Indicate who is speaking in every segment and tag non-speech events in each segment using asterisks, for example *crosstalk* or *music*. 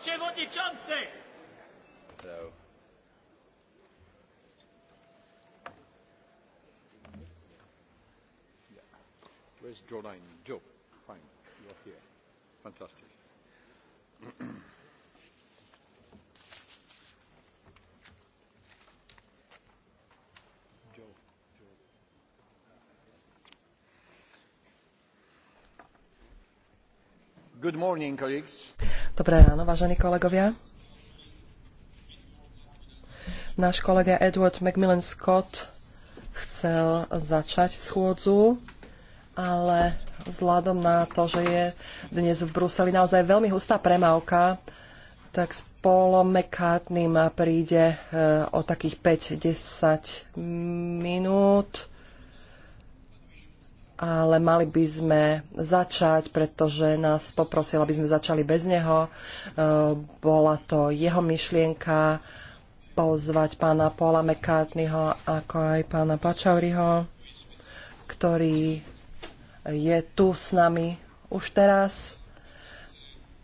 Speaker 1: przewodniczący! Hello. Yeah. Where's
Speaker 2: Jolene? Joe, fine, you're here. Fantastic. *clears throat* Good morning, colleagues.
Speaker 3: Dobré ráno, vážení kolegovia. Náš kolega Edward Macmillan Scott chcel začať schôdzu, ale vzhľadom na to, že je dnes v Bruseli naozaj veľmi hustá premávka, tak s Paulom McCartneym príde eh, o takých 5-10 minút ale mali by sme začať, pretože nás poprosil, aby sme začali bez neho. E, bola to jeho myšlienka pozvať pána Paula McCartneyho, ako aj pána Pačauriho, ktorý je tu s nami už teraz.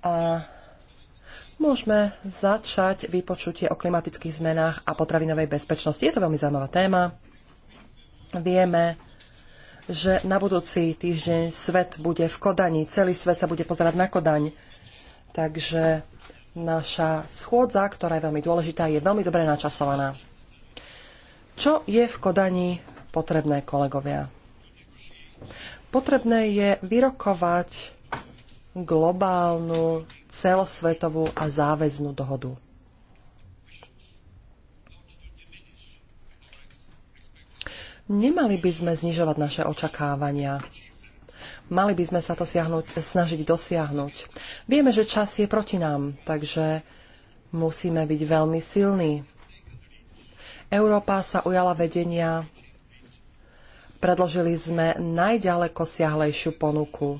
Speaker 3: A môžeme začať vypočutie o klimatických zmenách a potravinovej bezpečnosti. Je to veľmi zaujímavá téma. Vieme, že na budúci týždeň svet bude v Kodani, celý svet sa bude pozerať na Kodaň. Takže naša schôdza, ktorá je veľmi dôležitá, je veľmi dobre načasovaná. Čo je v Kodani potrebné, kolegovia? Potrebné je vyrokovať globálnu, celosvetovú a záväznú dohodu. Nemali by sme znižovať naše očakávania. Mali by sme sa to siahnuť, snažiť dosiahnuť. Vieme, že čas je proti nám, takže musíme byť veľmi silní. Európa sa ujala vedenia. Predložili sme najďaleko siahlejšiu ponuku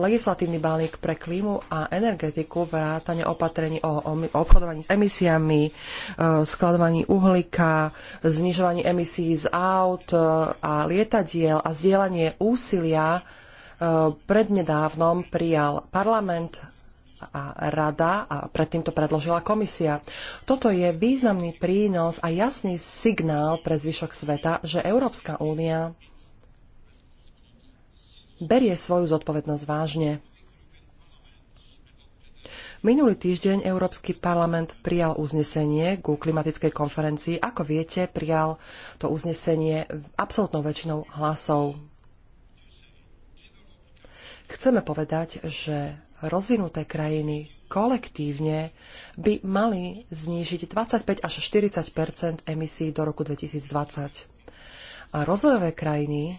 Speaker 3: legislatívny balík pre klímu a energetiku, vrátane opatrení o, obchodovaní s emisiami, e, skladovaní uhlíka, znižovaní emisí z aut e, a lietadiel a zdieľanie úsilia e, prednedávnom prijal parlament a rada a predtým to predložila komisia. Toto je významný prínos a jasný signál pre zvyšok sveta, že Európska únia berie svoju zodpovednosť vážne. Minulý týždeň Európsky parlament prijal uznesenie ku klimatickej konferencii. Ako viete, prijal to uznesenie absolútnou väčšinou hlasov. Chceme povedať, že rozvinuté krajiny kolektívne by mali znížiť 25 až 40 emisí do roku 2020. A rozvojové krajiny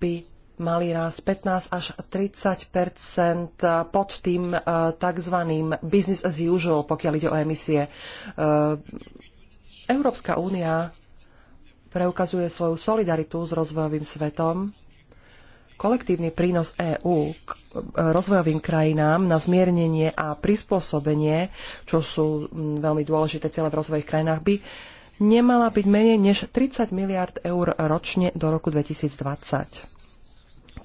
Speaker 3: by mali raz 15 až 30 pod tým e, tzv. business as usual, pokiaľ ide o emisie. E, Európska únia preukazuje svoju solidaritu s rozvojovým svetom. Kolektívny prínos EÚ k e, rozvojovým krajinám na zmiernenie a prispôsobenie, čo sú veľmi dôležité cieľe v rozvojových krajinách, by nemala byť menej než 30 miliard eur ročne do roku 2020.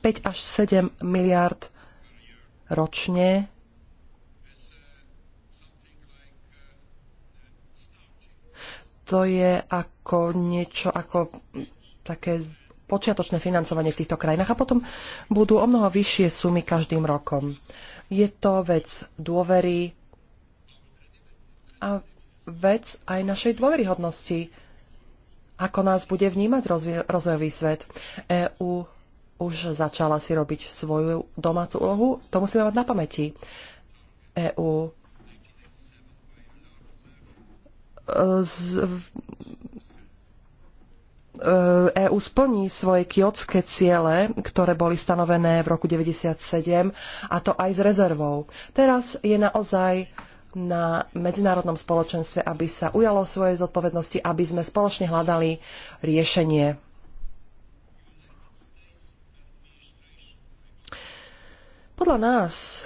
Speaker 3: 5 až 7 miliard ročne to je ako niečo ako také počiatočné financovanie v týchto krajinách a potom budú o mnoho vyššie sumy každým rokom. Je to vec dôvery a vec aj našej dôveryhodnosti. Ako nás bude vnímať rozvojový svet? EÚ už začala si robiť svoju domácu úlohu, to musíme mať na pamäti. EÚ e, z... EÚ e splní svoje kiotské ciele, ktoré boli stanovené v roku 1997, a to aj s rezervou. Teraz je naozaj na medzinárodnom spoločenstve, aby sa ujalo svojej zodpovednosti, aby sme spoločne hľadali riešenie. Podľa nás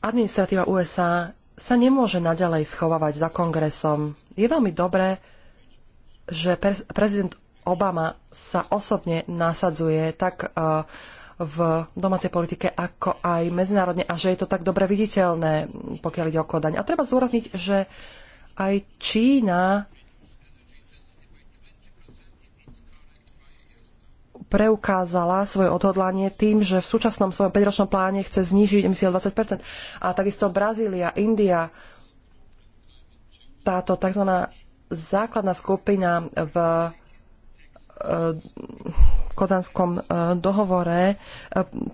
Speaker 3: administratíva USA sa nemôže naďalej schovávať za kongresom. Je veľmi dobré, že prezident Obama sa osobne nasadzuje tak uh, v domácej politike, ako aj medzinárodne a že je to tak dobre viditeľné, pokiaľ ide o Kodaň. A treba zúrazniť, že aj Čína preukázala svoje odhodlanie tým, že v súčasnom svojom 5-ročnom pláne chce znížiť emisie o 20 A takisto Brazília, India, táto tzv. základná skupina v Eh, kodanskom eh, dohovore eh,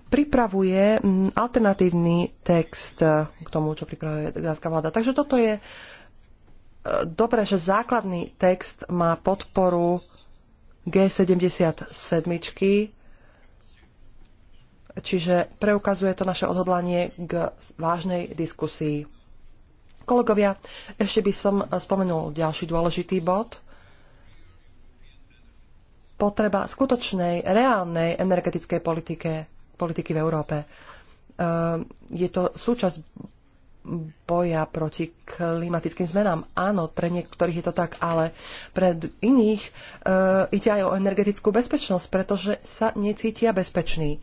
Speaker 3: pripravuje mm, alternatívny text k tomu, čo pripravuje kodanská vláda. Takže toto je dobré, že základný text má podporu G77, čiže preukazuje to naše odhodlanie k vážnej diskusii. Kolegovia, ešte by som spomenul ďalší dôležitý bod – potreba skutočnej, reálnej energetickej politike, politiky v Európe. Ehm, je to súčasť boja proti klimatickým zmenám. Áno, pre niektorých je to tak, ale pre iných e, ide aj o energetickú bezpečnosť, pretože sa necítia bezpeční.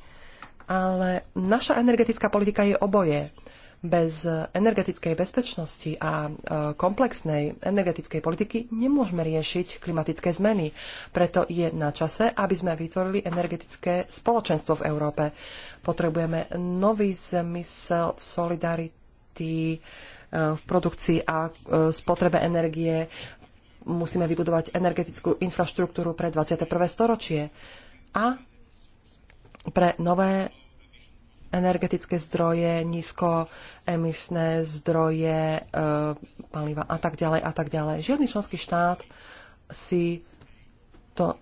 Speaker 3: Ale naša energetická politika je oboje. Bez energetickej bezpečnosti a e, komplexnej energetickej politiky nemôžeme riešiť klimatické zmeny. Preto je na čase, aby sme vytvorili energetické spoločenstvo v Európe. Potrebujeme nový zmysel v solidarity, e, v produkcii a e, spotrebe energie. Musíme vybudovať energetickú infraštruktúru pre 21. storočie. A pre nové energetické zdroje, nízkoemisné zdroje, e, paliva a tak ďalej a tak ďalej. Žiadny členský štát si to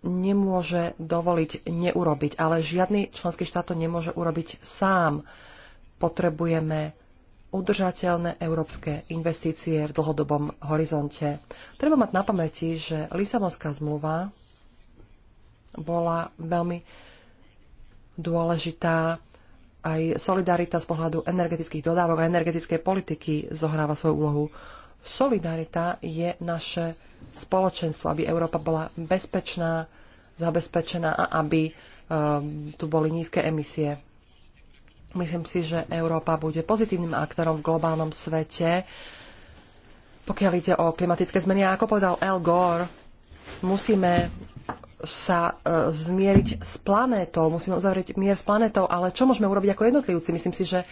Speaker 3: nemôže dovoliť neurobiť, ale žiadny členský štát to nemôže urobiť sám. Potrebujeme udržateľné európske investície v dlhodobom horizonte. Treba mať na pamäti, že Lisabonská zmluva bola veľmi dôležitá aj solidarita z pohľadu energetických dodávok a energetickej politiky zohráva svoju úlohu. Solidarita je naše spoločenstvo, aby Európa bola bezpečná, zabezpečená a aby um, tu boli nízke emisie. Myslím si, že Európa bude pozitívnym aktorom v globálnom svete, pokiaľ ide o klimatické zmeny. A ako povedal Al Gore, musíme sa e, zmieriť s planétou, musíme uzavrieť mier s planétou, ale čo môžeme urobiť ako jednotlivci? Myslím si, že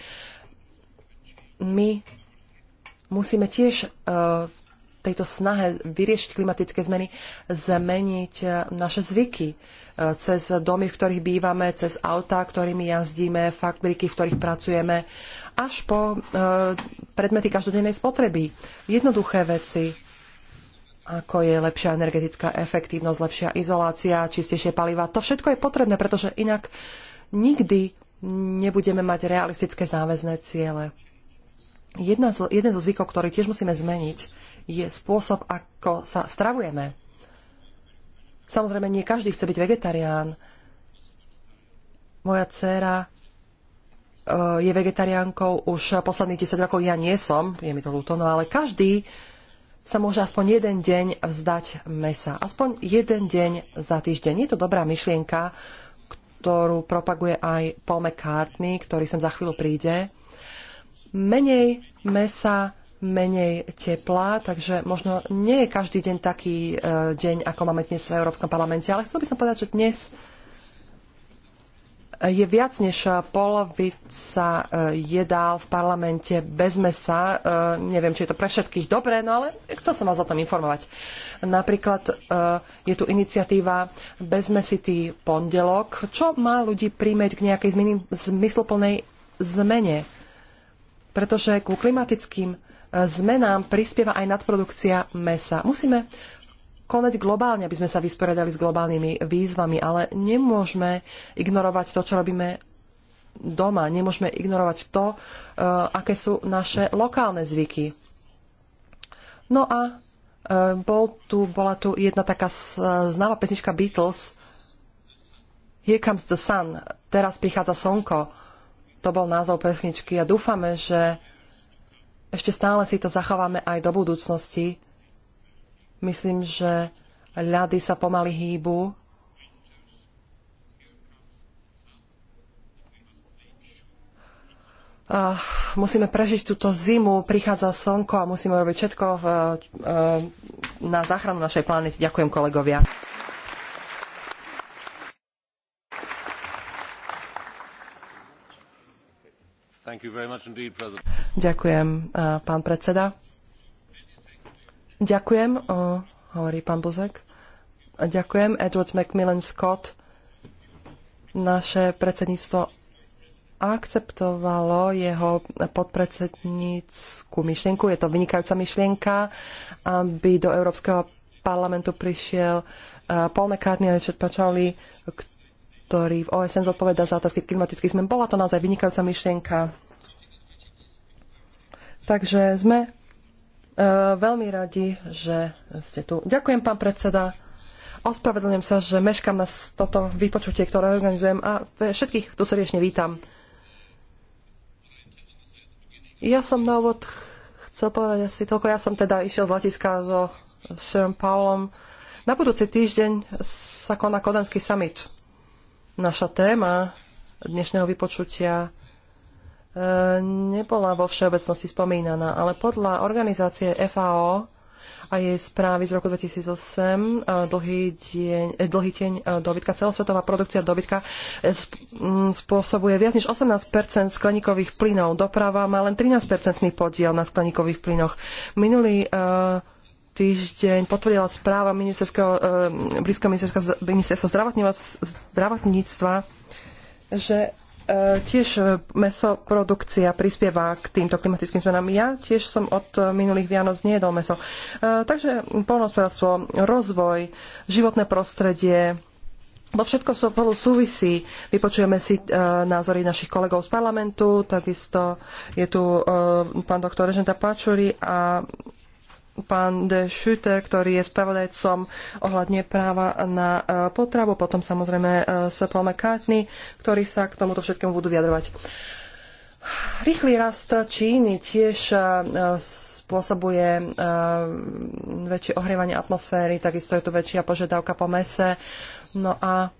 Speaker 3: my musíme tiež e, v tejto snahe vyriešiť klimatické zmeny zmeniť e, naše zvyky e, cez domy, v ktorých bývame, cez autá, ktorými jazdíme, fabriky, v ktorých pracujeme, až po e, predmety každodennej spotreby. Jednoduché veci, ako je lepšia energetická efektívnosť, lepšia izolácia, čistejšie paliva. To všetko je potrebné, pretože inak nikdy nebudeme mať realistické záväzné ciele. Jedna z, jeden zo zvykov, ktorý tiež musíme zmeniť, je spôsob, ako sa stravujeme. Samozrejme, nie každý chce byť vegetarián. Moja dcéra e, je vegetariánkou už posledných 10 rokov, ja nie som, je mi to ľúto, no ale každý sa môže aspoň jeden deň vzdať mesa. Aspoň jeden deň za týždeň. Je to dobrá myšlienka, ktorú propaguje aj Paul McCartney, ktorý sem za chvíľu príde. Menej mesa, menej tepla, takže možno nie je každý deň taký e, deň, ako máme dnes v Európskom parlamente, ale chcel by som povedať, že dnes je viac než polovica e, jedál v parlamente bez mesa. E, neviem, či je to pre všetkých dobré, no ale chcel som vás o tom informovať. Napríklad e, je tu iniciatíva Bezmesitý pondelok, čo má ľudí príjmeť k nejakej zmysluplnej zmene. Pretože ku klimatickým zmenám prispieva aj nadprodukcia mesa. Musíme konať globálne, aby sme sa vysporiadali s globálnymi výzvami, ale nemôžeme ignorovať to, čo robíme doma. Nemôžeme ignorovať to, e, aké sú naše lokálne zvyky. No a e, bol tu, bola tu jedna taká známa pesnička Beatles Here comes the sun, teraz prichádza slnko. To bol názov pesničky a dúfame, že ešte stále si to zachováme aj do budúcnosti, Myslím, že ľady sa pomaly hýbu. A musíme prežiť túto zimu, prichádza slnko a musíme robiť všetko e, e, na záchranu našej planety. Ďakujem kolegovia.
Speaker 2: Indeed,
Speaker 3: Ďakujem, e, pán predseda. Ďakujem, uh, hovorí pán Buzek. Ďakujem, Edward Macmillan Scott. Naše predsedníctvo akceptovalo jeho podpredsednícku myšlienku. Je to vynikajúca myšlienka, aby do Európskeho parlamentu prišiel e, Paul McCartney a Richard Pacholi, ktorý v OSN zodpoveda za otázky klimatických zmen. Bola to naozaj vynikajúca myšlienka. Takže sme E, veľmi radi, že ste tu. Ďakujem, pán predseda. Ospravedlňujem sa, že meškam na toto vypočutie, ktoré organizujem a všetkých tu srdečne vítam. Ja som na úvod chcel povedať asi toľko. Ja som teda išiel z letiska so Sirom Paulom. Na budúci týždeň sa koná Kodanský summit. Naša téma dnešného vypočutia nebola vo všeobecnosti spomínaná, ale podľa organizácie FAO a jej správy z roku 2008 eh, dlhý, deň, eh, dlhý teň eh, dobytka, celosvetová produkcia dobytka mm, spôsobuje viac než 18 skleníkových plynov. Doprava má len 13-percentný podiel na skleníkových plynoch. Minulý uh, týždeň potvrdila správa ministerského, uh, blízko ministerstva zdravotníctva, že E, tiež e, mesoprodukcia prispieva k týmto klimatickým zmenám. Ja tiež som od e, minulých Vianoc nejedol meso. Takže polnospodárstvo, rozvoj, životné prostredie, to všetko spolu súvisí. Vypočujeme si e, názory našich kolegov z parlamentu, takisto je tu e, pán doktor Reženta Pačuri a pán de Schütter, ktorý je spravodajcom ohľadne práva na e, potravu, potom samozrejme e, Sir Paul McCartney, ktorí sa k tomuto všetkému budú vyjadrovať. Rýchly rast Číny tiež e, spôsobuje väčšie ohrievanie atmosféry, takisto je tu väčšia požiadavka po mese. No a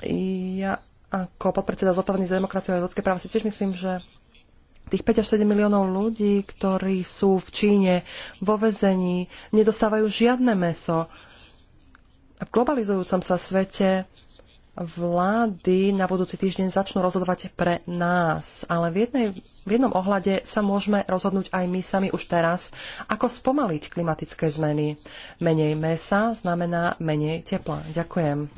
Speaker 3: ja ako podpredseda zodpovedný za demokraciu a ľudské práva si tiež myslím, že tých 5 až 7 miliónov ľudí, ktorí sú v Číne vo vezení, nedostávajú žiadne meso. A v globalizujúcom sa svete vlády na budúci týždeň začnú rozhodovať pre nás. Ale v, jednej, v jednom ohľade sa môžeme rozhodnúť aj my sami už teraz, ako spomaliť klimatické zmeny. Menej mesa znamená menej tepla. Ďakujem.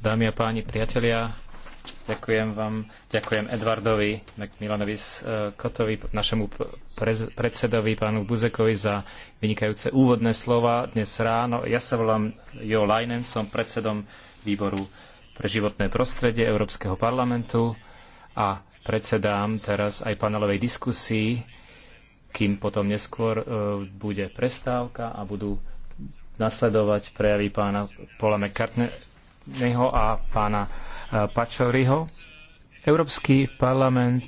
Speaker 4: Dámy a páni, priatelia, ďakujem vám, ďakujem Edvardovi Milanovi eh, Kotovi, našemu predsedovi, pánu Buzekovi za vynikajúce úvodné slova dnes ráno. Ja sa volám Jo Leinen, som predsedom výboru pre životné prostredie Európskeho parlamentu a predsedám teraz aj panelovej diskusii, kým potom neskôr eh, bude prestávka a budú nasledovať prejavy pána Paula McCartneyho a pána e, Pačoriho. Európsky parlament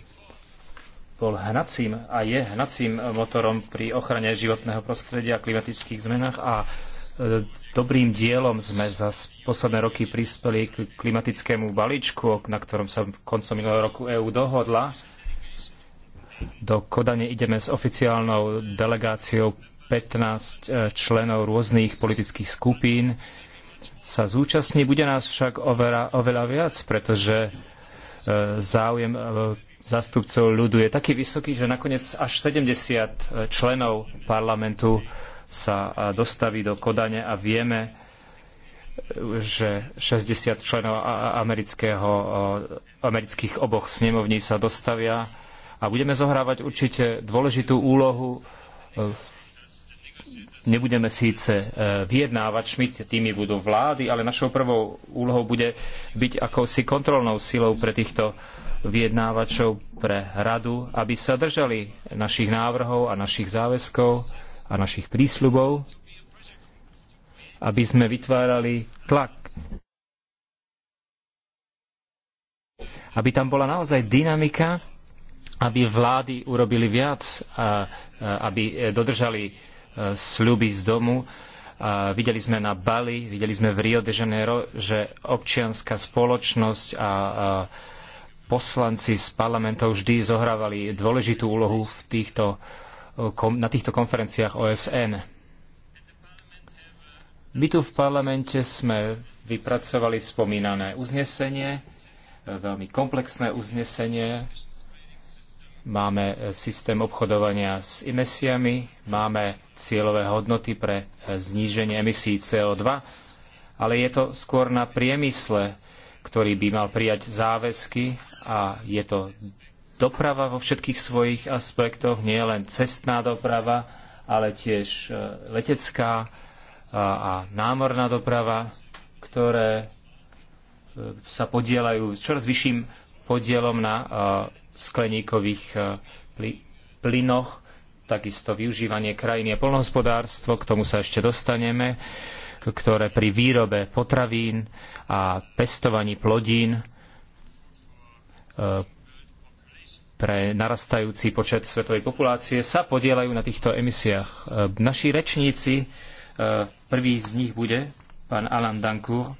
Speaker 4: bol hnacím a je hnacím motorom pri ochrane životného prostredia a klimatických zmenách a e, dobrým dielom sme za posledné roky prispeli k klimatickému balíčku, na ktorom sa koncom minulého roku EÚ dohodla. Do Kodane ideme s oficiálnou delegáciou 15 eh, členov rôznych politických skupín sa zúčastní. Bude nás však oveľa, oveľa viac, pretože eh, záujem eh, zástupcov ľudu je taký vysoký, že nakoniec až 70 členov parlamentu sa dostaví do Kodane a vieme, že 60 členov amerického, amerických oboch snemovní sa dostavia a budeme zohrávať určite dôležitú úlohu v nebudeme síce e, vyjednávačmi, tými budú vlády, ale našou prvou úlohou bude byť akousi kontrolnou silou pre týchto vyjednávačov, pre radu, aby sa držali našich návrhov a našich záväzkov a našich prísľubov, aby sme vytvárali tlak aby tam bola naozaj dynamika, aby vlády urobili viac, a, a aby e, dodržali sľuby z domu. A videli sme na Bali, videli sme v Rio de Janeiro, že občianská spoločnosť a, a poslanci z parlamentov vždy zohrávali dôležitú úlohu v týchto, na týchto konferenciách OSN. My tu v parlamente sme vypracovali spomínané uznesenie, veľmi komplexné uznesenie, máme e, systém obchodovania s emisiami, máme cieľové hodnoty pre e, zníženie emisí CO2, ale je to skôr na priemysle, ktorý by mal prijať záväzky a je to doprava vo všetkých svojich aspektoch, nie len cestná doprava, ale tiež e, letecká a námorná doprava, ktoré sa podielajú čoraz vyšším podielom na skleníkových e, plynoch, takisto využívanie krajiny a polnohospodárstvo, k tomu sa ešte dostaneme, ktoré pri výrobe potravín a pestovaní plodín e, pre narastajúci počet svetovej populácie sa podielajú na týchto emisiách. E, naši rečníci, prvý z nich bude pán Alan Dancourt,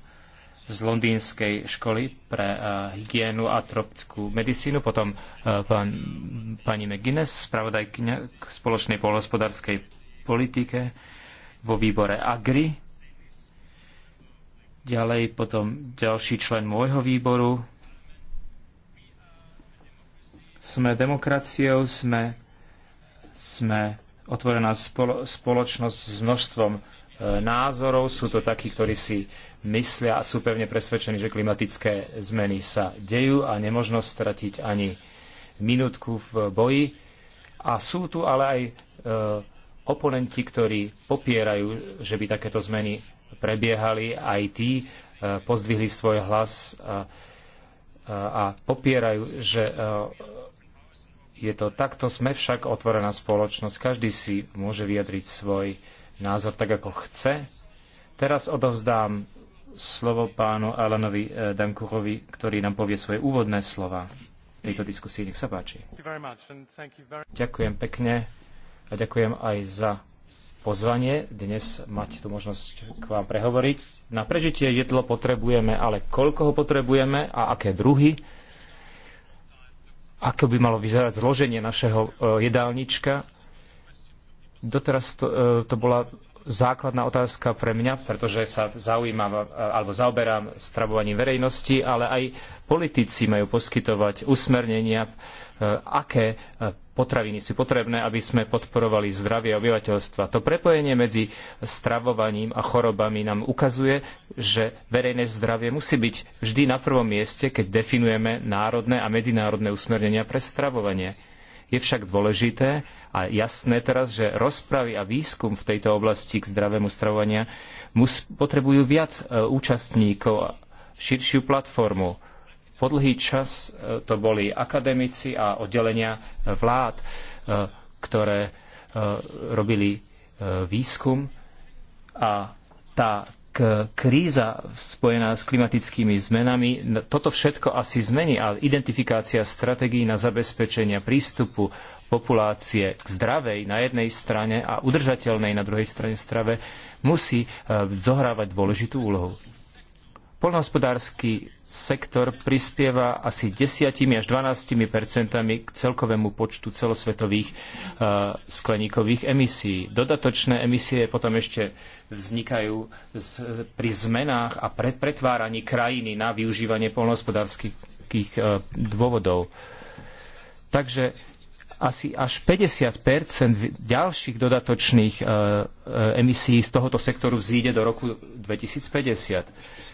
Speaker 4: z Londýnskej školy pre eh, hygienu a tropickú medicínu, potom eh, pán, pani McGuinness, spravodajkňa k spoločnej polnospodárskej politike vo výbore AGRI. Ďalej potom ďalší člen môjho výboru. Sme demokraciou, sme, sme otvorená spolo, spoločnosť s množstvom E, názorov. Sú to takí, ktorí si myslia a sú pevne presvedčení, že klimatické zmeny sa dejú a nemožno stratiť ani minútku v boji. A sú tu ale aj e, oponenti, ktorí popierajú, že by takéto zmeny prebiehali. Aj tí e, pozdvihli svoj hlas a, a, a popierajú, že e, je to takto. Sme však otvorená spoločnosť. Každý si môže vyjadriť svoj názor tak, ako chce. Teraz odovzdám slovo pánu Alanovi eh, Dankurovi, ktorý nám povie svoje úvodné slova v tejto diskusii. Nech sa páči. Ďakujem pekne a ďakujem aj za pozvanie dnes mať tú možnosť k vám prehovoriť. Na prežitie jedlo potrebujeme, ale koľko ho potrebujeme a aké druhy, ako by malo vyzerať zloženie našeho eh, jedálnička Doteraz to, e, to bola základná otázka pre mňa, pretože sa zaujímam e, alebo zaoberám stravovaním verejnosti, ale aj politici majú poskytovať usmernenia, e, aké potraviny sú potrebné, aby sme podporovali zdravie obyvateľstva. To prepojenie medzi stravovaním a chorobami nám ukazuje, že verejné zdravie musí byť vždy na prvom mieste, keď definujeme národné a medzinárodné usmernenia pre stravovanie. Je však dôležité, a jasné teraz, že rozpravy a výskum v tejto oblasti k zdravému stravovania potrebujú viac e, účastníkov, a širšiu platformu. Po dlhý čas e, to boli akademici a oddelenia e, vlád, ktoré robili výskum a tá kríza spojená s klimatickými zmenami, toto všetko asi zmení a identifikácia stratégií na zabezpečenie prístupu populácie k zdravej na jednej strane a udržateľnej na druhej strane strave musí e, zohrávať dôležitú úlohu. Poľnohospodársky sektor prispieva asi 10 až 12 percentami k celkovému počtu celosvetových uh, skleníkových emisí. Dodatočné emisie potom ešte vznikajú z, pri zmenách a pre, pretváraní krajiny na využívanie poľnohospodárskych uh, dôvodov. Takže asi až 50 ďalších dodatočných e, e, emisí z tohoto sektoru vzíde do roku 2050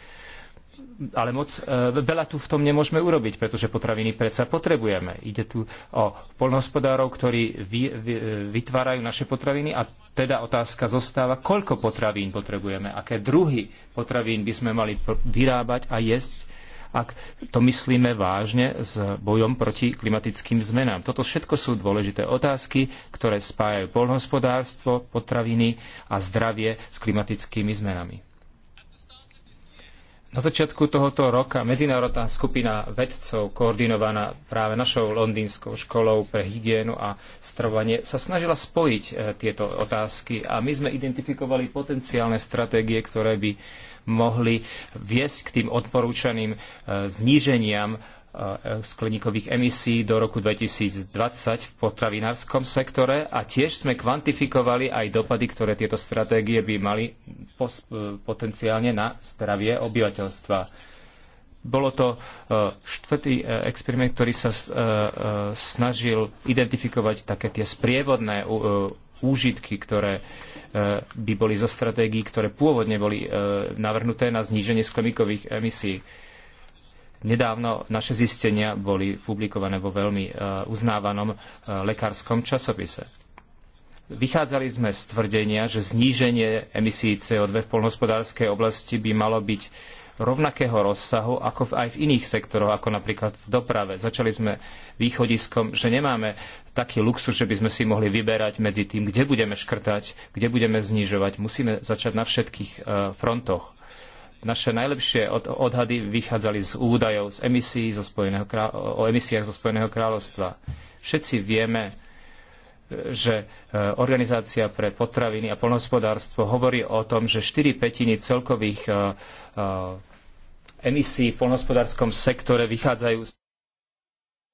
Speaker 4: ale moc e, veľa tu v tom nemôžeme urobiť, pretože potraviny predsa potrebujeme. Ide tu o polnohospodárov, ktorí vy, vy, vytvárajú naše potraviny a teda otázka zostáva, koľko potravín potrebujeme, aké druhy potravín by sme mali vyrábať a jesť ak to myslíme vážne s bojom proti klimatickým zmenám. Toto všetko sú dôležité otázky, ktoré spájajú poľnohospodárstvo, potraviny a zdravie s klimatickými zmenami. Na začiatku tohoto roka medzinárodná skupina vedcov, koordinovaná práve našou londýnskou školou pre hygienu a stravovanie, sa snažila spojiť e, tieto otázky a my sme identifikovali potenciálne stratégie, ktoré by mohli viesť k tým odporúčaným e, zníženiam e, skleníkových emisí do roku 2020 v potravinárskom sektore a tiež sme kvantifikovali aj dopady, ktoré tieto stratégie by mali e, potenciálne na zdravie obyvateľstva. Bolo to štvrtý experiment, ktorý sa snažil identifikovať také tie sprievodné úžitky, ktoré by boli zo stratégií, ktoré pôvodne boli e, navrhnuté na zníženie skleníkových emisí. Nedávno naše zistenia boli publikované vo veľmi e, uznávanom e, lekárskom časopise. Vychádzali sme z tvrdenia, že zníženie emisí CO2 v poľnohospodárskej oblasti by malo byť rovnakého rozsahu ako aj v iných sektoroch, ako napríklad v doprave. Začali sme východiskom, že nemáme taký luxus, že by sme si mohli vyberať medzi tým, kde budeme škrtať, kde budeme znižovať. Musíme začať na všetkých e, frontoch. Naše najlepšie odhady vychádzali z údajov z emisí zo Spojeného, o emisiách zo Spojeného kráľovstva. Všetci vieme, že e, Organizácia pre potraviny a poľnohospodárstvo hovorí o tom, že štyri pätiny celkových e, e, emisí v poľnohospodárskom sektore vychádzajú z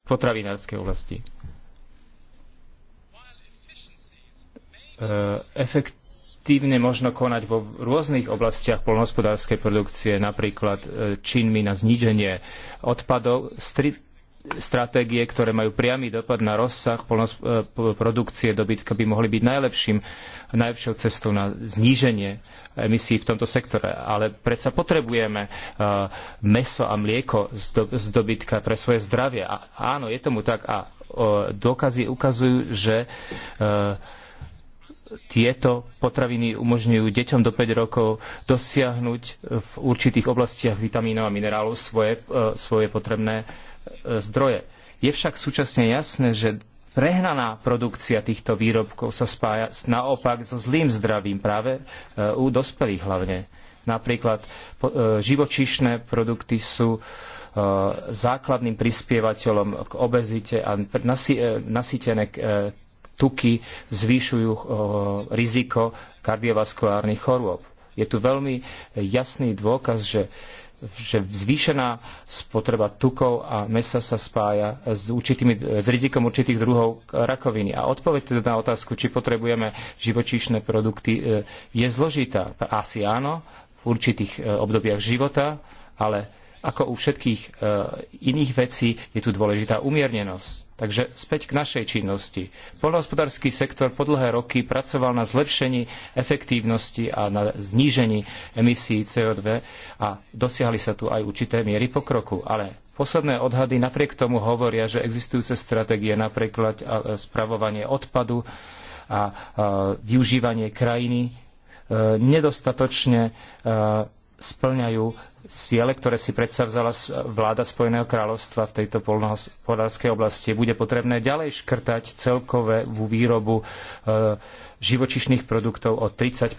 Speaker 4: potravinárskej oblasti. Efektívne možno konať vo rôznych oblastiach poľnohospodárskej produkcie, napríklad činmi na zníženie odpadov z stratégie, ktoré majú priamy dopad na rozsah e, produkcie dobytka, by mohli byť najlepším, najlepšou cestou na zníženie emisí v tomto sektore. Ale predsa potrebujeme e, mäso a mlieko z dobytka pre svoje zdravie. A áno, je tomu tak. A dôkazy ukazujú, že e, tieto potraviny umožňujú deťom do 5 rokov dosiahnuť v určitých oblastiach vitamínov a minerálov svoje, svoje potrebné E, zdroje. Je však súčasne jasné, že prehnaná produkcia týchto výrobkov sa spája naopak so zlým zdravím práve e, u dospelých hlavne. Napríklad e, živočíšne produkty sú základným prispievateľom k obezite a nasýtené tuky zvýšujú riziko kardiovaskulárnych chorôb. Je tu veľmi jasný dôkaz, že že zvýšená spotreba tukov a mesa sa spája s, určitými, s rizikom určitých druhov rakoviny. A odpoveď teda na otázku, či potrebujeme živočíšne produkty, e, je zložitá. Asi áno, v určitých e, obdobiach života, ale ako u všetkých e, iných vecí je tu dôležitá umiernenosť. Takže späť k našej činnosti. Polnohospodársky sektor po dlhé roky pracoval na zlepšení efektívnosti a na znížení emisí CO2 a dosiahli sa tu aj určité miery pokroku. Ale posledné odhady napriek tomu hovoria, že existujúce stratégie, napríklad e, spravovanie odpadu a e, využívanie krajiny, e, nedostatočne splňajú ciele, ktoré si predsavzala vláda Spojeného kráľovstva v tejto poľnohospodárskej oblasti. Bude potrebné ďalej škrtať celkovú výrobu e, živočišných produktov o 30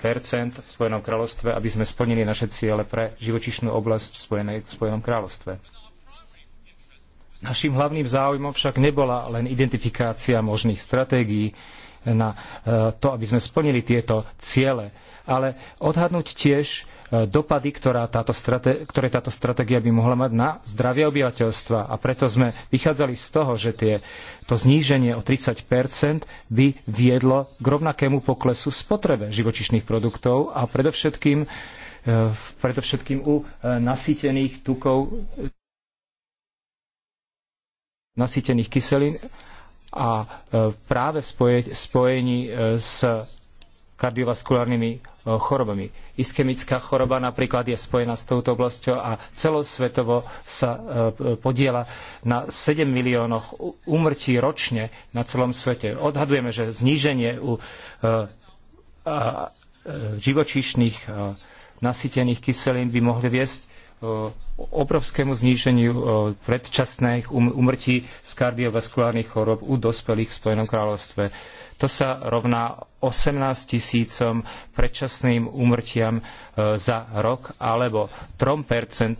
Speaker 4: v Spojenom kráľovstve, aby sme splnili naše ciele pre živočišnú oblasť v, Spojenej, v Spojenom kráľovstve. Naším hlavným záujmom však nebola len identifikácia možných stratégií na e, to, aby sme splnili tieto ciele, ale odhadnúť tiež, dopady, ktorá táto strate- ktoré táto stratégia by mohla mať na zdravie obyvateľstva. A preto sme vychádzali z toho, že tie, to zníženie o 30 by viedlo k rovnakému poklesu v spotrebe živočišných produktov a predovšetkým, e, predovšetkým u e, nasýtených tukov nasýtených kyselín a e, práve v spojení s kardiovaskulárnymi e, chorobami. Iskemická choroba napríklad je spojená s touto oblasťou a celosvetovo sa e, podiela na 7 miliónoch úmrtí ročne na celom svete. Odhadujeme, že zníženie u e, živočíšnych nasýtených kyselín by mohli viesť obrovskému zníženiu predčasných umrtí um, z kardiovaskulárnych chorób u dospelých v Spojenom kráľovstve to sa rovná 18 tisícom predčasným úmrtiam e, za rok alebo 3%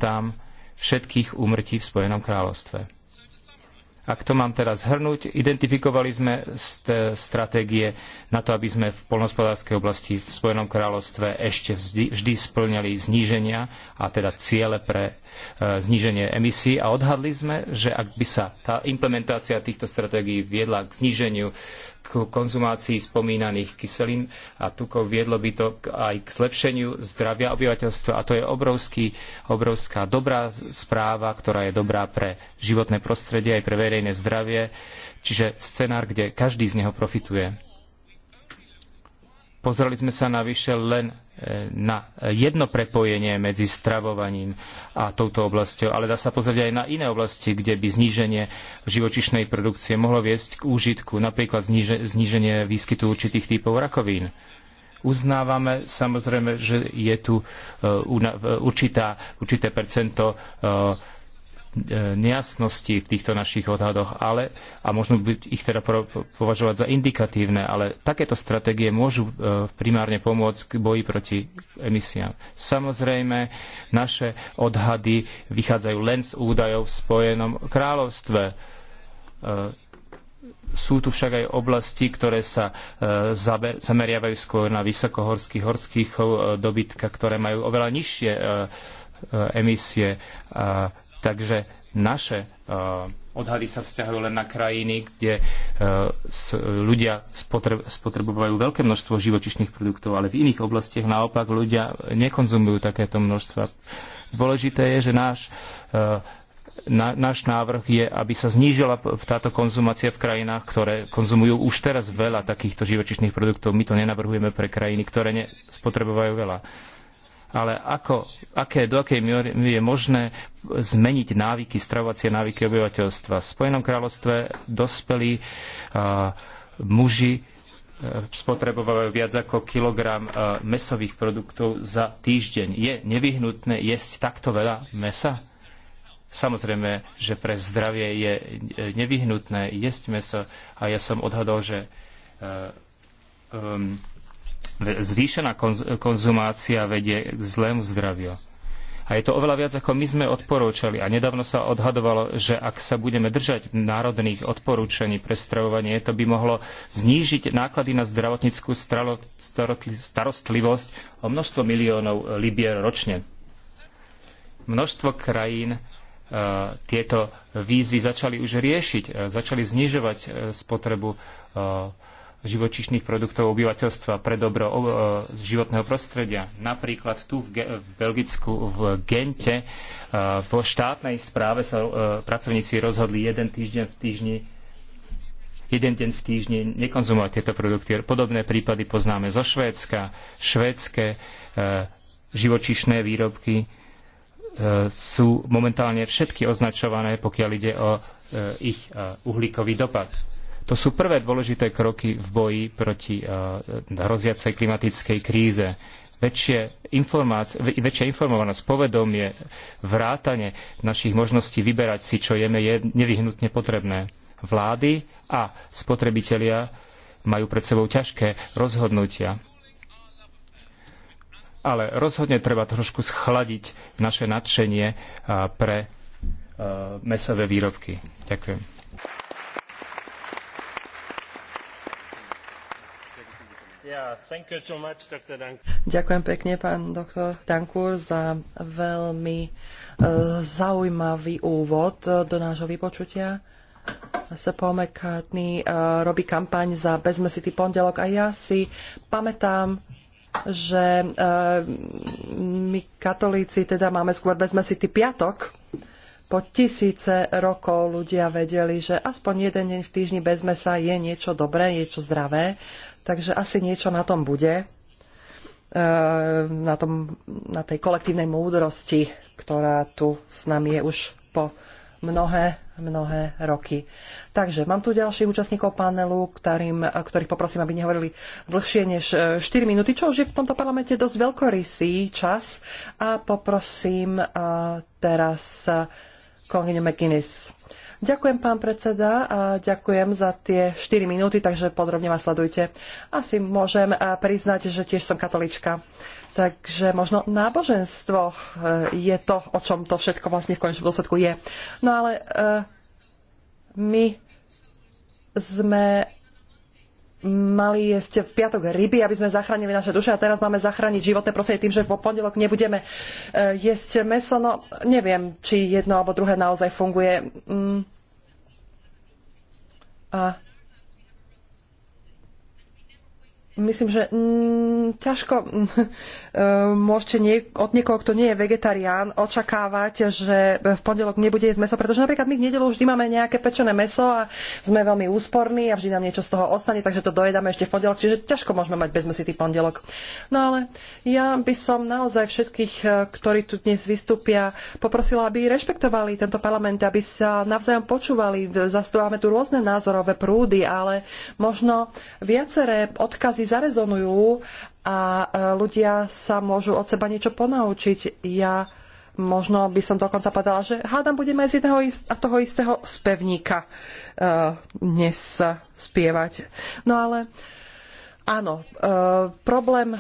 Speaker 4: všetkých úmrtí v Spojenom kráľovstve. Ak to mám teraz zhrnúť, identifikovali sme st- stratégie na to, aby sme v poľnohospodárskej oblasti v Spojenom kráľovstve ešte vždy, vždy splňali zníženia a teda ciele pre E, zníženie emisí a odhadli sme, že ak by sa tá implementácia týchto stratégií viedla k zníženiu k konzumácii spomínaných kyselín a tukov, viedlo by to aj k zlepšeniu zdravia obyvateľstva a to je obrovský, obrovská dobrá správa, ktorá je dobrá pre životné prostredie aj pre verejné zdravie, čiže scenár, kde každý z neho profituje. Pozreli sme sa navyše len e, na jedno prepojenie medzi stravovaním a touto oblasťou, ale dá sa pozrieť aj na iné oblasti, kde by zníženie živočišnej produkcie mohlo viesť k úžitku, napríklad zníženie výskytu určitých typov rakovín. Uznávame samozrejme, že je tu e, určitá, určité percento e, E, nejasnosti v týchto našich odhadoch, ale, a možno by ich teda považovať za indikatívne, ale takéto stratégie môžu e, primárne pomôcť k boji proti emisiám. Samozrejme, naše odhady vychádzajú len z údajov v Spojenom kráľovstve. E, sú tu však aj oblasti, ktoré sa zameriavajú skôr na vysokohorských horských dobytka, ktoré majú oveľa nižšie emisie. Takže naše eh, odhady sa vzťahujú len na krajiny, kde eh, ľudia spotrebovajú veľké množstvo živočišných produktov, ale v iných oblastiach naopak ľudia nekonzumujú takéto množstva. Dôležité je, že náš, eh, na, náš návrh je, aby sa znížila táto konzumácia v krajinách, ktoré konzumujú už teraz veľa takýchto živočišných produktov. My to nenavrhujeme pre krajiny, ktoré nespotrebujú veľa ale ako, aké, do akej miery je možné zmeniť návyky, stravovacie návyky obyvateľstva. V Spojenom kráľovstve dospelí uh, muži e, spotrebovajú viac ako kilogram e, mesových produktov za týždeň. Je nevyhnutné jesť takto veľa mesa? Samozrejme, že pre zdravie je e, nevyhnutné jesť meso a ja som odhadol, že um, zvýšená konzumácia vedie k zlému zdraviu. A je to oveľa viac, ako my sme odporúčali. A nedávno sa odhadovalo, že ak sa budeme držať národných odporúčaní pre stravovanie, to by mohlo znížiť náklady na zdravotníckú starostlivosť o množstvo miliónov libier ročne. Množstvo krajín e, tieto výzvy začali už riešiť, e, začali znižovať e, spotrebu živočišných produktov obyvateľstva pre dobro e, z životného prostredia. Napríklad tu v, Ge v Belgicku, v Gente, e, vo štátnej správe sa e, pracovníci rozhodli jeden týždeň v týždni jeden deň v týždni nekonzumovať tieto produkty. Podobné prípady poznáme zo Švédska. Švédske živočišné výrobky sú momentálne všetky označované, pokiaľ ide o ich uhlíkový dopad. To sú prvé dôležité kroky v boji proti eh, hroziacej klimatickej kríze. väčšia informovanosť, povedomie, vrátanie našich možností vyberať si, čo jeme, je nevyhnutne potrebné. Vlády a spotrebitelia majú pred sebou ťažké rozhodnutia. Ale rozhodne treba trošku schladiť naše nadšenie eh, pre eh, mesové výrobky. Ďakujem.
Speaker 3: Ďakujem pekne, pán doktor Dankur, za veľmi uh, zaujímavý úvod do nášho vypočutia. Sir Paul McCartney uh, robí kampaň za bezmesitý pondelok a ja si pamätám, že eh, my katolíci teda máme skôr bezmesitý piatok, po tisíce rokov ľudia vedeli, že aspoň jeden deň v týždni bez mesa je niečo dobré, niečo zdravé takže asi niečo na tom bude, e, na, tom, na tej kolektívnej múdrosti, ktorá tu s nami je už po mnohé, mnohé roky. Takže mám tu ďalších účastníkov panelu, ktorým, ktorých poprosím, aby nehovorili dlhšie než 4 e, minúty, čo už je v tomto parlamente dosť veľkorysý čas. A poprosím e, teraz kolegyňu McGuinness. Ďakujem, pán predseda, a ďakujem za tie 4 minúty, takže podrobne ma sledujte. Asi môžem priznať, že tiež som katolička. Takže možno náboženstvo e, je to, o čom to všetko vlastne v konečnom dôsledku je. No ale e, my sme mali jesť v piatok ryby, aby sme zachránili naše duše a teraz máme zachrániť životné prostredie tým, že v pondelok nebudeme e, jesť meso. No neviem, či jedno alebo druhé naozaj funguje. Mm. A myslím, že mm, ťažko mm, *laughs* môžete nie, od niekoho, kto nie je vegetarián, očakávať, že v pondelok nebude jesť meso, pretože napríklad my v nedelu vždy máme nejaké pečené meso a sme veľmi úsporní a vždy nám niečo z toho ostane, takže to dojedáme ešte v pondelok, čiže ťažko môžeme mať bezmesitý pondelok. No ale ja by som naozaj všetkých, eh, ktorí tu dnes vystúpia, poprosila, aby rešpektovali tento parlament, aby sa navzájom počúvali. Zastávame tu rôzne názorové prúdy, ale možno viaceré odkazy kvázi zarezonujú a e, ľudia sa môžu od seba niečo ponaučiť. Ja možno by som dokonca povedala, že hádam budeme aj z jedného a toho istého spevníka uh, dnes spievať. No ale Áno, e, problém e,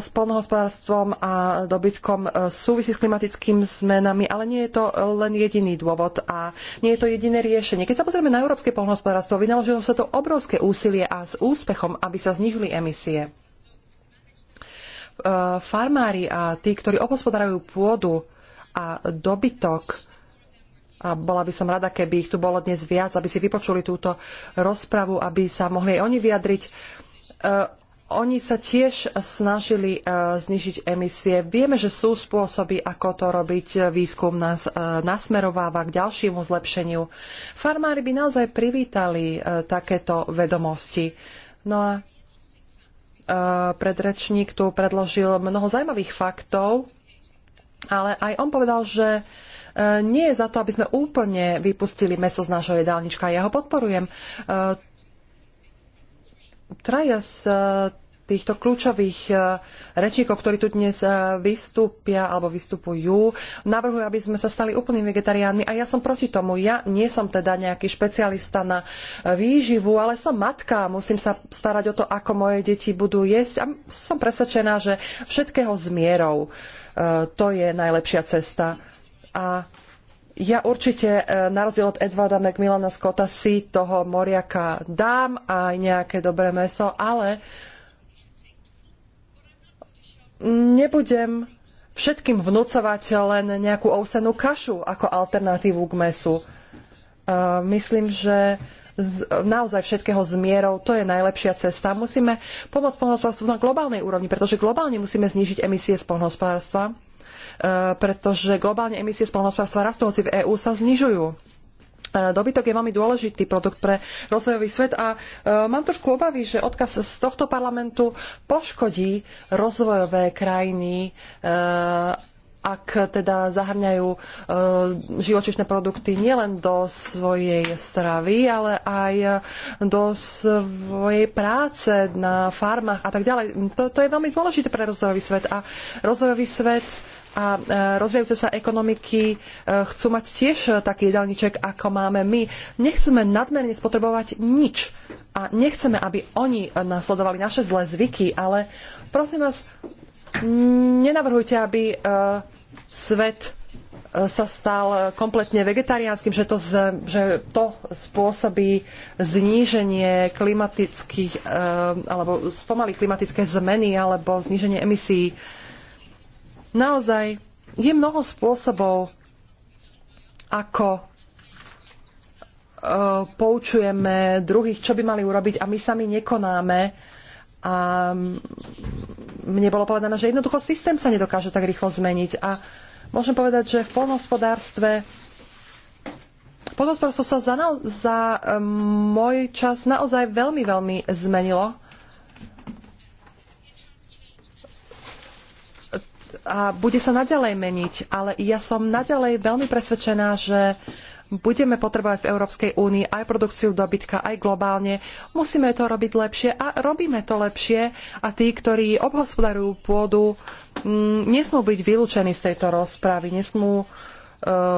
Speaker 3: s polnohospodárstvom a dobytkom e, súvisí s klimatickými zmenami, ale nie je to len jediný dôvod a nie je to jediné riešenie. Keď sa pozrieme na európske polnohospodárstvo, vynaložilo sa to obrovské úsilie a s úspechom, aby sa znižili emisie. Farmári a tí, ktorí obhospodarujú pôdu a dobytok, a bola by som rada, keby ich tu bolo dnes viac, aby si vypočuli túto rozpravu, aby sa mohli aj oni vyjadriť Eh, oni sa tiež snažili eh, znižiť emisie. Vieme, že sú spôsoby, ako to robiť. Výskum nás eh, nasmerováva k ďalšiemu zlepšeniu. Farmári by naozaj privítali takéto vedomosti. No a predrečník tu predložil mnoho zaujímavých faktov, ale aj on povedal, že nie je za to, aby sme úplne vypustili meso z nášho jedálnička. Ja ho podporujem traja z eh, týchto kľúčových eh, rečníkov, ktorí tu dnes eh, vystúpia alebo vystupujú, navrhujú, aby sme sa stali úplnými vegetariánmi a ja som proti tomu. Ja nie som teda nejaký špecialista na výživu, ale som matka a musím sa starať o to, ako moje deti budú jesť a som presvedčená, že všetkého s mierou to je najlepšia cesta. A ja určite, e, na rozdiel od Edwarda McMillana Scotta, si toho moriaka dám aj nejaké dobré meso, ale nebudem všetkým vnúcovať len nejakú ovsenú kašu ako alternatívu k mesu. E, myslím, že naozaj všetkého zmierov, to je najlepšia cesta. Musíme pomôcť poľnohospodárstvu na globálnej úrovni, pretože globálne musíme znížiť emisie z poľnohospodárstva E, pretože globálne emisie spolnohospodárstva rastúci v EÚ sa znižujú. E, dobytok je veľmi dôležitý produkt pre rozvojový svet a e, mám trošku obavy, že odkaz z tohto parlamentu poškodí rozvojové krajiny ak teda zahrňajú e, živočišné produkty nielen do svojej stravy, ale aj do svojej práce na farmách a tak ďalej. To, to je veľmi dôležité pre rozvojový svet a rozvojový svet a e, rozvíjajúce sa ekonomiky e, chcú mať tiež e, taký jedálniček, ako máme my. Nechceme nadmerne spotrebovať nič a nechceme, aby oni nasledovali naše zlé zvyky, ale prosím vás, nenavrhujte, aby svet sa stal kompletne vegetariánskym, že to, že to spôsobí zníženie klimatických alebo spomalí klimatické zmeny alebo zníženie emisí Naozaj je mnoho spôsobov, ako e, poučujeme druhých, čo by mali urobiť a my sami nekonáme. A mne bolo povedané, že jednoducho systém sa nedokáže tak rýchlo zmeniť. A môžem povedať, že v polnohospodárstve polnohospodárstvo sa za, za um, môj čas naozaj veľmi, veľmi zmenilo. a bude sa naďalej meniť, ale ja som naďalej veľmi presvedčená, že budeme potrebovať v Európskej únii aj produkciu dobytka, aj globálne. Musíme to robiť lepšie a robíme to lepšie a tí, ktorí obhospodarujú pôdu, mm, nesmú byť vylúčení z tejto rozpravy, nesmú uh,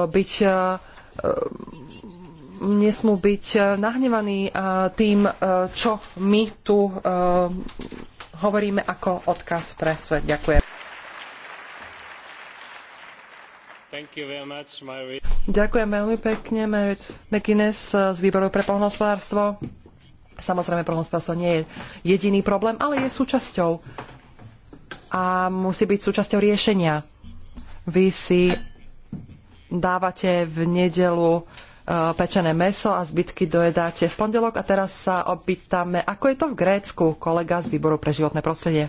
Speaker 3: byť uh, nesmú byť nahnevaní e, tým, čo my tu hovoríme ako odkaz pre svet. Ďakujem. Ďakujem veľmi pekne, Merit McInnes eh, z výboru pre poľnohospodárstvo. Samozrejme, poľnohospodárstvo nie je jediný problém, ale je súčasťou a musí byť súčasťou riešenia. Vy si dávate v nedelu eh, pečené meso a zbytky dojedáte v pondelok a teraz sa opýtame, ako je to v Grécku, kolega z výboru pre životné prostredie.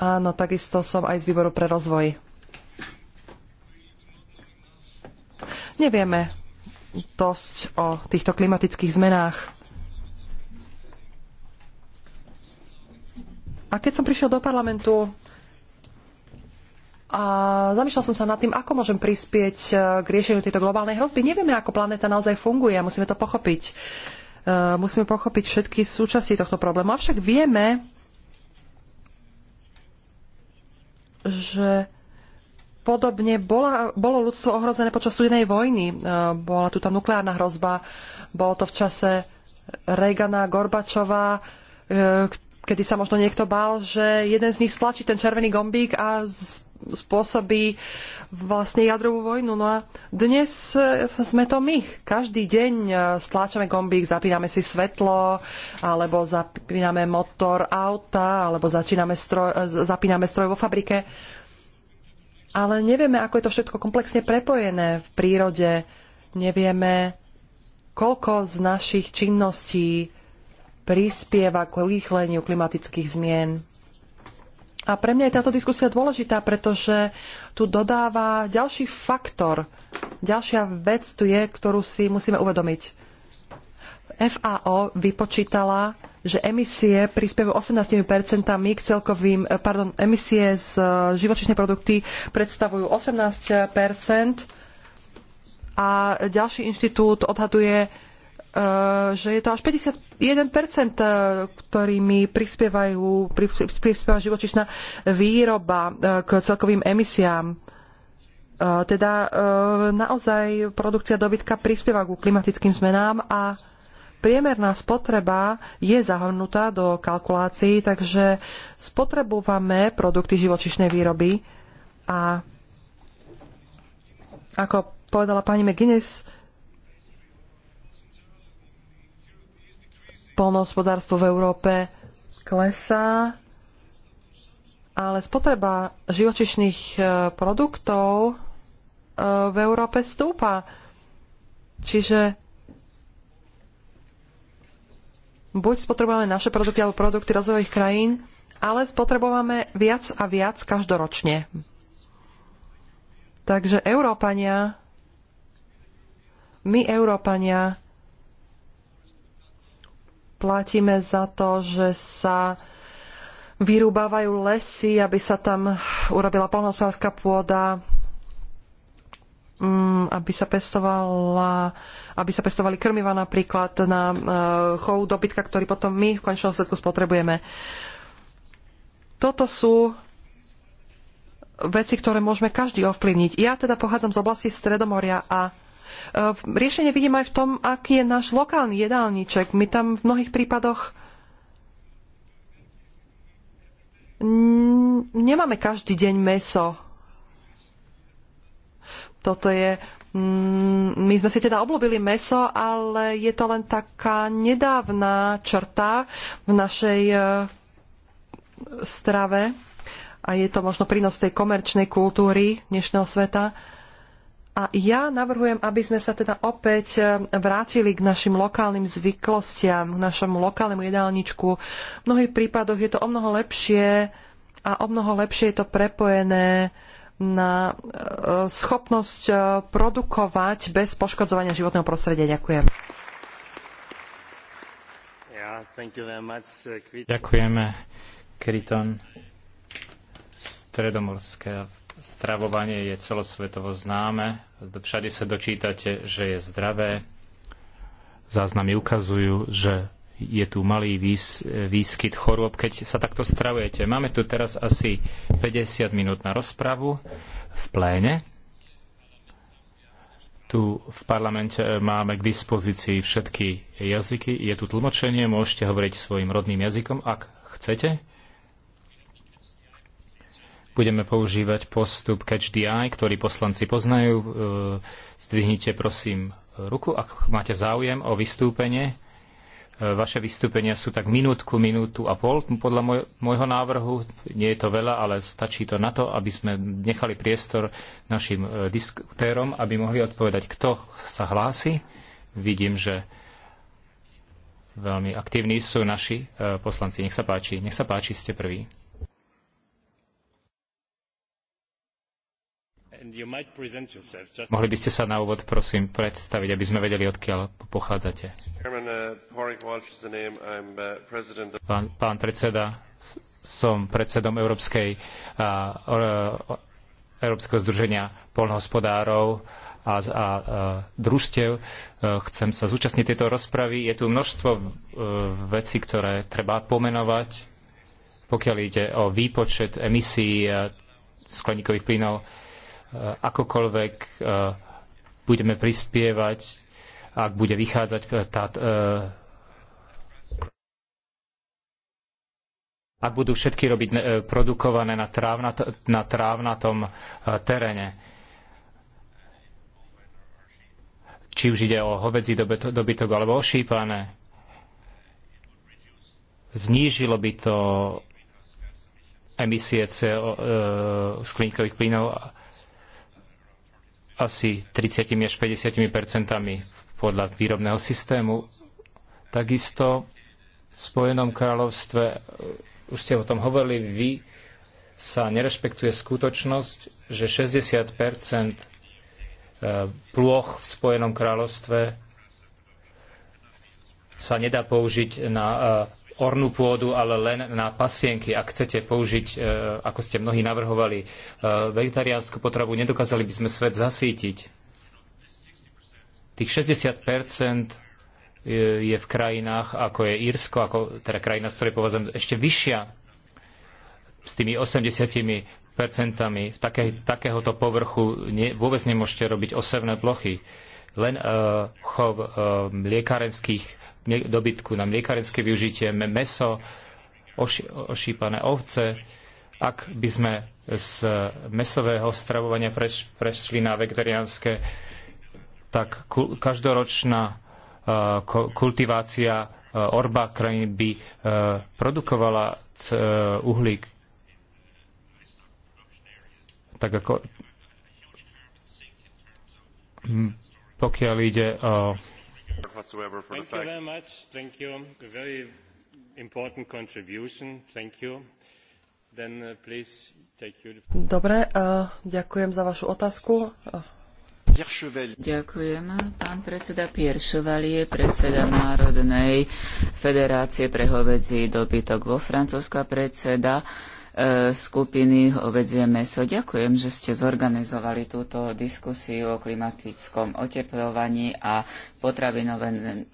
Speaker 3: Áno, takisto som aj z výboru pre rozvoj. nevieme dosť o týchto klimatických zmenách. A keď som prišiel do parlamentu a zamýšľal som sa nad tým, ako môžem prispieť eh, k riešeniu tejto globálnej hrozby. Nevieme, ako planéta naozaj funguje a musíme to pochopiť. Eh, musíme pochopiť všetky súčasti tohto problému. Avšak vieme, že podobne bola, bolo ľudstvo ohrozené počas studenej vojny. E, bola tu tá nukleárna hrozba, bolo to v čase Reagana, Gorbačova, e, kedy sa možno niekto bál, že jeden z nich stlačí ten červený gombík a spôsobí vlastne jadrovú vojnu. No a dnes e, sme to my. Každý deň stláčame gombík, zapíname si svetlo, alebo zapíname motor auta, alebo začíname stroj, zapíname stroj vo fabrike ale nevieme, ako je to všetko komplexne prepojené v prírode. Nevieme, koľko z našich činností prispieva k urýchleniu klimatických zmien. A pre mňa je táto diskusia dôležitá, pretože tu dodáva ďalší faktor, ďalšia vec tu je, ktorú si musíme uvedomiť. FAO vypočítala, že emisie prispievajú 18% k celkovým, eh, pardon, emisie z eh, živočíšnej produkty predstavujú 18% a ďalší inštitút odhaduje, eh, že je to až 51%, ktorými prispievajú, prispieva živočíšna výroba k celkovým emisiám. Teda naozaj produkcia dobytka prispieva ku klimatickým zmenám a priemerná spotreba je zahrnutá do kalkulácií, takže spotrebujeme produkty živočišnej výroby a ako povedala pani McGuinness, polnohospodárstvo v Európe klesá, ale spotreba živočišných e, produktov e, v Európe stúpa. Čiže Buď spotrebujeme naše produkty alebo produkty rozvojových krajín, ale spotrebujeme viac a viac každoročne. Takže Európania, my Európania platíme za to, že sa vyrúbávajú lesy, aby sa tam urobila polnohospodárska pôda, Mm, aby sa, pestovala, aby sa pestovali krmiva napríklad na eh, chov dobytka, ktorý potom my v končnom svetku spotrebujeme. Toto sú veci, ktoré môžeme každý ovplyvniť. Ja teda pochádzam z oblasti Stredomoria a eh, riešenie vidím aj v tom, aký je náš lokálny jedálniček. My tam v mnohých prípadoch nemáme každý deň meso toto je mm, my sme si teda oblobili meso, ale je to len taká nedávna črta v našej e, strave a je to možno prínos tej komerčnej kultúry dnešného sveta. A ja navrhujem, aby sme sa teda opäť e, vrátili k našim lokálnym zvyklostiam, k našemu lokálnemu jedálničku. V mnohých prípadoch je to o mnoho lepšie a o mnoho lepšie je to prepojené uh, na e, schopnosť e, produkovať bez poškodzovania životného prostredia. Ďakujem.
Speaker 2: Uh,
Speaker 4: Ďakujeme, Kriton. Stredomorské stravovanie je celosvetovo známe. Všade sa dočítate, že je zdravé. Záznamy ukazujú, že je tu malý výs, výskyt chorôb, keď sa takto stravujete. Máme tu teraz asi 50 minút na rozpravu v pléne. Tu v parlamente máme k dispozícii všetky jazyky. Je tu tlmočenie, môžete hovoriť svojim rodným jazykom, ak chcete. Budeme používať postup Catch the Eye, ktorý poslanci poznajú. E, zdvihnite prosím ruku, ak máte záujem o vystúpenie Vaše vystúpenia sú tak minútku, minútu a pol podľa môj, môjho návrhu. Nie je to veľa, ale stačí to na to, aby sme nechali priestor našim e, diskutérom, aby mohli odpovedať, kto sa hlási. Vidím, že veľmi aktívni sú naši e, poslanci. Nech sa páči, nech sa páči, ste prví. Mohli by ste sa na úvod, prosím, predstaviť, aby sme vedeli, odkiaľ pochádzate.
Speaker 1: Uh, uh,
Speaker 4: pán, pán predseda, som predsedom Európskej, uh, Európskeho združenia poľnohospodárov a, a, družstev. Chcem sa zúčastniť tejto rozpravy. Je tu množstvo vecí, ktoré treba pomenovať, pokiaľ ide o výpočet emisí skleníkových plynov Eh, akokoľvek eh, budeme prispievať, ak bude vychádzať eh, tá, ak budú všetky robiť produkované na, trávnat, na trávnatom teréne. Či už ide o hovedzí dobytok alebo ošípané. Znížilo by to emisie CO, e, skleníkových plynov a asi 30 až 50 percentami podľa výrobného systému. Takisto v Spojenom kráľovstve, eh, už ste o tom hovorili vy, sa nerešpektuje skutočnosť, že 60 eh, plôch v Spojenom kráľovstve sa nedá použiť na eh, ornú pôdu, ale len na pasienky. Ak chcete použiť, e, ako ste mnohí navrhovali, e, vegetariánsku potravu, nedokázali by sme svet zasítiť. Tých 60 e, je v krajinách, ako je Írsko, ako teda krajina, z ktorej považujem ešte vyššia s tými 80 percentami v take, takéhoto povrchu nie, vôbec nemôžete robiť osevné plochy. Len uh, chov uh, mliekarenských dobytku, na mliekarenské využitie, meso, oši, ošípané ovce. Ak by sme z mesového stravovania preš, prešli na vegetariánske, tak každoročná e, kultivácia e, orba krajín by e, produkovala uhlík. Tak ako pokiaľ ide o
Speaker 3: whatsoever for Thank the fact. Thank you
Speaker 2: very much. Thank you. A very important contribution. Thank you. Then uh, please take your...
Speaker 3: Dobre, uh, ďakujem za vašu otázku. Uh.
Speaker 1: Ďakujem. Pán predseda Pierre Chevalier, predseda Národnej federácie pre hovedzí dobytok vo Francúzska, predseda E, skupiny Obedzie meso. Ďakujem, že ste zorganizovali túto diskusiu o klimatickom oteplovaní a potravinovej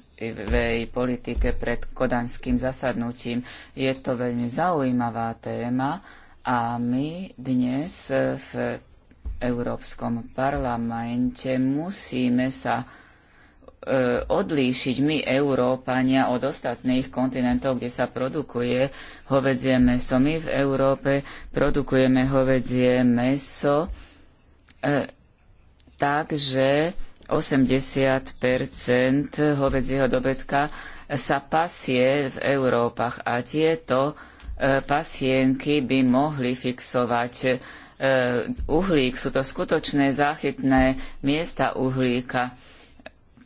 Speaker 1: politike pred kodanským zasadnutím. Je to veľmi zaujímavá téma a my dnes v Európskom parlamente musíme sa E, odlíšiť my, Európania, od ostatných kontinentov, kde sa produkuje hovedzie meso. My v Európe produkujeme hovedzie meso e, tak, že 80 hovedzieho dobytka sa pasie v Európach a tieto e, pasienky by mohli fixovať e, uhlík. Sú to skutočné záchytné miesta uhlíka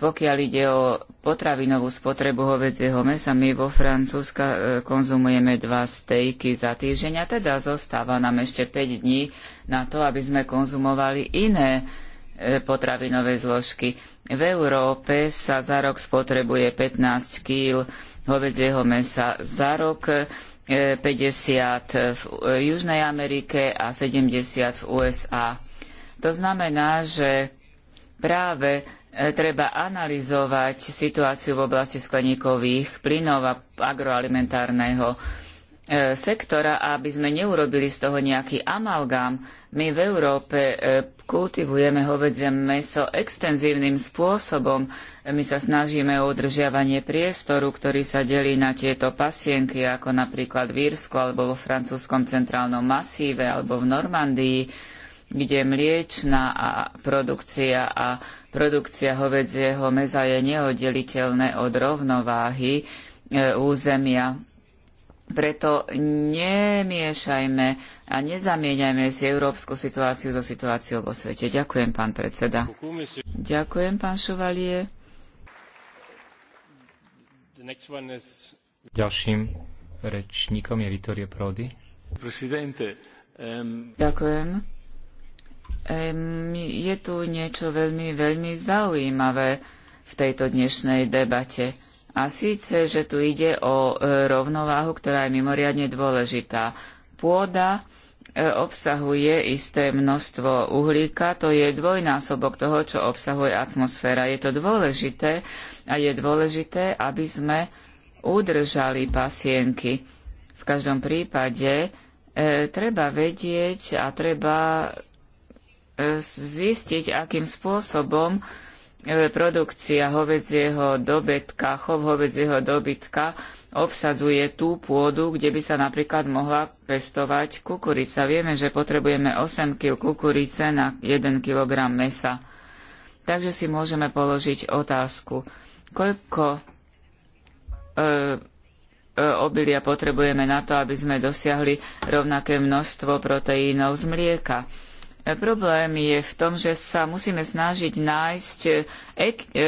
Speaker 1: pokiaľ ide o potravinovú spotrebu hovedzieho mesa, my vo Francúzska e, konzumujeme dva stejky za týždeň a teda zostáva nám ešte 5 dní na to, aby sme konzumovali iné e, potravinové zložky. V Európe sa za rok spotrebuje 15 kg hovedzieho mesa za rok, 50 e, v Južnej Amerike a 70 v USA. To znamená, že práve E, treba analyzovať situáciu v oblasti skleníkových plynov a agroalimentárneho e, sektora, aby sme neurobili z toho nejaký amalgám. My v Európe e, kultivujeme hovedzie mäso extenzívnym spôsobom. My sa snažíme o udržiavanie priestoru, ktorý sa delí na tieto pasienky, ako napríklad v Írsku alebo vo francúzskom centrálnom masíve alebo v Normandii kde mliečna a produkcia a produkcia hovedzieho meza je neoddeliteľné od rovnováhy e, územia. Preto nemiešajme a nezamieňajme si európsku situáciu so situáciou vo svete. Ďakujem, pán predseda. Ďakujem, pán Šovalie. Ďalším rečníkom je Vittorio Prodi.
Speaker 2: Ehm,
Speaker 1: Ďakujem je tu niečo veľmi, veľmi zaujímavé v tejto dnešnej debate. A síce, že tu ide o e, rovnováhu, ktorá je mimoriadne dôležitá. Pôda e, obsahuje isté množstvo uhlíka, to je dvojnásobok toho, čo obsahuje atmosféra. Je to dôležité a je dôležité, aby sme udržali pasienky. V každom prípade e, treba vedieť a treba zistiť, akým spôsobom e, produkcia hovedzieho dobytka, chov hovedzieho dobytka obsadzuje tú pôdu, kde by sa napríklad mohla pestovať kukurica. Vieme, že potrebujeme 8 kg kukurice na 1 kg mesa. Takže si môžeme položiť otázku, koľko e, e, obilia potrebujeme na to, aby sme dosiahli rovnaké množstvo proteínov z mlieka. Problém je v tom, že sa musíme snažiť nájsť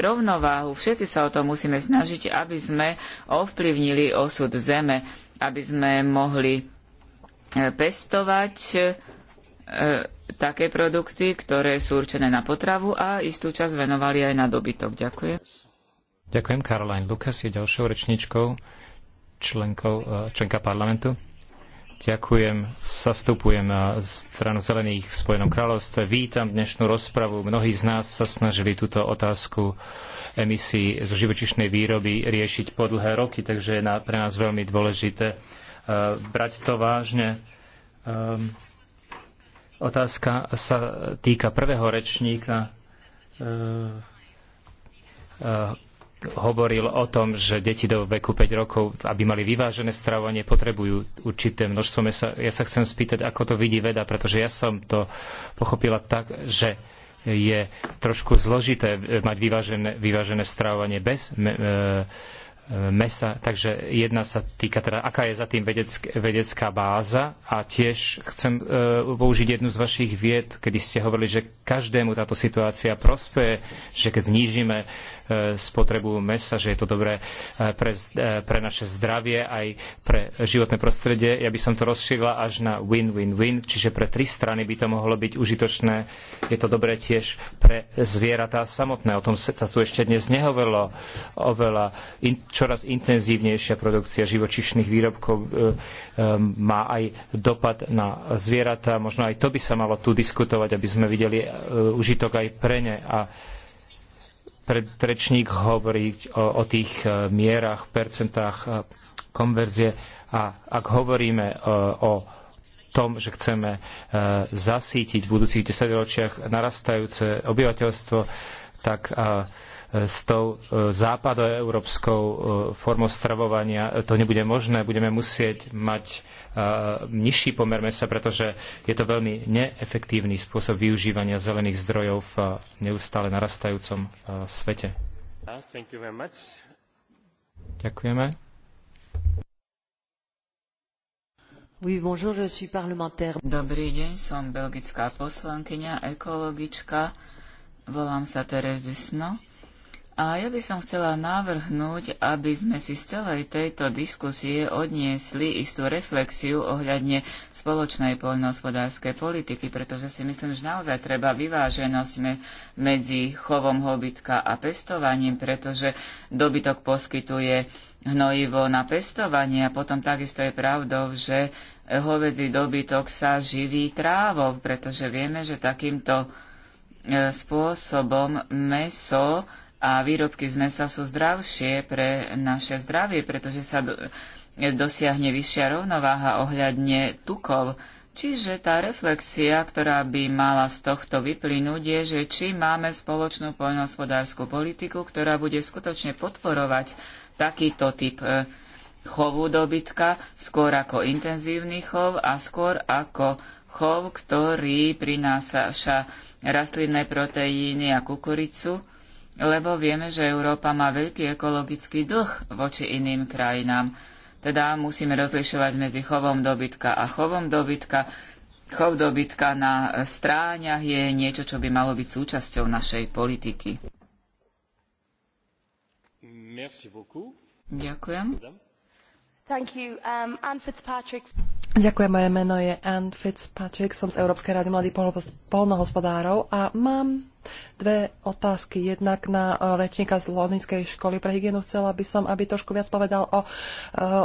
Speaker 1: rovnováhu. Všetci sa o to musíme snažiť, aby sme ovplyvnili osud zeme, aby sme mohli e, pestovať e, také produkty, ktoré sú určené na potravu a istú časť venovali aj na dobytok. Ďakujem.
Speaker 4: Ďakujem. Caroline Lucas je ďalšou rečničkou, členkou, e, členka parlamentu. Ďakujem, zastupujem eh, stranu zelených v Spojenom kráľovstve. Vítam dnešnú rozpravu. Mnohí z nás sa snažili túto otázku emisí zo živočišnej výroby riešiť po dlhé roky, takže je pre nás veľmi dôležité eh, brať to vážne. Ehm, otázka sa týka prvého rečníka eh, hovoril o tom, že deti do veku 5 rokov, aby mali vyvážené stravovanie, potrebujú určité množstvo mesa. Ja sa chcem spýtať, ako to vidí veda, pretože ja som to pochopila tak, že je trošku zložité mať vyvážené, vyvážené stravovanie bez me, e, mesa. Takže jedna sa týka teda, aká je za tým vedeck, vedecká báza. A tiež chcem e, použiť jednu z vašich vied, kedy ste hovorili, že každému táto situácia prospeje, že keď znížime spotrebu mesa, že je to dobré eh, pre, eh, pre naše zdravie aj pre životné prostredie. Ja by som to rozšírila až na win-win-win, čiže pre tri strany by to mohlo byť užitočné. Je to dobré tiež pre zvieratá samotné. O tom sa tu ešte dnes nehovorilo. Oveľa in, čoraz intenzívnejšia produkcia živočišných výrobkov e, e, má aj dopad na zvieratá. Možno aj to by sa malo tu diskutovať, aby sme videli e, užitok aj pre ne. A predrečník hovoriť o, o tých e, mierach, percentách e, konverzie a ak hovoríme e, o tom, že chceme zasítiť v budúcich desaťročiach narastajúce obyvateľstvo, tak e, s tou e, západoeurópskou e, formou stravovania to nebude možné. Budeme musieť mať nižší pomer mesa, pretože je to veľmi neefektívny spôsob využívania zelených zdrojov v neustále narastajúcom svete.
Speaker 1: Ďakujeme. Oui, bonjour, je suis parlementaire. Dobrý deň, som belgická poslankyňa, ekologička Volám sa Teres Dusno. A ja by som chcela navrhnúť, aby sme si z celej tejto diskusie odniesli istú reflexiu ohľadne spoločnej poľnohospodárskej politiky, pretože si myslím, že naozaj treba vyváženosť medzi chovom hobytka a pestovaním, pretože dobytok poskytuje hnojivo na pestovanie a potom takisto je pravdou, že hovedzí dobytok sa živí trávou, pretože vieme, že takýmto E, spôsobom meso a výrobky z mesa sú zdravšie pre naše zdravie, pretože sa e, dosiahne vyššia rovnováha ohľadne tukov. Čiže tá reflexia, ktorá by mala z tohto vyplynúť, je, že či máme spoločnú poľnohospodárskú politiku, ktorá bude skutočne podporovať takýto typ e, chovu dobytka, skôr ako intenzívny chov a skôr ako chov, ktorý prináša rastlinné proteíny a kukuricu, lebo vieme, že Európa má veľký ekologický dlh voči iným krajinám. Teda musíme rozlišovať medzi chovom dobytka a chovom dobytka. Chov dobytka na stráňach je niečo, čo by malo byť súčasťou našej politiky. Ďakujem.
Speaker 3: Um, Ďakujem, moje meno je Anne Fitzpatrick, som z Európskej rady mladých poľnohospodárov a mám dve otázky. Jednak na e, rečníka z lodníckej školy pre hygienu chcela by som, aby trošku viac povedal o e,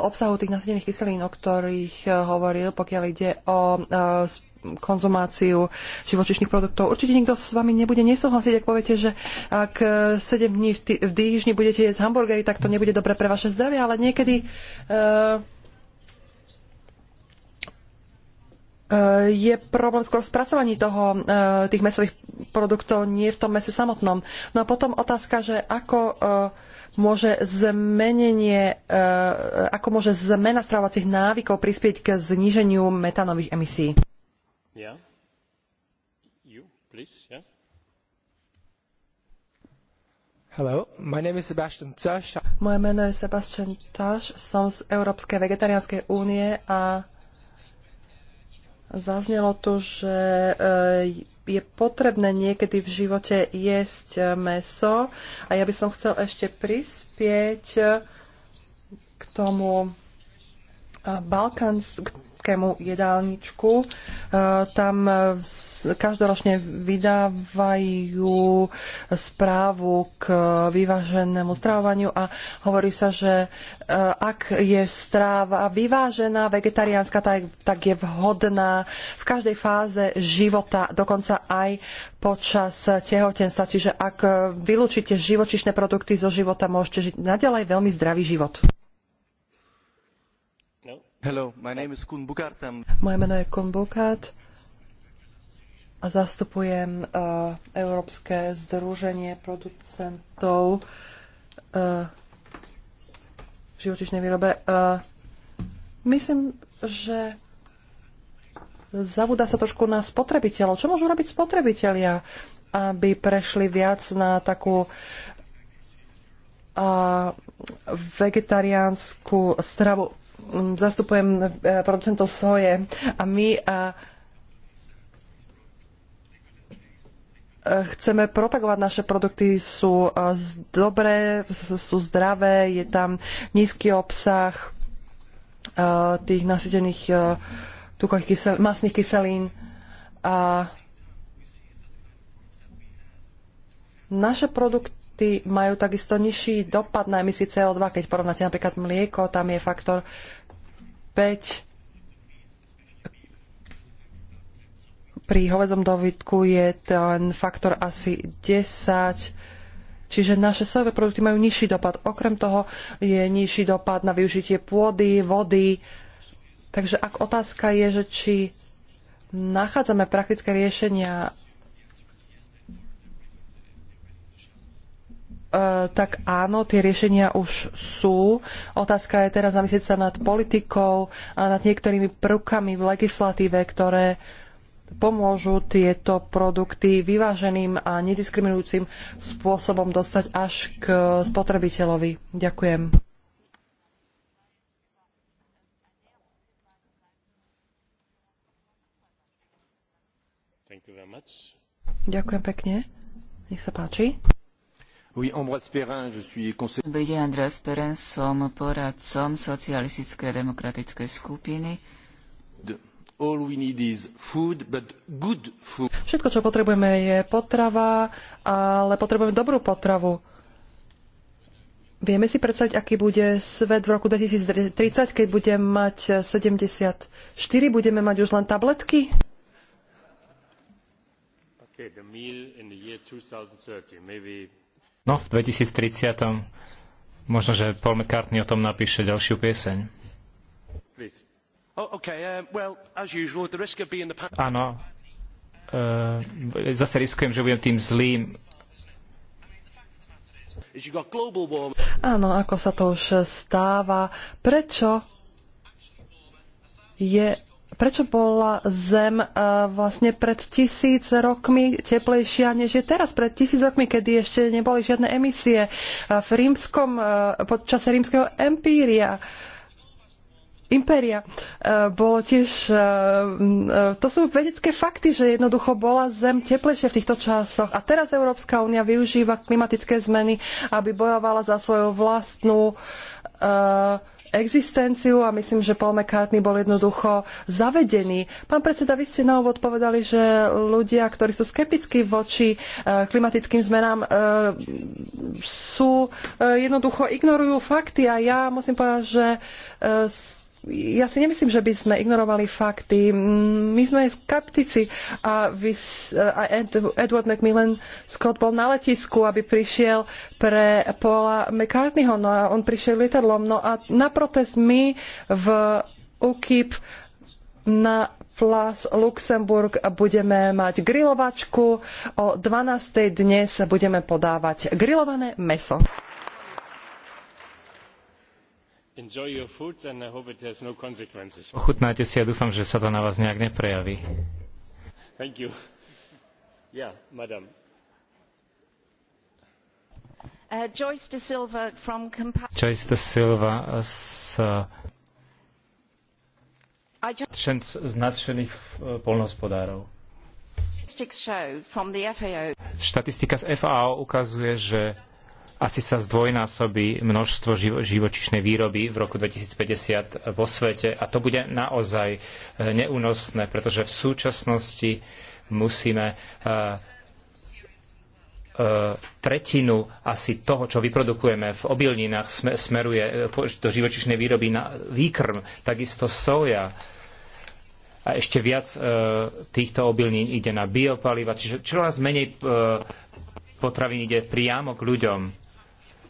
Speaker 3: obsahu tých nasýtených kyselín, o ktorých e, hovoril, pokiaľ ide o konzumáciu živočišných produktov. Určite nikto s vami nebude nesúhlasiť, ak poviete, že ak 7 e, dní v, tý, v týždni budete jesť hamburgery, tak to nebude dobre pre vaše zdravie, ale niekedy uh, je problém skôr v spracovaní toho, tých mesových produktov, nie v tom mese samotnom. No a potom otázka, že ako môže zmenenie, ako môže zmena stravovacích návykov prispieť k zníženiu metánových emisí.
Speaker 2: You, please. Yeah. Hello, my name is
Speaker 3: Sebastian Tosh. Moje meno je Sebastian Tosh, som z Európskej vegetariánskej únie a zaznelo tu, že e, je potrebné niekedy v živote jesť e, meso a ja by som chcel ešte prispieť k tomu balkans, detskému jedálničku. E, tam každoročne vydávajú správu k vyváženému stravovaniu a hovorí sa, že e, ak je stráva vyvážená, vegetariánska, tak, tak je vhodná v každej fáze života, dokonca aj počas tehotenstva. Čiže ak e, vylúčite živočišné produkty zo života, môžete žiť naďalej veľmi zdravý život. Hello, my name is Kun Moje meno je Kun Bukart a zastupujem uh, Európske združenie producentov uh, v živočišnej výrobe. Uh, myslím, že zabúda sa trošku na spotrebiteľov. Čo môžu robiť spotrebitelia, aby prešli viac na takú uh, vegetariánsku stravu? Mm, zastupujem e, producentov soje a my e, e, chceme propagovať naše produkty, sú dobré, sú zdravé, je tam nízky obsah tých nasýtených tukových kysel, masných kyselín a naše produkty produkty majú takisto nižší dopad na emisie CO2. Keď porovnáte napríklad mlieko, tam je faktor 5 pri hovedzom dobytku je ten faktor asi 10. Čiže naše sojové produkty majú nižší dopad. Okrem toho je nižší dopad na využitie pôdy, vody. Takže ak otázka je, že či nachádzame praktické riešenia E, tak áno, tie riešenia už sú. Otázka je teraz zamyslieť sa nad politikou a nad niektorými prvkami v legislatíve, ktoré pomôžu tieto produkty vyváženým a nediskriminujúcim spôsobom dostať až k spotrebiteľovi. Ďakujem. Ďakujem pekne. Nech sa páči.
Speaker 1: Dobrý deň, Andreas Peren, som poradcom socialistickej demokratickej skupiny.
Speaker 2: Food, food.
Speaker 1: Všetko, čo
Speaker 3: potrebujeme, je potrava, ale potrebujeme dobrú potravu. Vieme si predstaviť, aký bude svet v roku 2030, keď budem mať 74, budeme mať už len tabletky?
Speaker 2: Okay,
Speaker 4: No, v 2030. možno, že Paul McCartney o tom napíše ďalšiu pieseň.
Speaker 3: Oh, okay. Uh, well, usual, Áno,
Speaker 2: uh,
Speaker 4: zase riskujem, že budem tým zlým
Speaker 3: Áno, ako sa to už stáva. Prečo je Prečo bola Zem e, vlastne pred tisíc rokmi teplejšia, než je teraz? Pred tisíc rokmi, kedy ešte neboli žiadne emisie e, v rímskom, e, počas rímskeho empíria. Impéria. Bolo tiež, to sú vedecké fakty, že jednoducho bola Zem teplejšia v týchto časoch a teraz Európska únia využíva klimatické zmeny, aby bojovala za svoju vlastnú uh, existenciu a myslím, že Paul McCartney bol jednoducho zavedený. Pán predseda, vy ste na úvod povedali, že ľudia, ktorí sú skeptickí voči e, klimatickým zmenám, e, sú e, jednoducho ignorujú fakty a ja musím povedať, že ja si nemyslím, že by sme ignorovali fakty. My sme skeptici a, vy, a Ed, Edward McMillan Scott bol na letisku, aby prišiel pre Paula McCartneyho, no a on prišiel lietadlom. No a na protest my v UKIP na Plus Luxemburg budeme mať grilovačku. O 12. dnes budeme podávať grilované meso.
Speaker 2: No Ochutnajte
Speaker 4: si a dúfam, že sa to na vás nijak neprejaví.
Speaker 2: Uh, Joyce
Speaker 4: de Silva, z nadšených eh, poľnohospodárov. Štatistika z FAO ukazuje, že asi sa zdvojnásobí množstvo živo, živočišnej výroby v roku 2050 vo svete a to bude naozaj e, neúnosné, pretože v súčasnosti musíme e, e, tretinu asi toho, čo vyprodukujeme v obilninách, smeruje do živočišnej výroby na výkrm, takisto soja. A ešte viac týchto obilnín ide na biopaliva, čiže čoraz menej potravín ide priamo k ľuďom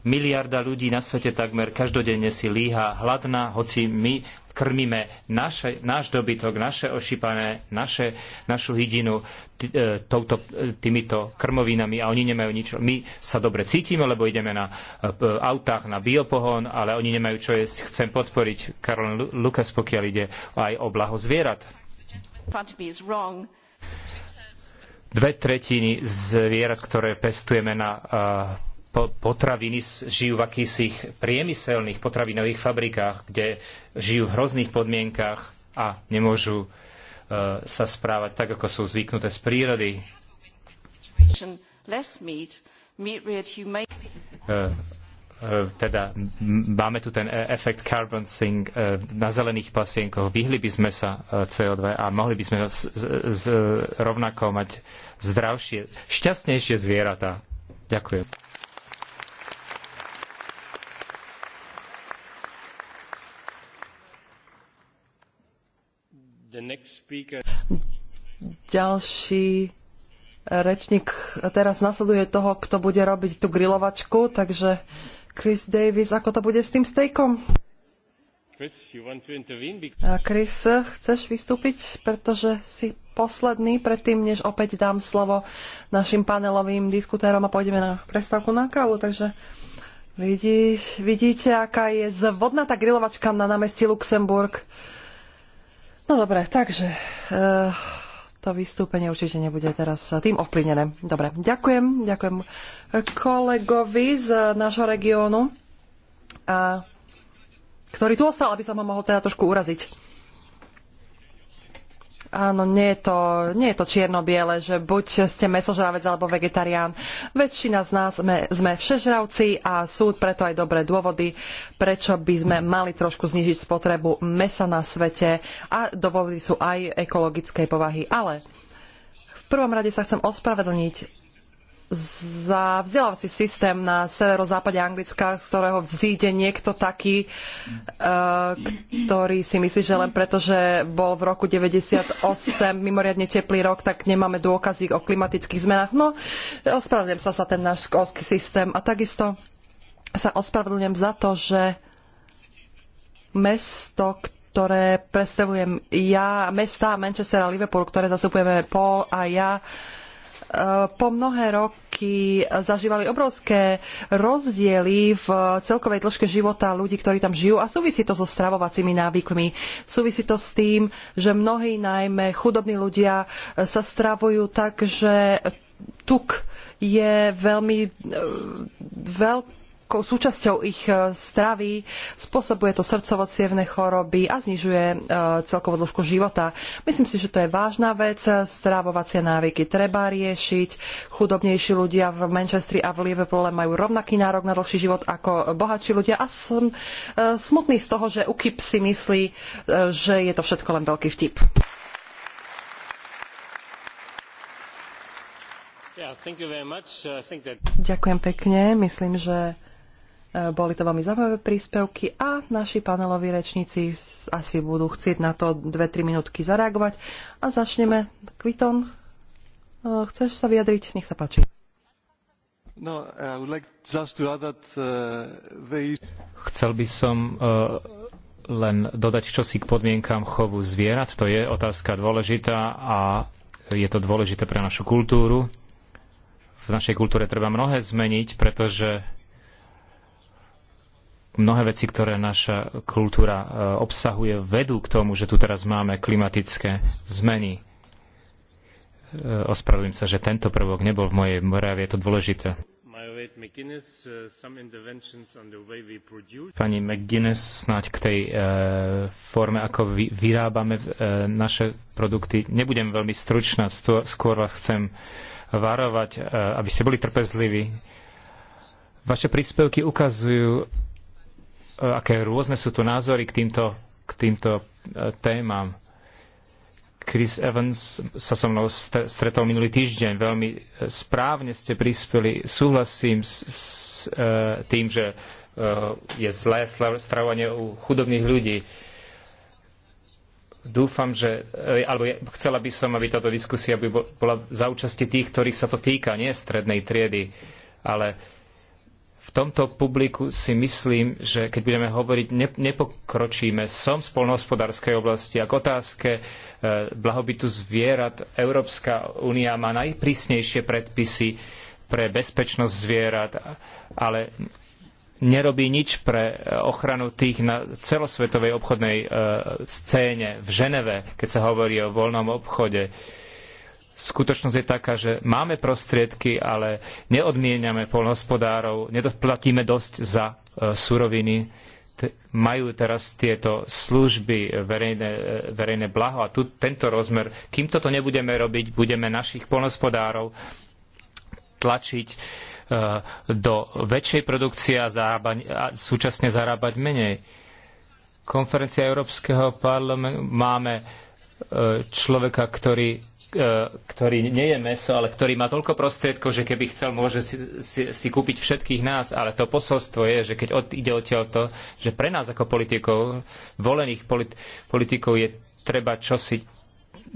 Speaker 4: Miliarda ľudí na svete takmer každodenne si líha hladná, hoci my krmíme naše, náš dobytok, naše ošípané, naše, našu hydinu e, touto, e, týmito krmovinami a oni nemajú nič. My sa dobre cítime, lebo ideme na e, autách na biopohon, ale oni nemajú čo jesť. Chcem podporiť Karol Lukas, pokiaľ ide aj o blaho zvierat. Dve tretiny zvierat, ktoré pestujeme na potraviny žijú v akýsich priemyselných potravinových fabrikách, kde žijú v hrozných podmienkach a nemôžu e, sa správať tak, ako sú zvyknuté z prírody. E, e, teda máme tu ten efekt carbon sink na zelených pasienkoch. Vyhli by sme sa CO2 a mohli by sme z, z, rovnako mať zdravšie, šťastnejšie zvieratá. Ďakujem.
Speaker 3: Ďalší rečník teraz nasleduje toho, kto bude robiť tú grilovačku, takže Chris Davis, ako to bude s tým stejkom? Chris, Chris, chceš vystúpiť, pretože si posledný, predtým než opäť dám slovo našim panelovým diskutérom a pôjdeme na prestávku na kávu, takže vidíš, vidíte, aká je zvodná tá grilovačka na námestí Luxemburg. No dobre, takže uh, to vystúpenie určite nebude teraz eh, tým ovplyvnené. Dobre, ďakujem, ďakujem kolegovi z nášho regiónu, eh, ktorý tu ostal, aby som ho mohol teda trošku uraziť. Áno, nie je to, nie je to čierno-biele, že buď ste mesožravec alebo vegetarián. Väčšina z nás sme, sme všežravci a sú preto aj dobré dôvody, prečo by sme mali trošku znižiť spotrebu mesa na svete a dôvody sú aj ekologickej povahy. Ale v prvom rade sa chcem ospravedlniť za vzdelávací systém na severozápade Anglicka, z ktorého vzíde niekto taký, e, ktorý si myslí, že len preto, že bol v roku 98 mimoriadne teplý rok, tak nemáme dôkazy o klimatických zmenách. No, ospravedlňujem sa za ten náš školský systém a takisto sa ospravedlňujem za to, že mesto, ktoré predstavujem ja, mesta Manchester a Liverpool, ktoré zastupujeme Paul a ja, uh, po mnohé roky zažívali obrovské rozdiely v celkovej dĺžke života ľudí, ktorí tam žijú a súvisí to so stravovacími návykmi. Súvisí to s tým, že mnohí najmä chudobní ľudia sa stravujú tak, že tuk je veľmi e, veľký súčasťou ich e, stravy, spôsobuje to srdcovo choroby a znižuje e, celkovú dĺžku života. Myslím si, že to je vážna vec, strávovacie návyky treba riešiť, chudobnejší ľudia v Manchestri a v Liverpoole majú rovnaký nárok na dlhší život ako bohatší ľudia a som e, smutný z toho, že UKIP si myslí, že je to všetko len veľký vtip. Uh, Ďakujem pekne. Myslím, že Eh, boli to veľmi zaujímavé príspevky a naši paneloví rečníci asi budú chcieť na to 2-3 minútky zareagovať. A začneme. Kviton, eh, chceš sa vyjadriť? Nech sa páči.
Speaker 2: No, like that, uh, eh,
Speaker 1: they...
Speaker 4: Chcel by som uh, len dodať čosi k podmienkám chovu zvierat. To je otázka dôležitá a je to dôležité pre našu kultúru. V našej kultúre treba mnohé zmeniť, pretože mnohé veci, ktoré naša kultúra e, obsahuje, vedú k tomu, že tu teraz máme klimatické zmeny. E, ospravedlím sa, že tento prvok nebol v mojej mrave, je to dôležité. Pani McGuinness, snáď k tej e, forme, ako vy, vyrábame e, naše produkty. Nebudem veľmi stručná, stô, skôr vás chcem varovať, e, aby ste boli trpezliví. Vaše príspevky ukazujú, E, aké rôzne sú tu názory k týmto, k týmto e, témam. Chris Evans sa so mnou stretol minulý týždeň. Veľmi e, správne ste prispeli. Súhlasím s, s tým, že je zlé stravovanie u chudobných ľudí. Dúfam, že... alebo chcela by som, aby táto diskusia by bola za účasti tých, ktorých sa to týka, nie strednej triedy, ale v tomto publiku si myslím, že keď budeme hovoriť, nepokročíme. Som z spolnohospodárskej oblasti a k otázke e, blahobytu zvierat Európska únia má najprísnejšie predpisy pre bezpečnosť zvierat, ale nerobí nič pre ochranu tých na celosvetovej obchodnej e, scéne v Ženeve, keď sa hovorí o voľnom obchode skutočnosť je taká, že máme prostriedky, ale neodmieniame polnohospodárov, nedoplatíme dosť za e, suroviny. Majú teraz tieto služby, e, verejné, e, verejné blaho a tu, tento rozmer. Kým toto nebudeme robiť, budeme našich polnohospodárov tlačiť do väčšej produkcie a, zarábať, a súčasne zarábať menej. Konferencia Európskeho parlamentu máme človeka, ktorý E, ktorý nie je meso, ale ktorý má toľko prostriedkov, že keby chcel, môže si, si, si kúpiť všetkých nás. Ale to posolstvo je, že keď od, ide o to, že pre nás ako politikov, volených polit, politikov je treba čosi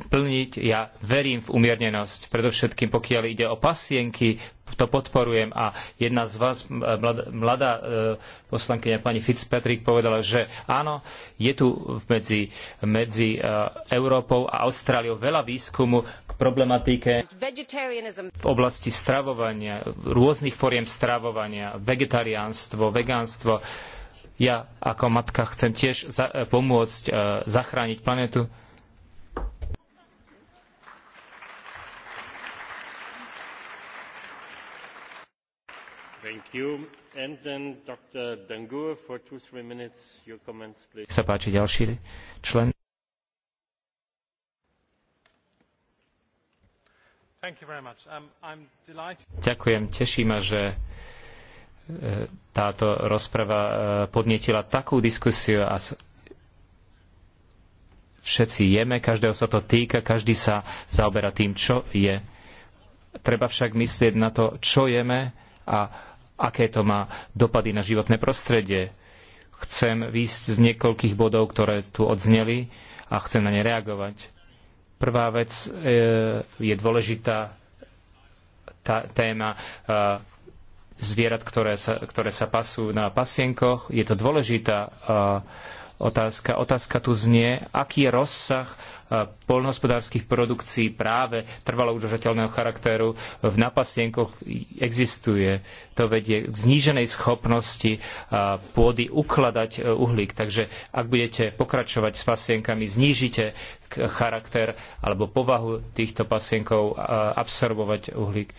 Speaker 4: plniť. Ja verím v umiernenosť, predovšetkým pokiaľ ide o pasienky, to podporujem a jedna z vás, mladá, mladá e, poslankyňa pani Fitzpatrick, povedala, že áno, je tu medzi, medzi e, Európou a Austráliou veľa výskumu k problematike v oblasti stravovania, rôznych foriem stravovania, vegetariánstvo, vegánstvo. Ja ako matka chcem tiež za, pomôcť e, zachrániť planetu sa páči ďalší člen.
Speaker 2: Um,
Speaker 4: Ďakujem, teší ma, že e, táto rozprava e, podnietila takú diskusiu a všetci jeme, každého sa to týka, každý sa zaoberá tým, čo je. Treba však myslieť na to, čo jeme a aké to má dopady na životné prostredie. Chcem výjsť z niekoľkých bodov, ktoré tu odzneli a chcem na ne reagovať. Prvá vec e, je dôležitá tá téma e, zvierat, ktoré sa, ktoré sa pasú na pasienkoch. Je to dôležitá e, otázka. Otázka tu znie, aký je rozsah poľnohospodárskych produkcií práve trvalo udržateľného charakteru v napasienkoch existuje. To vedie k zníženej schopnosti pôdy ukladať e, uhlík. Takže ak budete pokračovať s pasienkami, znížite charakter alebo povahu týchto pasienkov absorbovať uhlík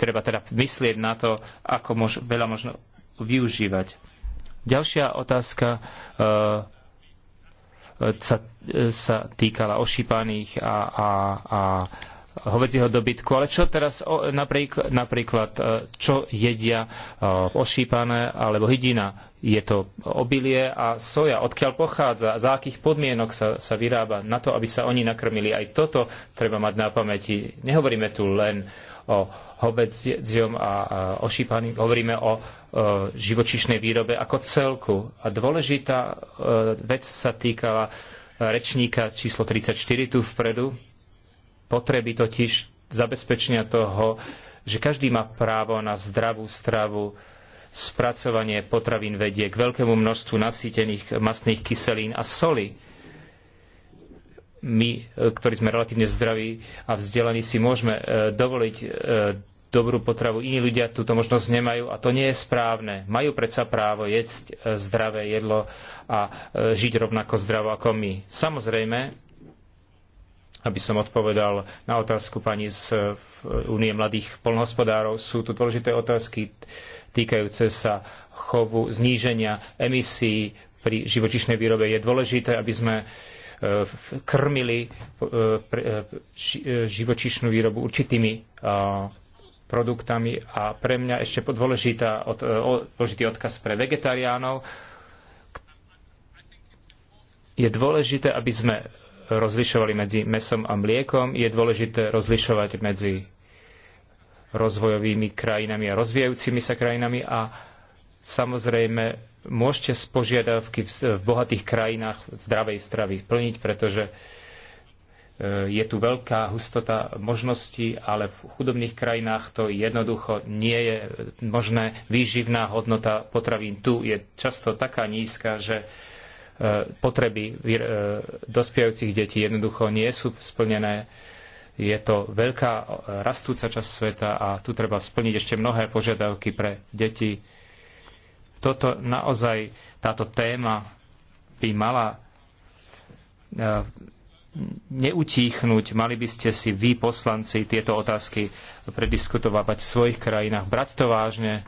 Speaker 4: treba teda myslieť na to, ako veľa možno využívať. Ďalšia otázka. E, sa, sa týkala ošípaných a, a, a hovedzieho dobytku, ale čo teraz o, naprík, napríklad, e, čo jedia e, ošípané alebo hydina? Je to obilie a soja, odkiaľ pochádza, za akých podmienok sa, sa vyrába, na to, aby sa oni nakrmili. Aj toto treba mať na pamäti. Nehovoríme tu len o hovedziom a ošípaným, hovoríme o živočišnej výrobe ako celku. A dôležitá e, vec sa týkala e, rečníka číslo 34 tu vpredu, potreby totiž zabezpečenia toho, že každý má právo na zdravú stravu, spracovanie potravín vedie k veľkému množstvu nasýtených masných kyselín a soli my, e, ktorí sme relatívne zdraví a vzdelaní, si môžeme e, dovoliť e, dobrú potravu. Iní ľudia túto možnosť nemajú a to nie je správne. Majú predsa právo jesť zdravé jedlo a žiť rovnako zdravo ako my. Samozrejme, aby som odpovedal na otázku pani z Únie mladých polnohospodárov, sú tu dôležité otázky týkajúce sa chovu, zníženia emisí pri živočišnej výrobe. Je dôležité, aby sme uh, krmili eh, eh, eh, živočišnú výrobu určitými produktami a pre mňa ešte dôležitá, dôležitý odkaz pre vegetariánov. Je dôležité, aby sme rozlišovali medzi mesom a mliekom, je dôležité rozlišovať medzi rozvojovými krajinami a rozvíjajúcimi sa krajinami a samozrejme môžete z požiadavky v, bohatých krajinách zdravej stravy plniť, pretože e, je tu veľká hustota možností, ale v chudobných krajinách to jednoducho nie je e, možné. Výživná hodnota potravín tu je často taká nízka, že e, potreby dospievajúcich detí jednoducho nie sú splnené. Je to veľká rastúca časť sveta a tu treba splniť ešte mnohé požiadavky pre deti toto naozaj, táto téma by mala e, neutíchnuť, mali by ste si vy, poslanci, tieto otázky prediskutovať v svojich krajinách, brať to vážne.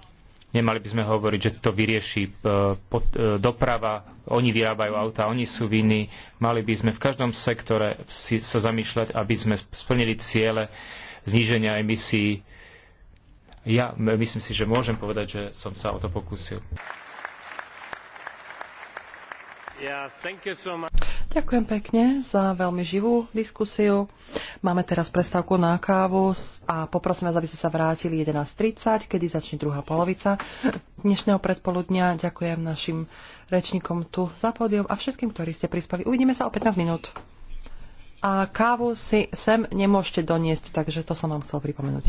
Speaker 4: Nemali by sme hovoriť, že to vyrieši e, e, doprava, oni vyrábajú auta, oni sú viny, Mali by sme v každom sektore sa zamýšľať, aby sme splnili ciele zníženia emisí ja myslím si, že môžem povedať, že som sa
Speaker 2: o to pokúsil.
Speaker 3: Ďakujem pekne za veľmi živú diskusiu. Máme teraz prestávku na kávu a poprosím vás, aby ste sa vrátili 11.30, kedy začne druhá polovica dnešného predpoludnia. Ďakujem našim rečníkom tu za pódium a všetkým, ktorí ste prispeli. Uvidíme sa o 15 minút. A kávu si sem nemôžete doniesť, takže to som vám chcel pripomenúť.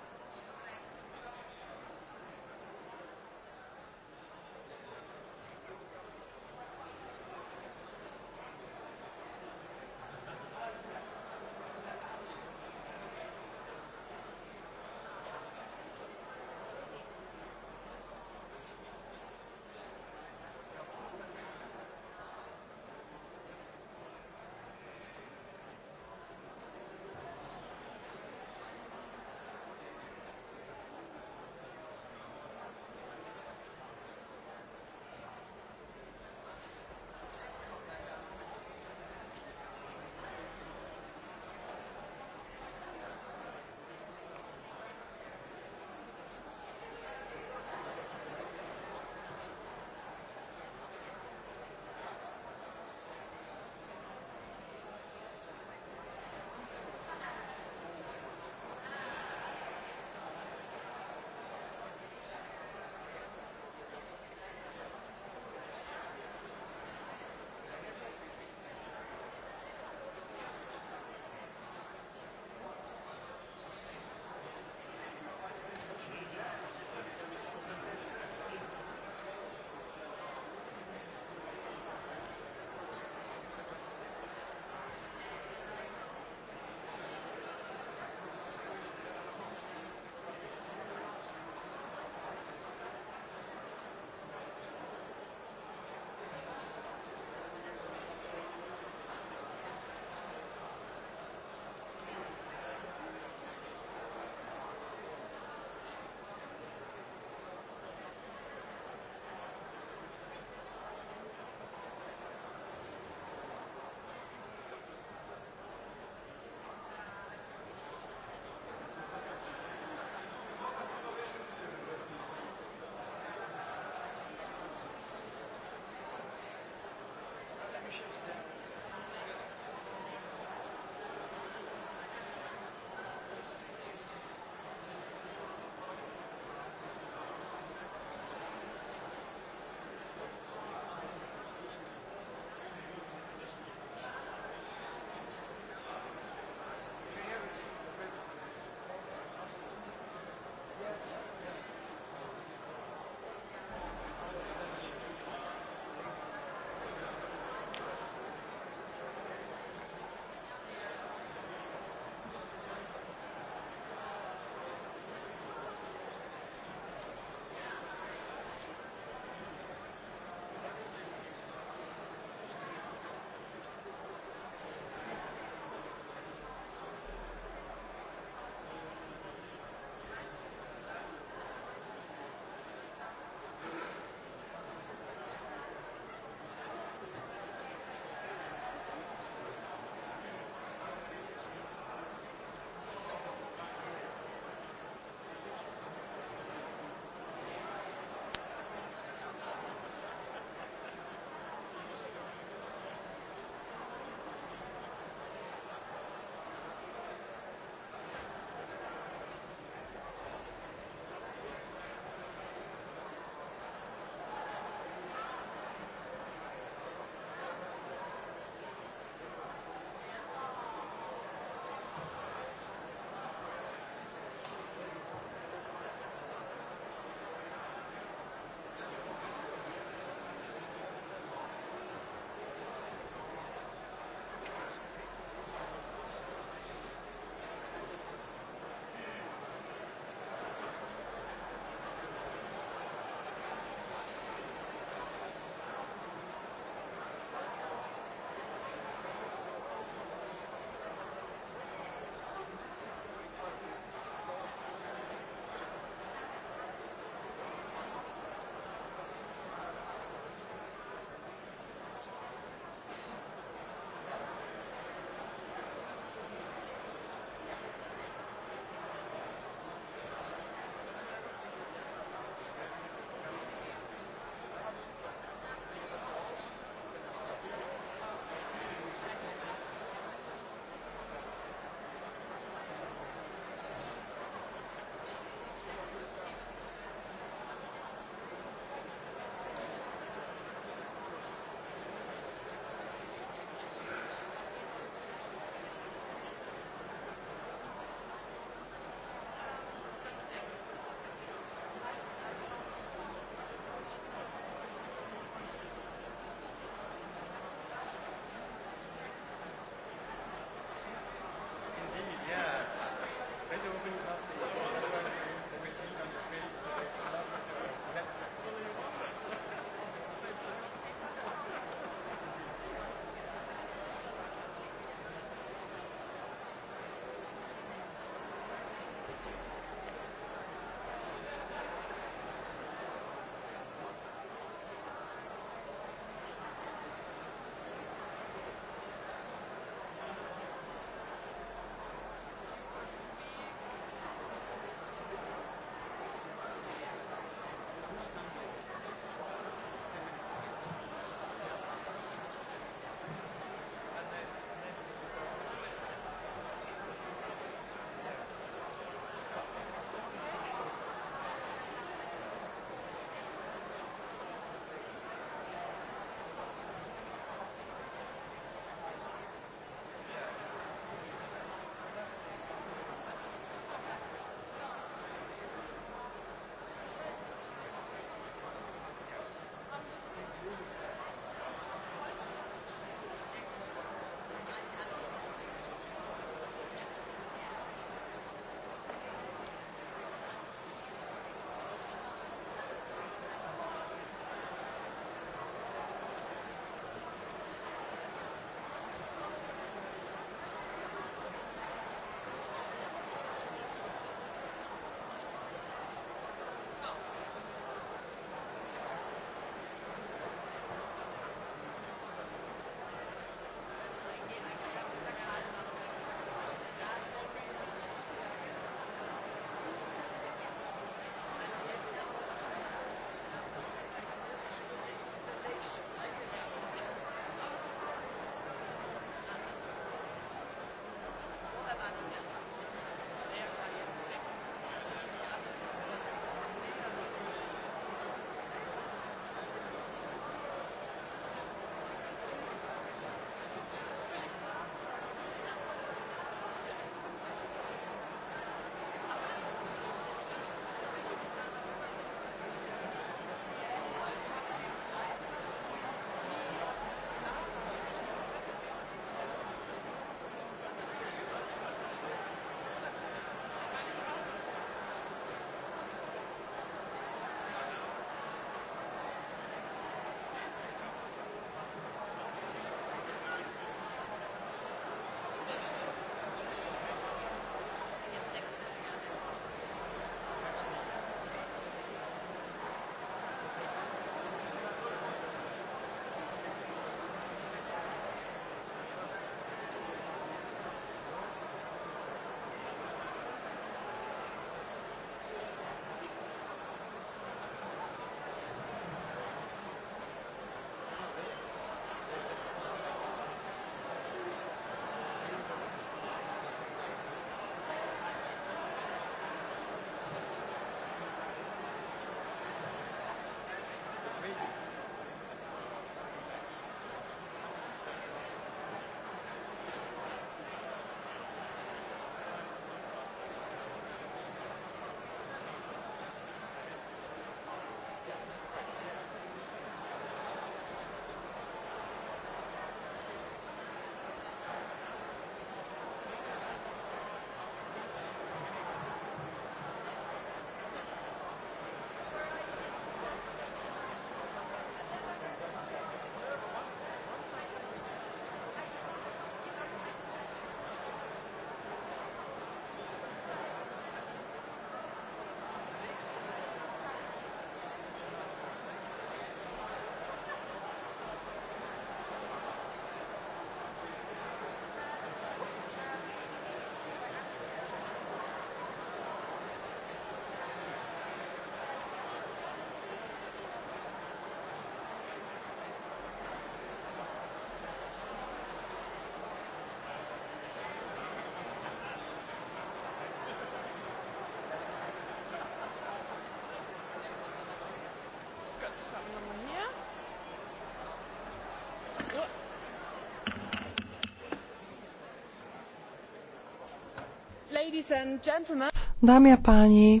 Speaker 3: Dámy a páni,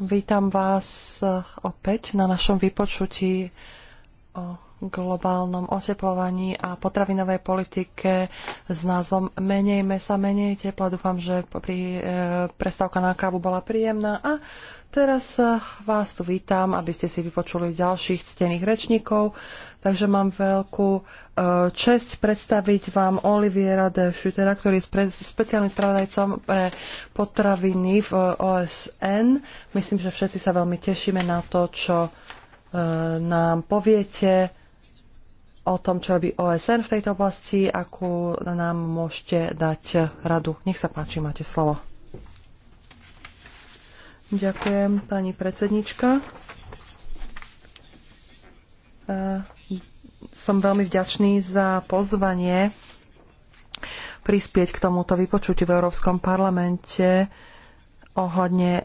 Speaker 3: vítam vás eh, opäť na našom vypočutí o globálnom oteplovaní a potravinovej politike s názvom Menej mesa, menej tepla. Dúfam, že pri, eh, prestávka na kávu bola príjemná a Teraz eh, vás tu vítam, aby ste si vypočuli ďalších ctených rečníkov, takže mám veľkú eh, čest predstaviť vám Oliviera de Schutera, ktorý je speciálnym spravodajcom pre potraviny v eh, OSN. Myslím, že všetci sa veľmi tešíme na to, čo nám poviete o tom, čo robí OSN v tejto oblasti, akú nám môžete dať radu. Nech sa páči, máte slovo. Ďakujem, pani predsednička. E, som veľmi vďačný za pozvanie prispieť k tomuto vypočutiu v Európskom parlamente ohľadne e,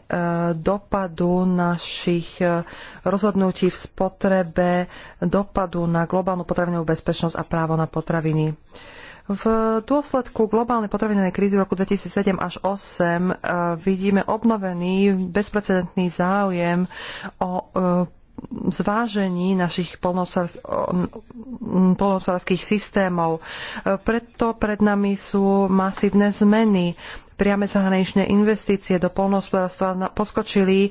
Speaker 3: dopadu našich e, rozhodnutí v spotrebe, dopadu na globálnu potravinovú bezpečnosť a právo na potraviny. V dôsledku globálnej potravinovej krízy v roku 2007 až 2008 e, vidíme obnovený bezprecedentný záujem o e, zvážení našich polnohospodárských systémov. E, preto pred nami sú masívne zmeny priame zahraničné investície do polnohospodárstva poskočili e,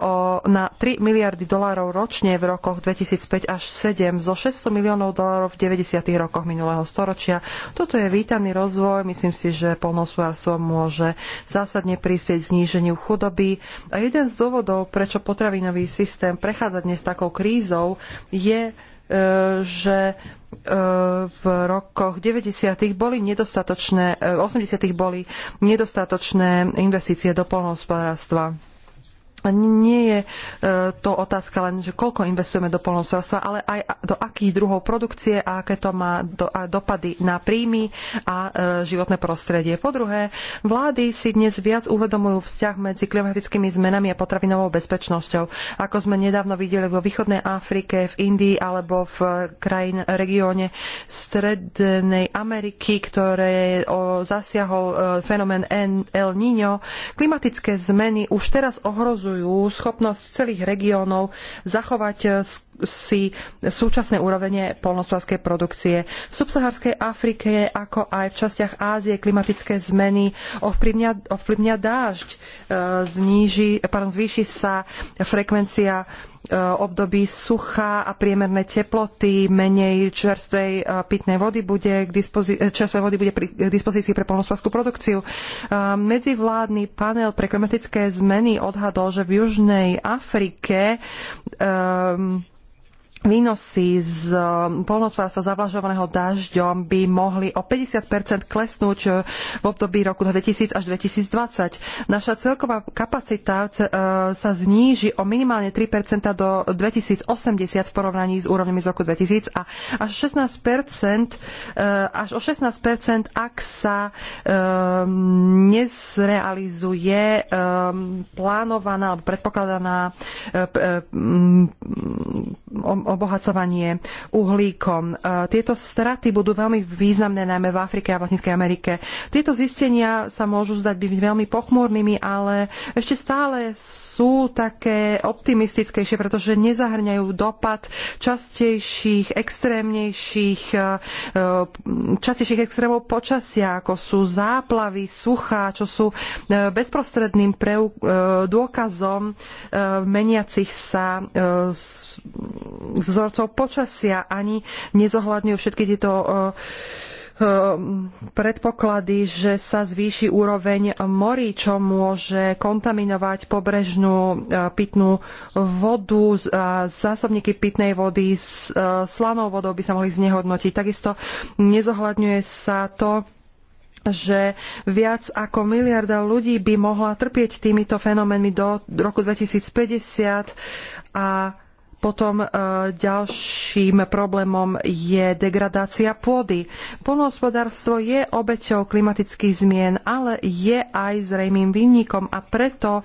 Speaker 3: o, na 3 miliardy dolárov ročne v rokoch 2005 až 2007 zo 600 miliónov dolárov v 90. rokoch minulého storočia. Toto je vítaný rozvoj. Myslím si, že polnohospodárstvo môže zásadne prispieť zníženiu chudoby. A jeden z dôvodov, prečo potravinový systém prechádza dnes takou krízou, je e, že v rokoch 90. boli nedostatočné, 80. Eh, boli nedostatočné investície do polnohospodárstva nie je e, to otázka len, že koľko investujeme do polnohospodárstva, ale aj do akých druhov produkcie a aké to má do, dopady na príjmy a e, životné prostredie. Po druhé, vlády si dnes viac uvedomujú vzťah medzi klimatickými zmenami a potravinovou bezpečnosťou. Ako sme nedávno videli vo východnej Afrike, v Indii alebo v e, krajín regióne Strednej Ameriky, ktoré zasiahol fenomén El Niño, klimatické zmeny už teraz ohrozujú ukazujú schopnosť celých regiónov zachovať eh, si súčasné úrovne polnospodárskej produkcie. V subsaharskej Afrike, ako aj v častiach Ázie, klimatické zmeny ovplyvnia, ovplyvnia dážď, eh, zníži, pardon, zvýši sa frekvencia E, období sucha a priemerné teploty, menej čerstvej e, pitnej vody bude k e, čerstvej vody bude k dispozícii pre polnospodárskú produkciu. Medzivládny panel pre klimatické zmeny odhadol, že v Južnej Afrike um, Výnosy z um, polnohospodárstva zavlažovaného dažďom by mohli o 50 klesnúť uh, v období roku 2000 až 2020. Naša celková kapacita uh, sa zníži o minimálne 3 do 2080 v porovnaní s úrovňami z roku 2000 a až, 16 uh, až o 16 ak sa um, nezrealizuje um, plánovaná alebo predpokladaná obohacovanie uhlíkom. E, tieto straty budú veľmi významné najmä v Afrike a v Latinskej Amerike. Tieto zistenia sa môžu zdať byť veľmi pochmúrnymi, ale ešte stále sú také optimistickejšie, pretože nezahrňajú dopad častejších, extrémnejších, e, e, častejších extrémov počasia, ako sú záplavy, suchá, čo sú bezprostredným dôkazom meniacich sa vzorcov počasia, ani nezohľadňujú všetky tieto e, e, predpoklady, že sa zvýši úroveň morí, čo môže kontaminovať pobrežnú e, pitnú vodu. Zásobníky pitnej vody s slanou vodou by sa mohli znehodnotiť. Takisto nezohľadňuje sa to, že viac ako miliarda ľudí by mohla trpieť týmito fenoménmi do roku 2050 a potom e, ďalším problémom je degradácia pôdy. Polnohospodárstvo je obeťou klimatických zmien, ale je aj zrejmým vinníkom a preto, e,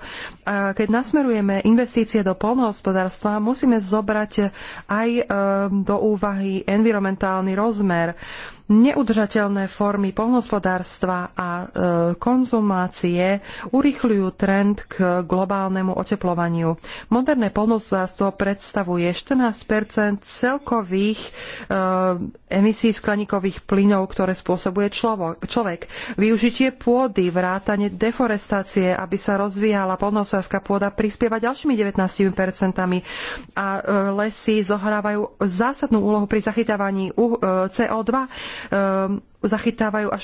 Speaker 3: keď nasmerujeme investície do polnohospodárstva, musíme zobrať aj e, do úvahy environmentálny rozmer. Neudržateľné formy poľnohospodárstva a e, konzumácie urychľujú trend k globálnemu oteplovaniu. Moderné poľnohospodárstvo predstavuje 14 celkových e, emisí skleníkových plynov, ktoré spôsobuje človek. Využitie pôdy, vrátanie deforestácie, aby sa rozvíjala poľnohospodárska pôda, prispieva ďalšími 19 a e, lesy zohrávajú zásadnú úlohu pri zachytávaní uh, e, CO2 Ehm, zachytávajú až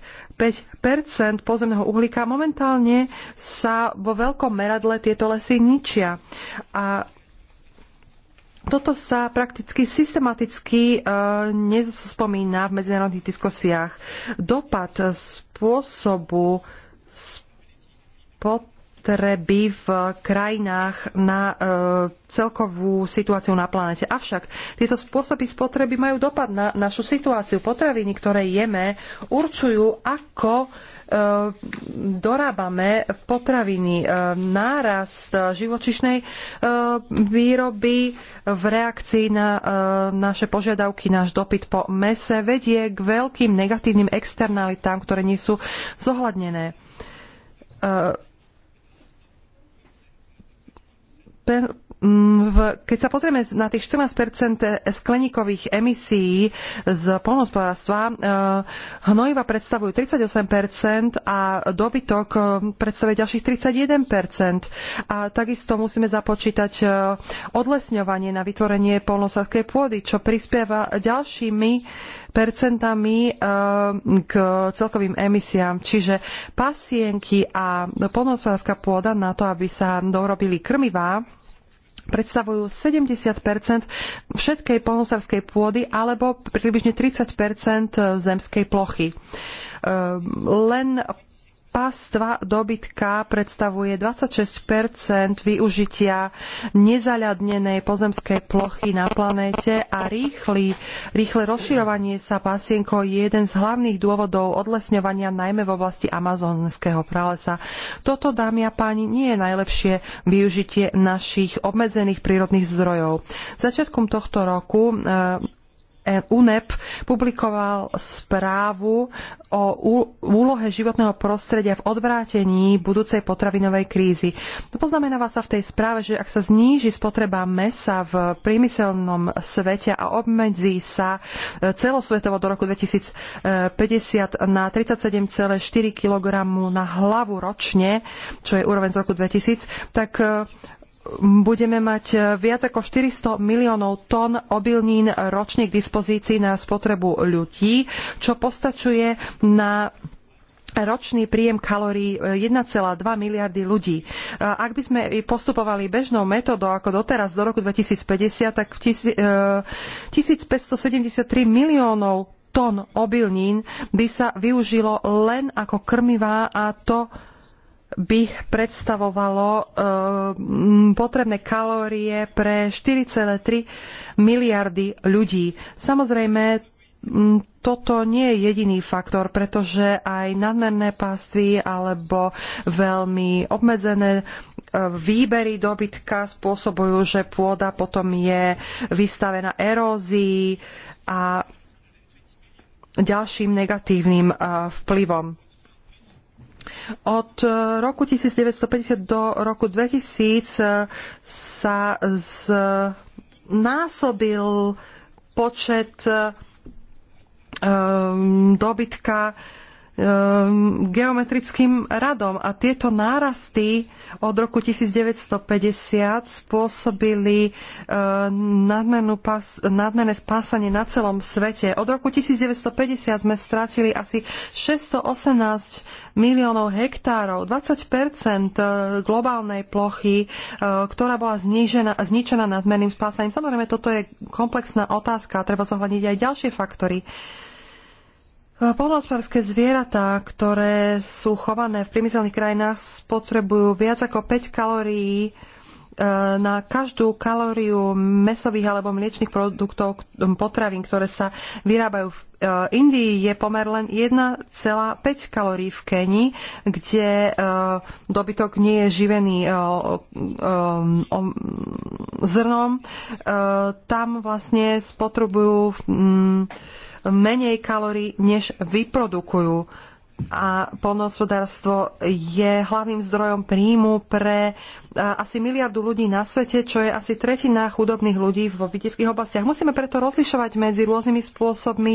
Speaker 3: 45 pozemného uhlíka. Momentálne sa vo veľkom meradle tieto lesy ničia. A toto sa prakticky systematicky uh, nespomína v medzinárodných diskusiách. Dopad spôsobu spot potreby v krajinách na e, celkovú situáciu na planete. Avšak tieto spôsoby spotreby majú dopad na našu situáciu. Potraviny, ktoré jeme, určujú, ako e, dorábame potraviny. E, nárast živočišnej výroby v reakcii na naše požiadavky, náš dopyt po mese vedie k veľkým negatívnym externalitám, ktoré nie sú zohľadnené per, Mm, keď sa pozrieme na tých 14 skleníkových emisí z polnohospodárstva, e, hnojiva predstavujú 38 a dobytok e, predstavuje ďalších 31 A takisto musíme započítať e, odlesňovanie na vytvorenie polnohospodárskej pôdy, čo prispieva ďalšími percentami k celkovým emisiám. Čiže pasienky a polnohospodárska pôda na to, aby sa dorobili krmivá, predstavujú 70 všetkej polnosarskej pôdy alebo približne 30 zemskej plochy. Ehm, len Pastva dobytka predstavuje 26 využitia nezaľadnenej pozemskej plochy na planéte a rýchly, rýchle rozširovanie sa pasienko je jeden z hlavných dôvodov odlesňovania najmä v oblasti amazonského pralesa. Toto, dámy a páni, nie je najlepšie využitie našich obmedzených prírodných zdrojov. Začiatkom tohto roku e, UNEP publikoval správu o úlohe životného prostredia v odvrátení budúcej potravinovej krízy. Poznamenáva sa v tej správe, že ak sa zníži spotreba mesa v priemyselnom svete a obmedzí sa e, celosvetovo do roku 2050 na 37,4 kg na hlavu ročne, čo je úroveň z roku 2000, tak e, budeme mať eh, viac ako 400 miliónov tón obilnín ročne k dispozícii na spotrebu ľudí, čo postačuje na ročný príjem kalórií 1,2 eh, miliardy ľudí. Eh, ak by sme postupovali bežnou metodou ako doteraz do roku 2050, tak 1573 miliónov tón obilnín by sa využilo len ako krmivá a to by predstavovalo eh, potrebné kalórie pre 4,3 miliardy ľudí. Samozrejme, toto nie je jediný faktor, pretože aj nadmerné pastvy alebo veľmi obmedzené eh, výbery dobytka spôsobujú, že pôda potom je vystavená erózii a ďalším negatívnym eh, vplyvom. Od e, roku 1950 do roku 2000 e, sa znásobil počet um, dobytka Ehm, geometrickým radom. A tieto nárasty od roku 1950 spôsobili ehm, nadmené spásanie na celom svete. Od roku 1950 sme strátili asi 618 miliónov hektárov, 20 ehm, globálnej plochy, ktorá bola znižená, zničená nadmerným spásaním. Samozrejme, toto je komplexná otázka a treba zohľadniť aj ďalšie faktory. Polnohospodárske zvieratá, ktoré sú chované v priemyselných krajinách, spotrebujú viac ako 5 kalórií e, na každú kalóriu mesových alebo mliečných produktov, potravín, ktoré sa vyrábajú v e, Indii, je pomer len 1,5 kalórií v Keni, kde e, dobytok nie je živený zrnom. Tam vlastne spotrebujú menej kalórií, než vyprodukujú a polnohospodárstvo je hlavným zdrojom príjmu pre e, asi miliardu ľudí na svete, čo je asi tretina chudobných ľudí vo vidieckých oblastiach. Musíme preto rozlišovať medzi rôznymi spôsobmi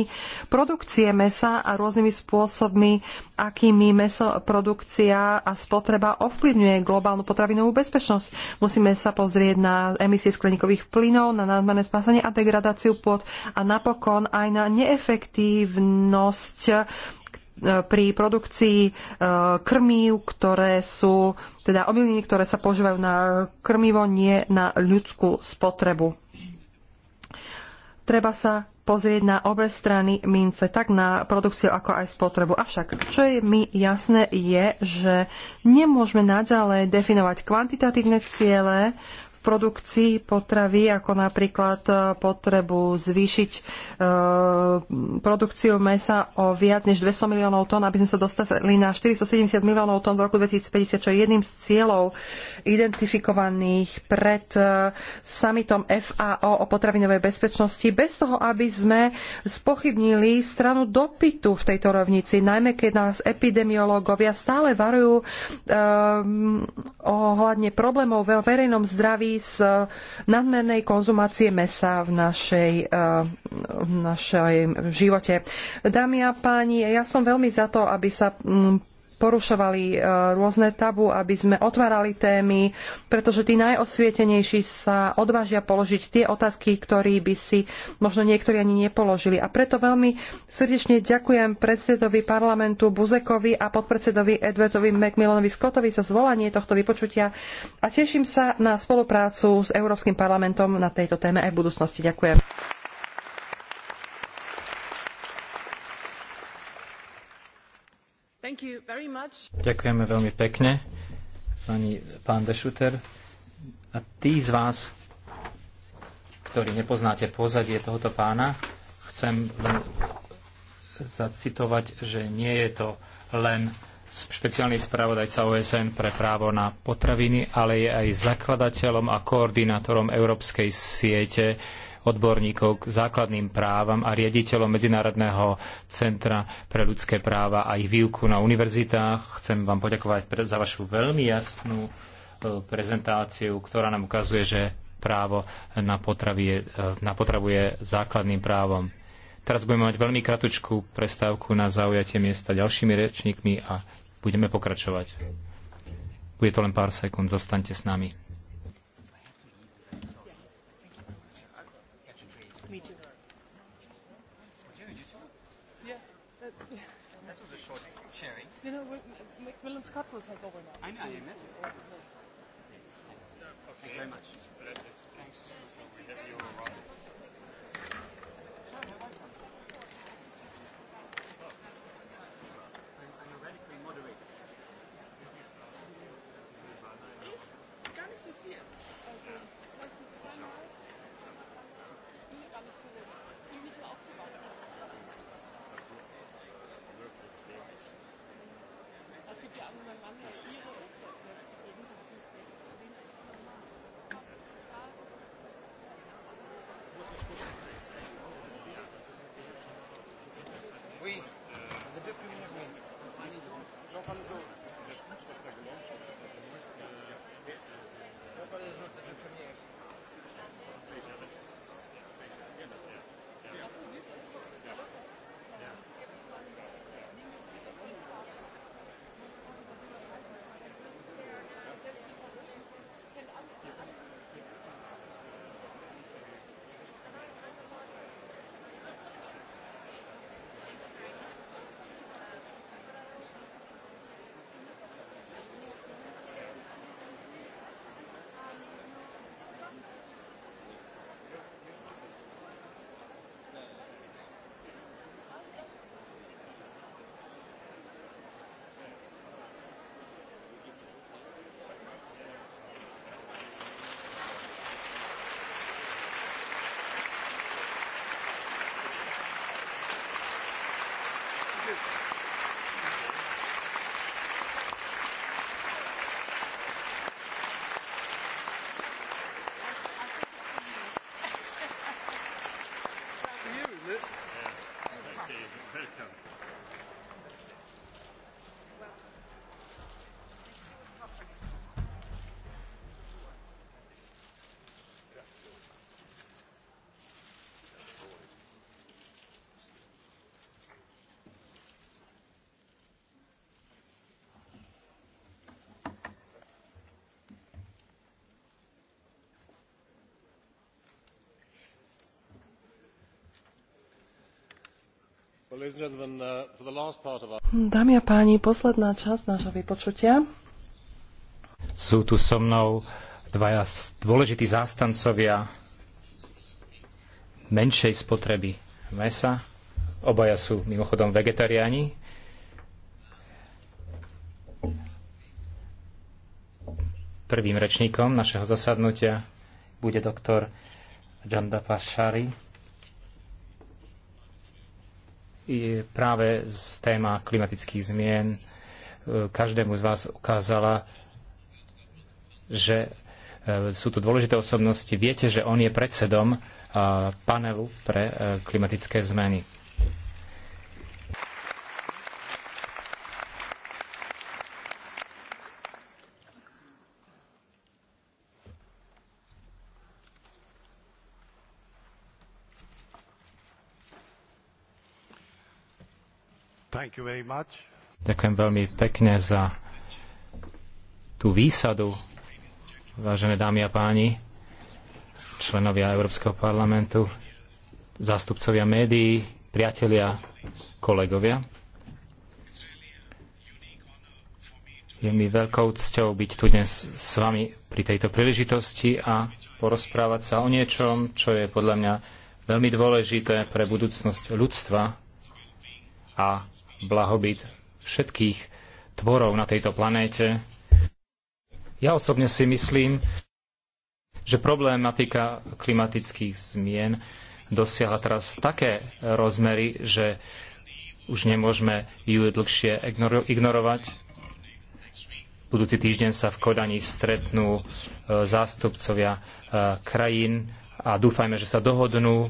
Speaker 3: produkcie mesa a rôznymi spôsobmi, akými mesoprodukcia a spotreba ovplyvňuje globálnu potravinovú bezpečnosť. Musíme sa pozrieť na emisie skleníkových plynov, na nadmerné spásanie a degradáciu pôd a napokon aj na neefektívnosť pri produkcii e, krmív, ktoré sú, teda obilniny, ktoré sa používajú na krmivo, nie na ľudskú spotrebu. Treba sa pozrieť na obe strany mince, tak na produkciu ako aj spotrebu. Avšak, čo je mi jasné, je, že nemôžeme naďalej definovať kvantitatívne ciele, v produkcii potravy, ako napríklad e, potrebu zvýšiť e, produkciu mesa o viac než 200 miliónov tón, aby sme sa dostali na 470 miliónov tón v roku 2050, čo je jedným z cieľov identifikovaných pred e, summitom FAO o potravinovej bezpečnosti, bez toho, aby sme spochybnili stranu dopytu v tejto rovnici, najmä keď nás epidemiológovia stále varujú e, ohľadne problémov vo verejnom zdraví z nadmernej konzumácie mesa v, našej, eh, v našej živote. Dámy a páni, ja som veľmi za to, aby sa mm, porušovali e, rôzne tabu, aby sme otvárali témy, pretože tí najosvietenejší sa odvážia položiť tie otázky, ktoré by si možno niektorí ani nepoložili. A preto veľmi srdečne ďakujem predsedovi parlamentu Buzekovi a podpredsedovi Edwardovi McMillanovi Scottovi za zvolanie tohto vypočutia a teším sa na spoluprácu s Európskym parlamentom na tejto téme aj v budúcnosti. Ďakujem.
Speaker 2: Ďakujeme
Speaker 4: veľmi pekne, pani, pán De Schutter. A tí z vás, ktorí nepoznáte pozadie tohoto pána, chcem zacitovať, že nie je to len špeciálny spravodajca OSN pre právo na potraviny, ale je aj zakladateľom a koordinátorom Európskej siete odborníkov k základným právam a riaditeľom Medzinárodného centra pre ľudské práva a ich výuku na univerzitách. Chcem vám poďakovať za vašu veľmi jasnú e, prezentáciu, ktorá nám ukazuje, že právo na, potravie, e, na potravu je základným právom. Teraz budeme mať veľmi kratučkú prestávku na zaujatie miesta ďalšími rečníkmi a budeme pokračovať. Bude to len pár sekúnd, zostaňte s nami.
Speaker 3: Scott will take over now. I know, I
Speaker 2: Thanks very much. Uh,
Speaker 3: Dámy a páni, posledná časť nášho vypočutia.
Speaker 4: Sú tu so mnou dvaja dôležití zástancovia menšej spotreby mesa. Obaja sú mimochodom vegetariáni. Prvým rečníkom našeho zasadnutia bude doktor Jandapa Shari, je práve z téma klimatických zmien e, každému z vás ukázala, že e, sú tu dôležité osobnosti. Viete, že on je predsedom e, panelu pre klimatické zmeny. Ďakujem veľmi pekne za tú výsadu, vážené dámy a páni, členovia Európskeho parlamentu, zástupcovia médií, priatelia, kolegovia. Je mi veľkou cťou byť tu dnes s vami pri tejto príležitosti a porozprávať sa o niečom, čo je podľa mňa veľmi dôležité pre budúcnosť ľudstva a blahobyt všetkých tvorov na tejto planéte. Ja osobne si myslím, že problematika klimatických zmien dosiahla teraz také rozmery, že už nemôžeme ju dlhšie ignorovať. Budúci týždeň sa v Kodani stretnú e, zástupcovia e, krajín a dúfajme, že sa dohodnú e,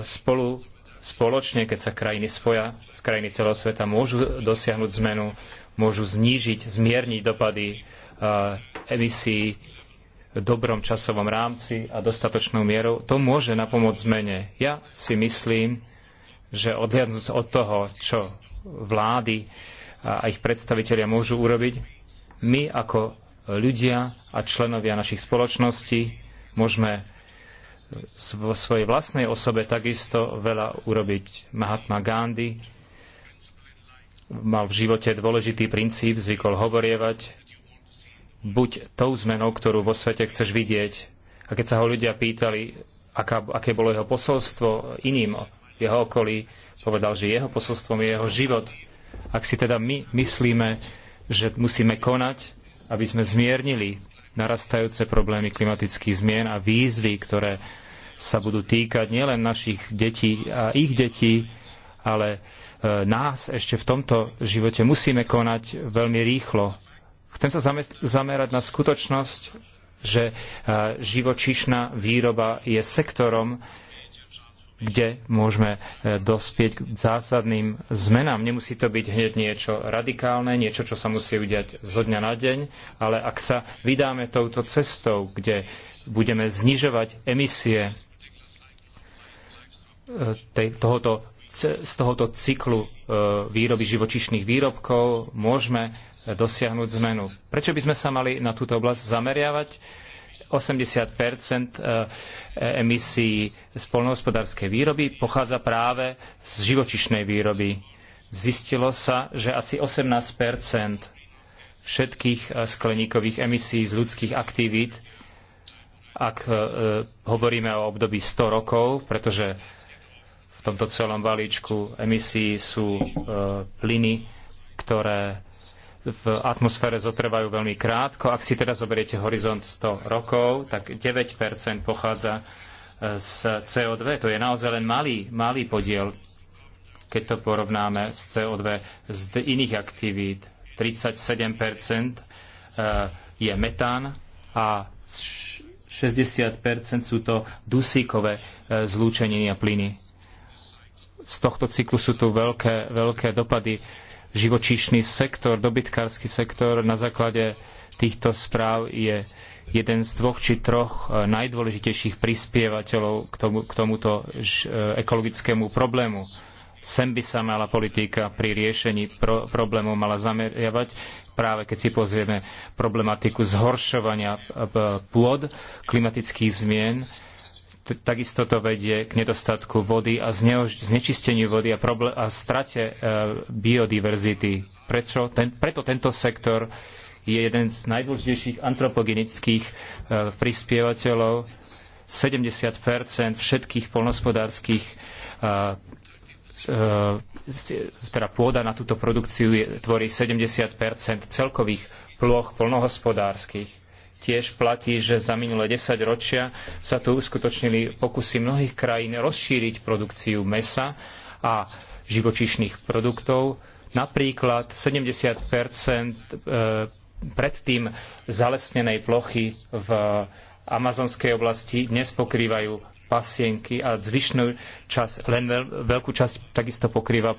Speaker 4: spolu spoločne, keď sa krajiny spoja, z krajiny celého sveta môžu dosiahnuť zmenu, môžu znížiť, zmierniť dopady eh, emisí v dobrom časovom rámci a dostatočnou mierou, to môže napomôcť zmene. Ja si myslím, že odhľadnúť od toho, čo vlády a ich predstavitelia môžu urobiť, my ako ľudia a členovia našich spoločností môžeme vo svojej vlastnej osobe takisto veľa urobiť. Mahatma Gandhi mal v živote dôležitý princíp, zvykol hovorievať, buď tou zmenou, ktorú vo svete chceš vidieť. A keď sa ho ľudia pýtali, aká, aké bolo jeho posolstvo iným v jeho okolí, povedal, že jeho posolstvom je jeho život. Ak si teda my myslíme, že musíme konať, aby sme zmiernili narastajúce problémy klimatických zmien a výzvy, ktoré sa budú týkať nielen našich detí a ich detí, ale e, nás ešte v tomto živote musíme konať veľmi rýchlo. Chcem sa zamerať na skutočnosť, že e, živočíšna výroba je sektorom, kde môžeme e, dospieť k zásadným zmenám. Nemusí to byť hneď niečo radikálne, niečo, čo sa musí udiať zo dňa na deň, ale ak sa vydáme touto cestou, kde budeme znižovať emisie e, tohoto, z tohoto cyklu e, výroby živočišných výrobkov, môžeme dosiahnuť zmenu. Prečo by sme sa mali na túto oblasť zameriavať? 80 e, emisí z výroby pochádza práve z živočišnej výroby. Zistilo sa, že asi 18 všetkých skleníkových emisí z ľudských aktivít ak e, hovoríme o období 100 rokov, pretože v tomto celom balíčku emisí sú e, plyny, ktoré v atmosfére zotrvajú veľmi krátko. Ak si teda zoberiete horizont 100 rokov, tak 9 pochádza e, z CO2. To je naozaj len malý, malý podiel, keď to porovnáme s CO2 z iných aktivít. 37 je metán a 60 sú to dusíkové e, zlúčeniny a plyny. Z tohto cyklu sú tu veľké, veľké dopady. Živočíšny sektor, dobytkársky sektor na základe týchto správ je jeden z dvoch či troch e, najdôležitejších prispievateľov k, tomu, k tomuto e, ekologickému problému sem by sa mala politika pri riešení pro, problémov mala zameriavať práve keď si pozrieme problematiku zhoršovania e, e, pôd, klimatických zmien, takisto to vedie k nedostatku vody a znečisteniu vody a, a strate e, biodiverzity. Prečo? Ten, preto tento sektor je jeden z najdôležitejších antropogenických prispievateľov. 70 všetkých poľnohospodárskych teda pôda na túto produkciu je, tvorí 70 celkových plôch poľnohospodárskych. Tiež platí, že za minulé 10 ročia sa tu uskutočnili pokusy mnohých krajín rozšíriť produkciu mesa a živočíšnych produktov. Napríklad 70 e, predtým zalesnenej plochy v amazonskej oblasti dnes pokrývajú pasienky a zvyšnú časť, len veľkú časť takisto pokrýva e,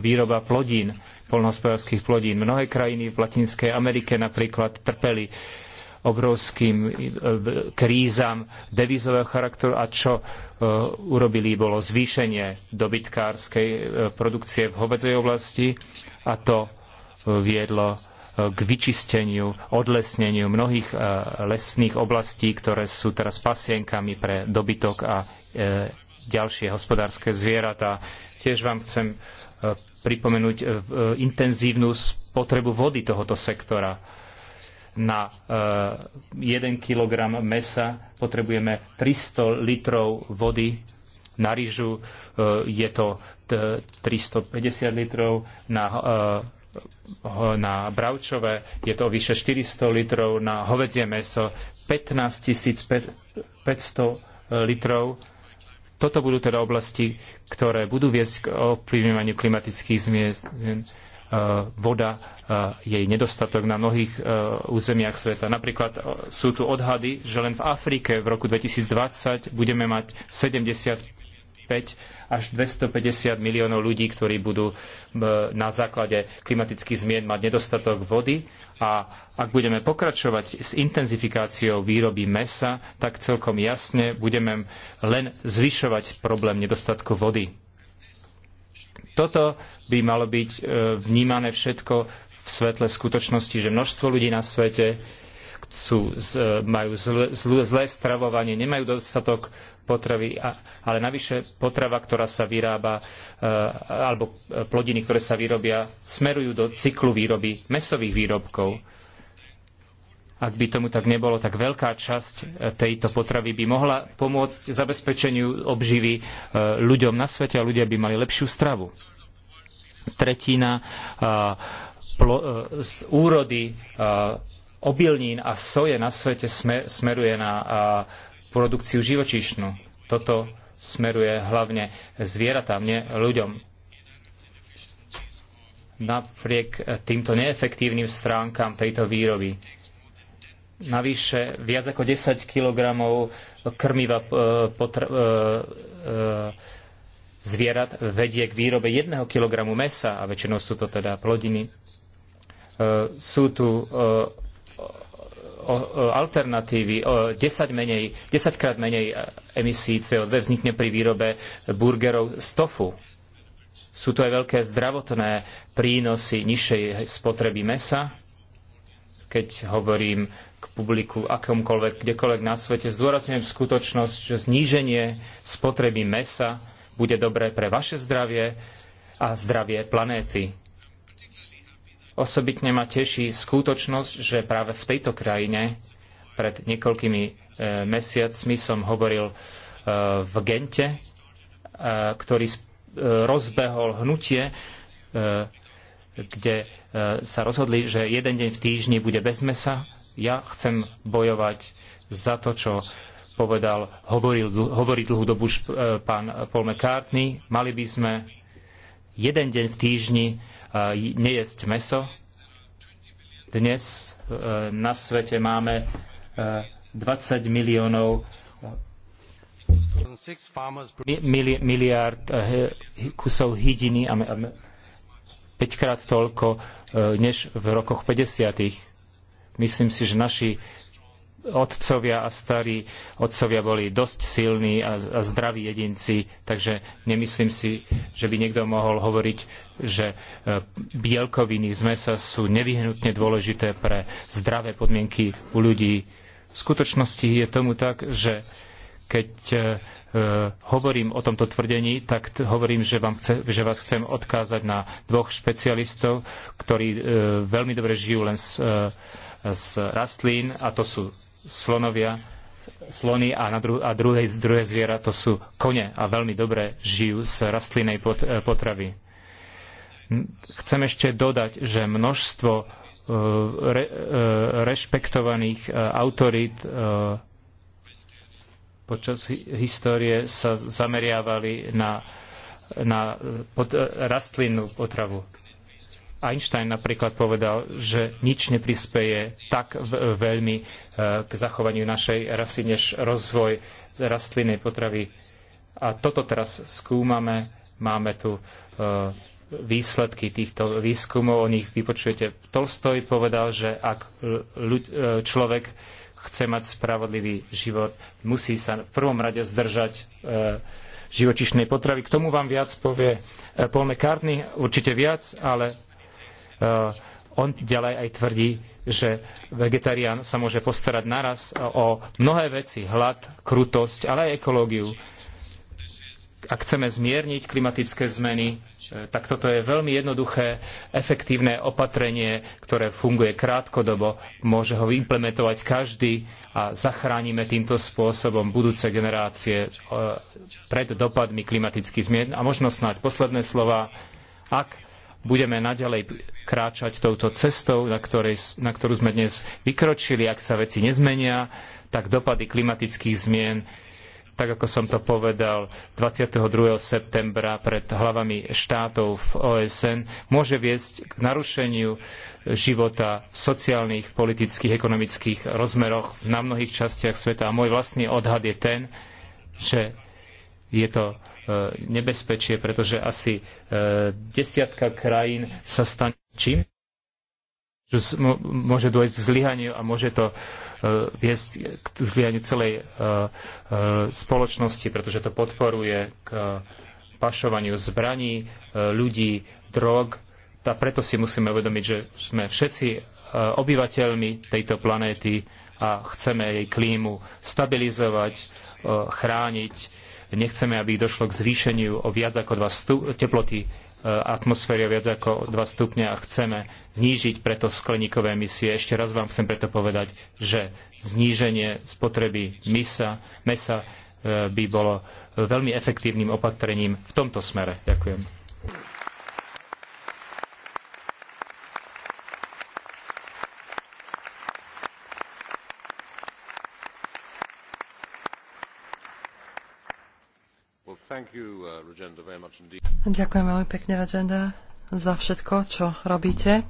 Speaker 4: výroba plodín, polnohospodárských plodín. Mnohé krajiny v Latinskej Amerike napríklad trpeli obrovským e, krízam devizového charakteru a čo e, urobili bolo zvýšenie dobytkárskej produkcie v hovedzej oblasti a to viedlo k vyčisteniu, odlesneniu mnohých e, lesných oblastí, ktoré sú teraz pasienkami pre dobytok a e, ďalšie hospodárske zvieratá. Tiež vám chcem e, pripomenúť intenzívnu spotrebu vody tohoto sektora. Na 1 kg mesa potrebujeme 300 litrov vody, na rýžu je to 350 litrov, na na bravčové je to vyše 400 litrov, na hovedzie meso 15 500 e, litrov. Toto budú teda oblasti, ktoré budú viesť k ovplyvňovaniu klimatických zmien. E, voda, e, jej nedostatok na mnohých územiach sveta. Napríklad sú tu odhady, že len v Afrike v roku 2020 budeme mať 70 až 250 miliónov ľudí, ktorí budú e, na základe klimatických zmien mať nedostatok vody a ak budeme pokračovať s intenzifikáciou výroby mesa, tak celkom jasne budeme len zvyšovať problém nedostatku vody. Toto by malo byť e, vnímané všetko v svetle skutočnosti, že množstvo ľudí na svete sú, e, majú zl, zlé stravovanie, nemajú dostatok potravy, ale navyše potrava, ktorá sa vyrába, e, alebo plodiny, ktoré sa vyrobia, smerujú do cyklu výroby mesových výrobkov. Ak by tomu tak nebolo, tak veľká časť e, tejto potravy by mohla pomôcť zabezpečeniu obživy e, ľuďom na svete a ľudia by mali lepšiu stravu. Tretina z úrody obilnín a soje na svete smeruje na produkciu živočišnú. Toto smeruje hlavne zvieratám, nie ľuďom. Napriek týmto neefektívnym stránkam tejto výroby. Navyše viac ako 10 kg krmiva e, potr- e, e, zvierat vedie k výrobe 1 kg mesa a väčšinou sú to teda plodiny. Sú tu alternatívy, 10, menej, 10 krát menej emisí CO2 vznikne pri výrobe burgerov z tofu. Sú tu aj veľké zdravotné prínosy nižšej spotreby mesa, keď hovorím k publiku akomkoľvek, kdekoľvek na svete. Zdôrazňujem skutočnosť, že zníženie spotreby mesa bude dobré pre vaše zdravie a zdravie planéty. Osobitne ma teší skutočnosť, že práve v tejto krajine pred niekoľkými e, mesiacmi som hovoril e, v Gente, e, ktorý rozbehol hnutie, kde sa rozhodli, že jeden deň v týždni bude bez mesa. Ja chcem bojovať za to, čo povedal, hovoril, hovorí dlhú dobu pán Paul McCartney. Mali by sme jeden deň v týždni nejesť meso. Dnes e, na svete máme 20 e, miliónov e, miliárd kusov hydiny a 5 krát toľko než v rokoch 50. Myslím si, že naši otcovia a starí otcovia boli dosť silní a, a zdraví jedinci, takže nemyslím si, že by niekto mohol hovoriť, že e, bielkoviny z mesa sú nevyhnutne dôležité pre zdravé podmienky u ľudí. V skutočnosti je tomu tak, že keď e, e, hovorím o tomto tvrdení, tak hovorím, že, vám chce, že vás chcem odkázať na dvoch špecialistov, ktorí veľmi dobre žijú len z, z rastlín, a to sú slonovia, slony a, na dru- a druhé, druhé zviera to sú kone a veľmi dobre žijú z rastlinnej pot- e, potravy. Chcem ešte dodať, že množstvo e, re- e, rešpektovaných autorít počas histórie sa zameriavali na, na pot- rastlinnú potravu Einstein napríklad povedal, že nič neprispeje tak veľmi e, k zachovaniu našej rasy, než rozvoj rastlinnej potravy. A toto teraz skúmame. Máme tu e, výsledky týchto výskumov, o nich vypočujete. Tolstoj povedal, že ak e, človek chce mať spravodlivý život, musí sa v prvom rade zdržať živočišnej potravy. K tomu vám viac povie Paul McCartney, určite viac, ale Eh, on ďalej aj tvrdí, že vegetarián sa môže postarať naraz eh, o mnohé veci, hlad, krutosť, ale aj ekológiu. Ak chceme zmierniť klimatické zmeny, eh, tak toto je veľmi jednoduché, efektívne opatrenie, ktoré funguje krátkodobo, môže ho implementovať každý a zachránime týmto spôsobom budúce generácie pred dopadmi klimatických zmien. A možno snáď posledné slova, ak budeme naďalej kráčať touto cestou, na, ktorej, na ktorú sme dnes vykročili, ak sa veci nezmenia, tak dopady klimatických zmien tak ako som to povedal 22. septembra pred hlavami štátov v OSN, môže viesť k narušeniu života v sociálnych, politických, ekonomických rozmeroch na mnohých častiach sveta. A môj vlastný odhad je ten, že je to E, nebezpečie, pretože asi e, desiatka krajín sa stane čím? môže dôjsť k zlyhaniu a môže to e, viesť k zlyhaniu celej spoločnosti, pretože to podporuje k pašovaniu zbraní, ľudí, drog. A preto si musíme uvedomiť, že sme všetci obyvateľmi tejto planéty a chceme jej klímu stabilizovať, chrániť Nechceme, aby došlo k zvýšeniu o viac ako 2 stu- teploty e, atmosféry o viac ako 2 stupňa a chceme znížiť preto skleníkové emisie. Ešte raz vám chcem preto povedať, že zníženie spotreby misa, mesa e, by bolo veľmi efektívnym opatrením v tomto smere. Ďakujem.
Speaker 2: Uh,
Speaker 3: Ďakujem veľmi pekne, Rajenda, za všetko, čo robíte.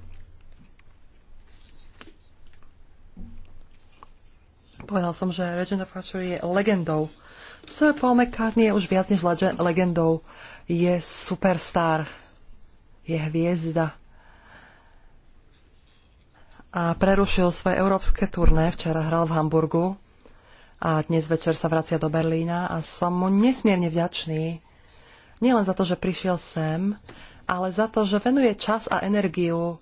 Speaker 3: Povedal som, že Regenda Pachury je legendou. Sir Paul McCartney je už viac než legendou. Je superstar. Je hviezda. A prerušil svoje európske turné, včera hral v Hamburgu a dnes večer sa vracia do Berlína a som mu nesmierne vďačný. Nielen za to, že prišiel sem, ale za to, že venuje čas a energiu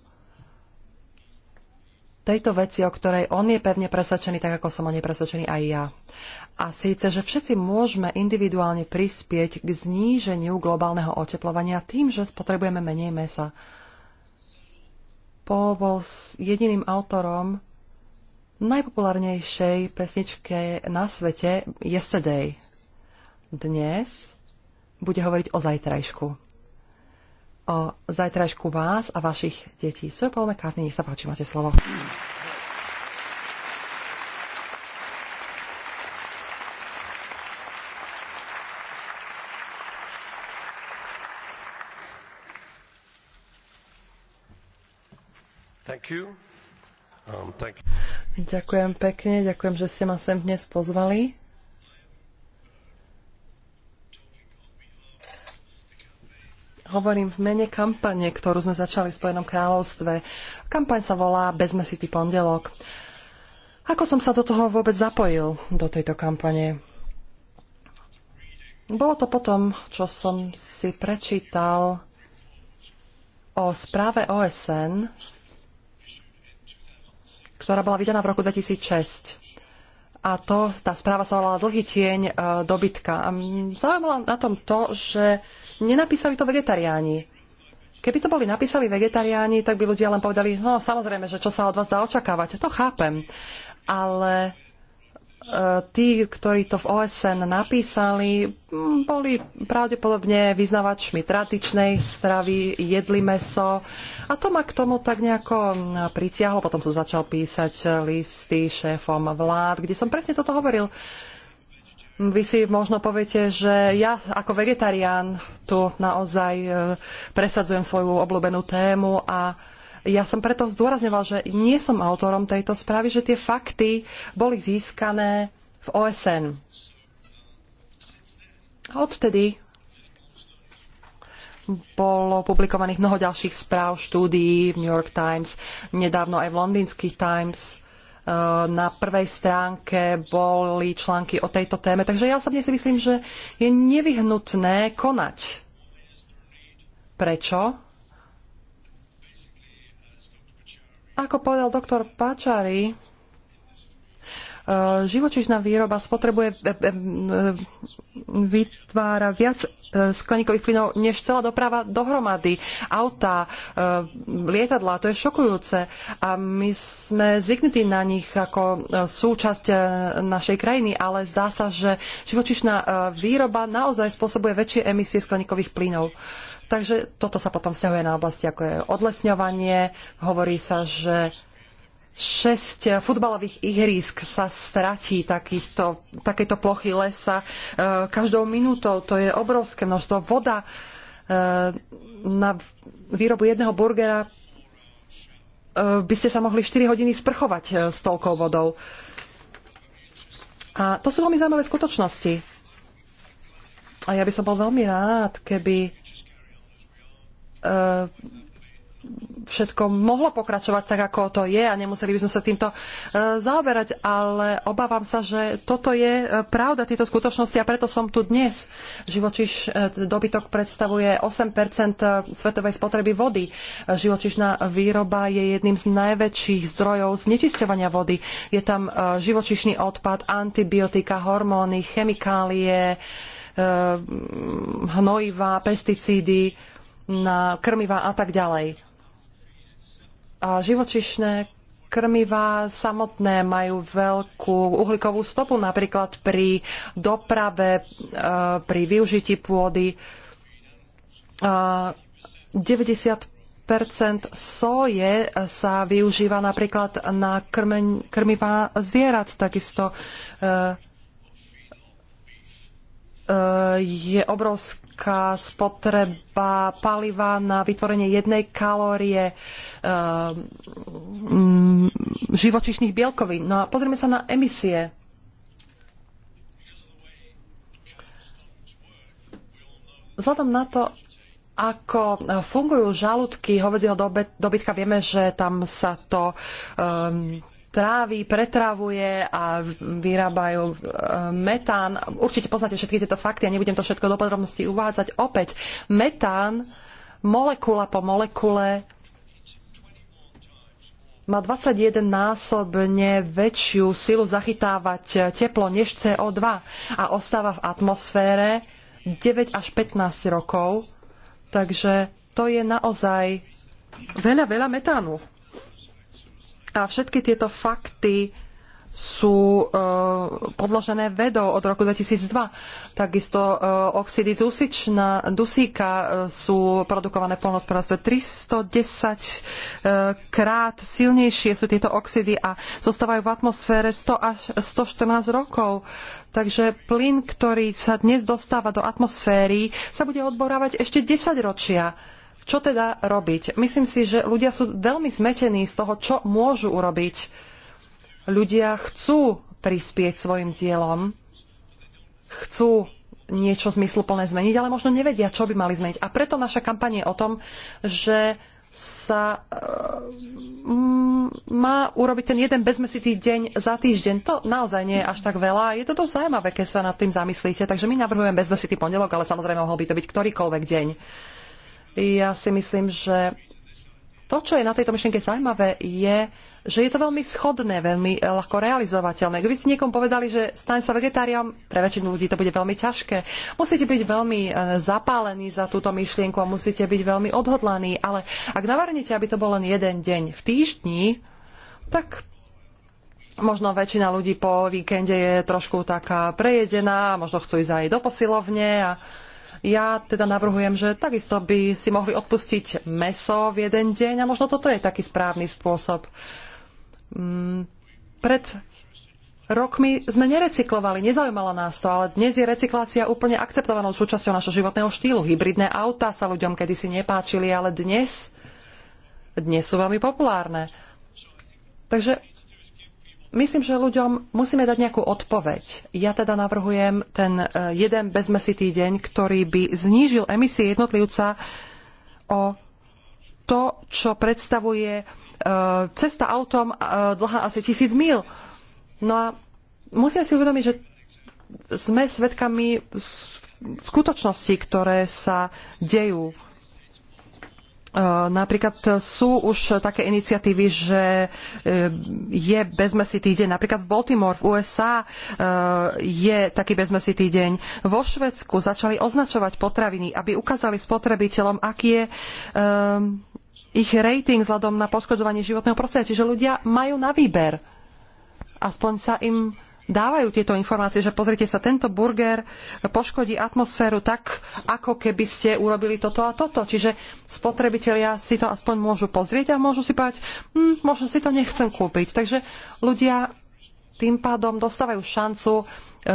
Speaker 3: tejto veci, o ktorej on je pevne presvedčený, tak ako som o nej presvedčený aj ja. A síce, že všetci môžeme individuálne prispieť k zníženiu globálneho oteplovania tým, že spotrebujeme menej mesa. Paul bol jediným autorom najpopulárnejšej pesničke na svete Yesterday. Dnes bude hovoriť o zajtrajšku. O zajtrajšku vás a vašich detí. Sir Paul McCartney, nech sa páči, máte slovo.
Speaker 2: Thank you. Um,
Speaker 3: ďakujem pekne, ďakujem, že ste ma sem dnes pozvali. Hovorím v mene kampane, ktorú sme začali v Spojenom kráľovstve. Kampaň sa volá Bezmesitý pondelok. Ako som sa do toho vôbec zapojil, do tejto kampane? Bolo to potom, čo som si prečítal o správe OSN ktorá bola vydaná v roku 2006 a to, tá správa sa volala Dlhý tieň e, dobytka. A zaujímalo na tom to, že nenapísali to vegetariáni. Keby to boli napísali vegetariáni, tak by ľudia len povedali, no samozrejme, že čo sa od vás dá očakávať, to chápem. Ale tí, ktorí to v OSN napísali, boli pravdepodobne vyznavačmi tradičnej stravy, jedli meso a to ma k tomu tak nejako pritiahlo. Potom som začal písať listy šéfom vlád, kde som presne toto hovoril. Vy si možno poviete, že ja ako vegetarián tu naozaj e, presadzujem svoju obľúbenú tému a ja som preto zdôrazňoval, že nie som autorom tejto správy, že tie fakty boli získané v OSN. A odvtedy bolo publikovaných mnoho ďalších správ, štúdií v New York Times, nedávno aj v londýnskych Times. E, na prvej stránke boli články o tejto téme, takže ja osobne si myslím, že je nevyhnutné konať. Prečo? Ako povedal doktor Pačari, e, živočíšna výroba spotrebuje, e, e, vytvára viac skleníkových plynov než celá doprava dohromady. Autá, lietadlá, to je šokujúce. A my sme zvyknutí na nich ako súčasť našej krajiny, ale zdá sa, že živočišná výroba naozaj spôsobuje väčšie emisie skleníkových plynov. Takže toto sa potom vzťahuje na oblasti ako je odlesňovanie. Hovorí sa, že 6 futbalových ihrisk sa stratí takýchto, takéto plochy lesa. E, každou minútou to je obrovské množstvo voda e, na výrobu jedného burgera e, by ste sa mohli 4 hodiny sprchovať s toľkou vodou. A to sú veľmi zaujímavé skutočnosti. A ja by som bol veľmi rád, keby E, všetko mohlo pokračovať tak, ako to je a nemuseli by sme sa týmto e, zaoberať, ale obávam sa, že toto je e, pravda, tieto skutočnosti a preto som tu dnes. Živočiš dobytok predstavuje 8% svetovej spotreby vody. Živočišná výroba je jedným z najväčších zdrojov znečisťovania vody. Je tam živočišný odpad, antibiotika, hormóny, chemikálie, hnojiva, pesticídy na krmiva a tak ďalej. A živočišné krmivá samotné majú veľkú uhlíkovú stopu, napríklad pri doprave, e, pri využití pôdy. 90 e, soje sa využíva napríklad na krmeň, krmivá zvierat, takisto e, je obrovský vysoká spotreba paliva na vytvorenie jednej kalórie ehm, mm, živočišných bielkovín. No a pozrieme sa na emisie. Vzhľadom na to, ako fungujú žalúdky hovedzieho dobytka, vieme, že tam sa to um, trávi, pretravuje a vyrábajú e, metán. Určite poznáte všetky tieto fakty a nebudem to všetko do podrobností uvádzať. Opäť, metán molekula po molekule má 21 násobne väčšiu silu zachytávať teplo než CO2 a ostáva v atmosfére 9 až 15 rokov. Takže to je naozaj veľa, veľa metánu. A všetky tieto fakty sú e, podložené vedou od roku 2002. Takisto e, oxidy dusična, dusíka e, sú produkované v polnospodárstve 310 e, krát silnejšie sú tieto oxidy a zostávajú v atmosfére 100 až 114 rokov. Takže plyn, ktorý sa dnes dostáva do atmosféry, sa bude odborávať ešte 10 ročia. Čo teda robiť? Myslím si, že ľudia sú veľmi zmetení z toho, čo môžu urobiť. Ľudia chcú prispieť svojim dielom, chcú niečo zmysluplné zmeniť, ale možno nevedia, čo by mali zmeniť. A preto naša kampaň je o tom, že sa e, má urobiť ten jeden bezmesitý deň za týždeň. To naozaj nie je až tak veľa. Je to dosť zaujímavé, keď sa nad tým zamyslíte. Takže my navrhujeme bezmesitý pondelok, ale samozrejme mohol by to byť ktorýkoľvek deň. Ja si myslím, že to, čo je na tejto myšlienke zaujímavé, je, že je to veľmi schodné, veľmi eh, ľahko realizovateľné. Keby ste niekom povedali, že staň sa vegetáriom, pre väčšinu ľudí to bude veľmi ťažké. Musíte byť veľmi eh, zapálení za túto myšlienku a musíte byť veľmi odhodlaní, ale ak navrhnete, aby to bol len jeden deň v týždni, tak možno väčšina ľudí po víkende je trošku taká prejedená, možno chcú ísť aj do posilovne a ja teda navrhujem, že takisto by si mohli odpustiť meso v jeden deň a možno toto je taký správny spôsob. Mm, pred rokmi sme nerecyklovali, nezaujímalo nás to, ale dnes je recyklácia úplne akceptovanou súčasťou našho životného štýlu. Hybridné autá sa ľuďom kedysi nepáčili, ale dnes, dnes sú veľmi populárne. Takže Myslím, že ľuďom musíme dať nejakú odpoveď. Ja teda navrhujem ten e, jeden bezmesitý deň, ktorý by znížil emisie jednotlivca o to, čo predstavuje e, cesta autom e, dlhá asi tisíc mil. No a musíme si uvedomiť, že sme svedkami skutočnosti, ktoré sa dejú E, napríklad sú už také iniciatívy, že e, je bezmesitý deň. Napríklad v Baltimore v USA e, je taký bezmesitý deň. Vo Švedsku začali označovať potraviny, aby ukázali spotrebiteľom, aký je ich rating vzhľadom na poškodzovanie životného prostredia. Čiže ľudia majú na výber. Aspoň sa im dávajú tieto informácie, že pozrite sa, tento burger poškodí atmosféru tak, ako keby ste urobili toto a toto. Čiže spotrebitelia si to aspoň môžu pozrieť a môžu si povedať, hm, možno si to nechcem kúpiť. Takže ľudia tým pádom dostávajú šancu e,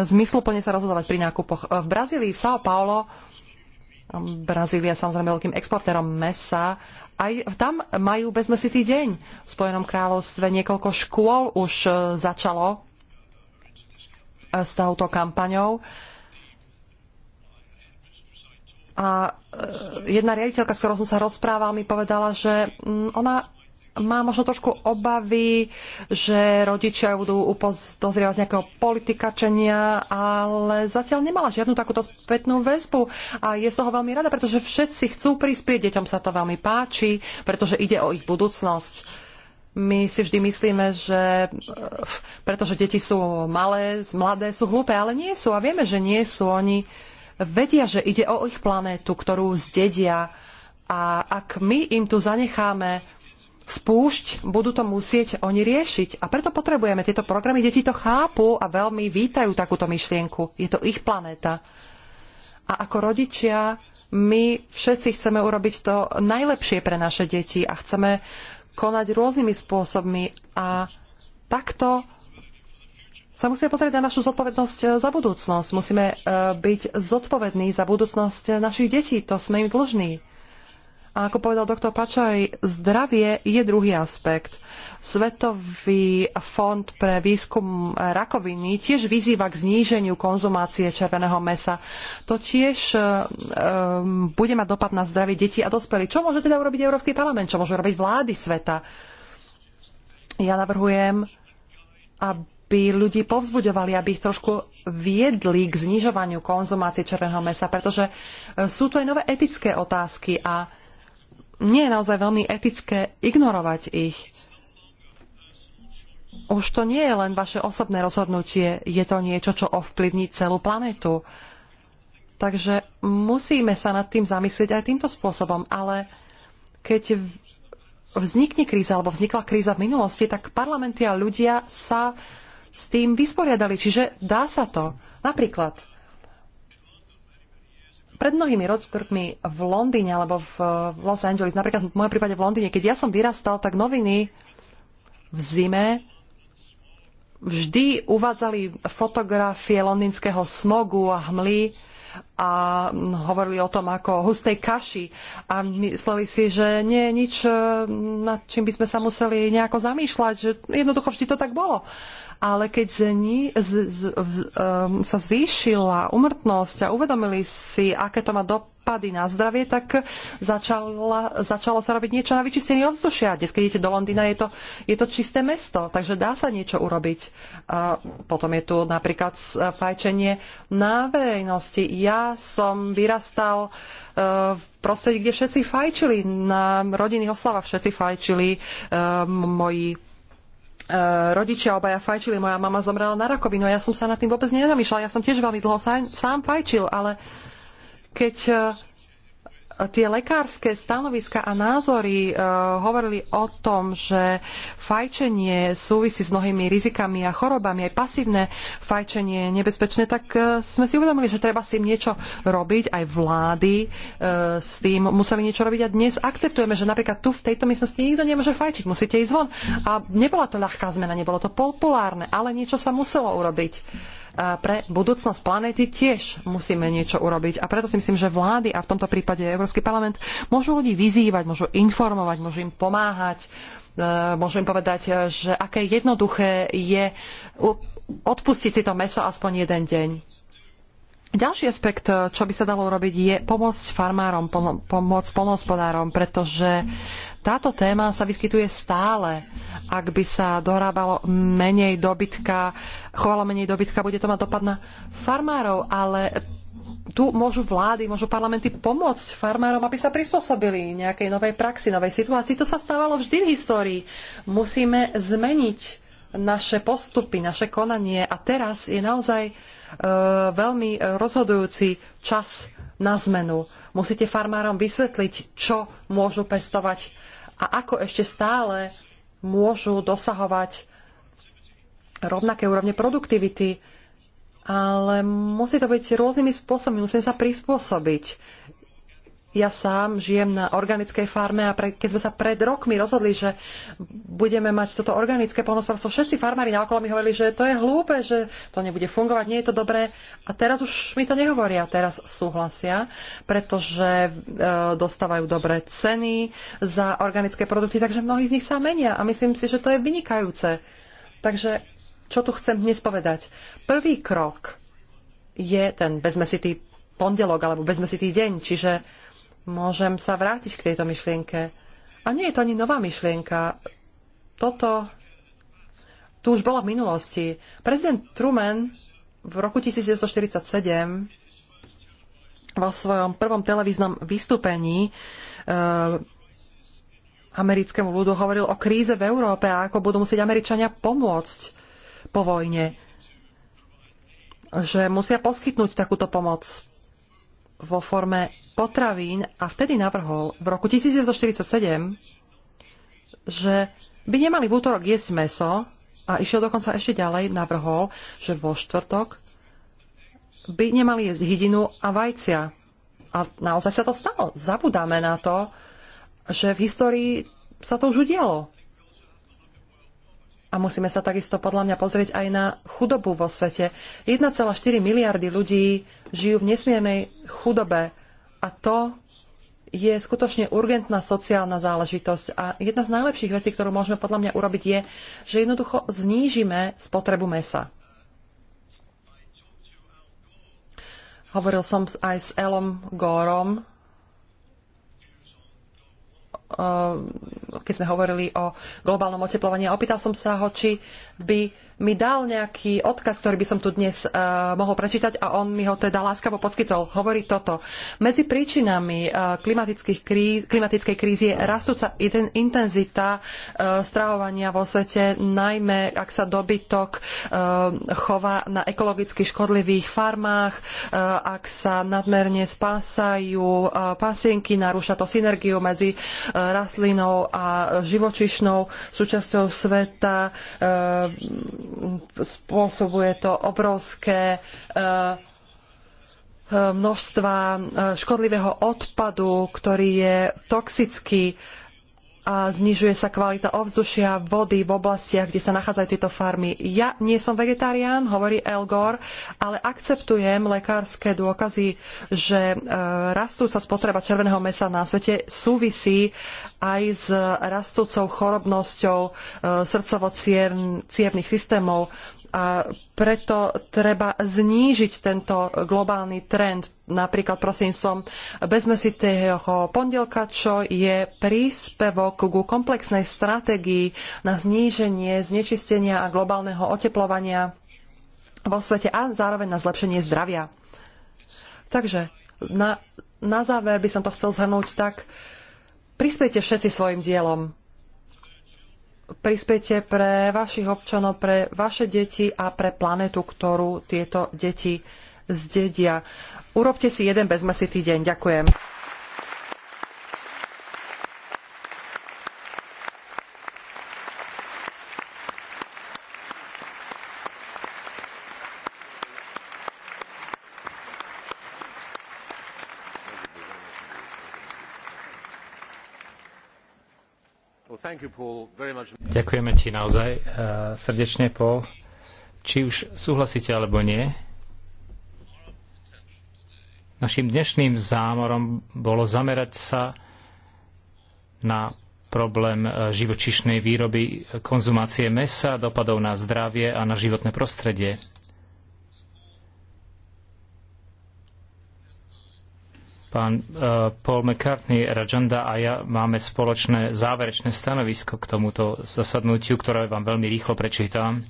Speaker 3: zmysluplne sa rozhodovať pri nákupoch. E, v Brazílii, v São Paulo, um, Brazília samozrejme veľkým exportérom mesa, aj tam majú bezmesitý deň. V Spojenom kráľovstve niekoľko škôl už e, začalo s touto kampaňou. A e, jedna riaditeľka, s ktorou som sa rozprával, mi povedala, že mm, ona má možno trošku obavy, že rodičia budú dozrievať z nejakého politikačenia, ale zatiaľ nemala žiadnu takúto spätnú väzbu a je z toho veľmi rada, pretože všetci chcú prispieť, deťom sa to veľmi páči, pretože ide o ich budúcnosť my si vždy myslíme, že pretože deti sú malé, mladé, sú hlúpe, ale nie sú a vieme, že nie sú. Oni vedia, že ide o ich planétu, ktorú zdedia a ak my im tu zanecháme spúšť, budú to musieť oni riešiť. A preto potrebujeme tieto programy. Deti to chápu a veľmi vítajú takúto myšlienku. Je to ich planéta. A ako rodičia my všetci chceme urobiť to najlepšie pre naše deti a chceme konať rôznymi spôsobmi a takto sa musíme pozrieť na našu zodpovednosť eh, za budúcnosť. Musíme eh, byť zodpovední za budúcnosť našich detí. To sme im dlžní. A ako povedal doktor Pačaj, zdravie je druhý aspekt. Svetový fond pre výskum rakoviny tiež vyzýva k zníženiu konzumácie červeného mesa. To tiež um, bude mať dopad na zdravie detí a dospelých. Čo môže teda urobiť Európsky parlament? Čo môžu robiť vlády sveta? Ja navrhujem, aby aby ľudí povzbudovali, aby ich trošku viedli k znižovaniu konzumácie červeného mesa, pretože e, sú tu aj nové etické otázky a nie je naozaj veľmi etické ignorovať ich. Už to nie je len vaše osobné rozhodnutie, je to niečo, čo ovplyvní celú planetu. Takže musíme sa nad tým zamyslieť aj týmto spôsobom, ale keď vznikne kríza alebo vznikla kríza v minulosti, tak parlamenty a ľudia sa s tým vysporiadali. Čiže dá sa to. Napríklad pred mnohými rozkrkmi v Londýne alebo v Los Angeles, napríklad v mojom prípade v Londýne, keď ja som vyrastal, tak noviny v zime vždy uvádzali fotografie londýnskeho smogu a hmly a hovorili o tom ako o hustej kaši a mysleli si, že nie je nič, eh, nad čím by sme sa museli nejako zamýšľať, že jednoducho vždy to tak bolo ale keď ní, z, z, v, um, sa zvýšila umrtnosť a uvedomili si, aké to má dopady na zdravie, tak začala, začalo sa robiť niečo na vyčistenie ovzdušia. Dnes, keď idete do Londýna, je to, je to čisté mesto, takže dá sa niečo urobiť. Uh, potom je tu napríklad fajčenie na verejnosti. Ja som vyrastal e, v prostredí, kde všetci fajčili. Na rodinných oslavách všetci fajčili. E, moji E, rodičia obaja fajčili, moja mama zomrela na rakovinu. Ja som sa nad tým vôbec nezamýšľala. Ja som tiež veľmi dlho sám, sám fajčil, ale keď uh, tie lekárske stanoviska a názory e, hovorili o tom, že fajčenie súvisí s mnohými rizikami a chorobami, aj pasívne fajčenie je nebezpečné, tak e, sme si uvedomili, že treba s tým niečo robiť, aj vlády e, s tým museli niečo robiť a dnes akceptujeme, že napríklad tu v tejto miestnosti nikto nemôže fajčiť, musíte ísť von. A nebola to ľahká zmena, nebolo to populárne, ale niečo sa muselo urobiť pre budúcnosť planéty tiež musíme niečo urobiť. A preto si myslím, že vlády a v tomto prípade Európsky parlament môžu ľudí vyzývať, môžu informovať, môžu im pomáhať, e, môžu im povedať, e, že aké jednoduché je odpustiť si to meso aspoň jeden deň. Ďalší aspekt, e, čo by sa dalo urobiť, je pomôcť farmárom, pomôcť polnohospodárom, pretože táto téma sa vyskytuje stále. Ak by sa dorábalo menej dobytka, chovalo menej dobytka, bude to mať dopad na farmárov, ale tu môžu vlády, môžu parlamenty pomôcť farmárom, aby sa prispôsobili nejakej novej praxi, novej situácii. To sa stávalo vždy v histórii. Musíme zmeniť naše postupy, naše konanie a teraz je naozaj e, veľmi rozhodujúci čas na zmenu. Musíte farmárom vysvetliť, čo môžu pestovať a ako ešte stále môžu dosahovať rovnaké úrovne produktivity, ale musí to byť rôznymi spôsobmi, musím sa prispôsobiť. Ja sám žijem na organickej farme a pre, keď sme sa pred rokmi rozhodli, že budeme mať toto organické polnospodárstvo, všetci farmári na okolo mi hovorili, že to je hlúpe, že to nebude fungovať, nie je to dobré. A teraz už mi to nehovoria, teraz súhlasia, pretože e, dostávajú dobré ceny za organické produkty, takže mnohí z nich sa menia a myslím si, že to je vynikajúce. Takže čo tu chcem dnes povedať? Prvý krok je ten bezmesitý pondelok alebo bezmesitý deň, čiže môžem sa vrátiť k tejto myšlienke. A nie je to ani nová myšlienka. Toto tu už bolo v minulosti. Prezident Truman v roku 1947 vo svojom prvom televíznom vystúpení uh, americkému ľudu hovoril o kríze v Európe a ako budú musieť Američania pomôcť po vojne. Že musia poskytnúť takúto pomoc vo forme potravín a vtedy navrhol v roku 1947, že by nemali v útorok jesť meso a išiel dokonca ešte ďalej, navrhol, že vo štvrtok by nemali jesť hydinu a vajcia. A naozaj sa to stalo. Zabudáme na to, že v histórii sa to už udialo. A musíme sa takisto podľa mňa pozrieť aj na chudobu vo svete. 1,4 miliardy ľudí žijú v nesmiernej chudobe a to je skutočne urgentná sociálna záležitosť. A jedna z najlepších vecí, ktorú môžeme podľa mňa urobiť, je, že jednoducho znížime spotrebu mesa. Hovoril som aj s Elom Górom keď sme hovorili o globálnom oteplovaní. A opýtal som sa ho, či by mi dal nejaký odkaz, ktorý by som tu dnes uh, mohol prečítať a on mi ho teda láskavo poskytol. Hovorí toto. Medzi príčinami uh, kríz, klimatickej krízy je rastúca intenzita uh, stravovania vo svete, najmä ak sa dobytok uh, chová na ekologicky škodlivých farmách, ak sa nadmerne spásajú pasienky, narúša to synergiu medzi rastlinou a a živočišnou súčasťou sveta. E, spôsobuje to obrovské e, e, množstva škodlivého odpadu, ktorý je toxický a znižuje sa kvalita ovzdušia, vody v oblastiach, kde sa nachádzajú tieto farmy. Ja nie som vegetarián, hovorí El Gore, ale akceptujem lekárske dôkazy, že e, rastúca spotreba červeného mesa na svete súvisí aj s rastúcou chorobnosťou e, srdcovo cievnych systémov. A preto treba znížiť tento globálny trend, napríklad prosím bezme si pondelka, čo je príspevok ku komplexnej stratégii na zníženie znečistenia a globálneho oteplovania vo svete a zároveň na zlepšenie zdravia. Takže na, na záver by som to chcel zhrnúť tak, prispejte všetci svojim dielom prispiete pre vašich občanov, pre vaše deti a pre planetu, ktorú tieto deti zdedia. Urobte si jeden bezmesitý deň. Ďakujem.
Speaker 2: Ďakujeme ti naozaj
Speaker 4: eh, srdečne, Paul. Či už súhlasíte alebo nie, našim dnešným zámorom bolo zamerať sa na problém eh, živočišnej výroby, eh, konzumácie mesa, dopadov na zdravie a na životné prostredie. Pán e, Paul McCartney, Rajanda a ja máme spoločné záverečné stanovisko k tomuto zasadnutiu, ktoré vám veľmi rýchlo prečítam.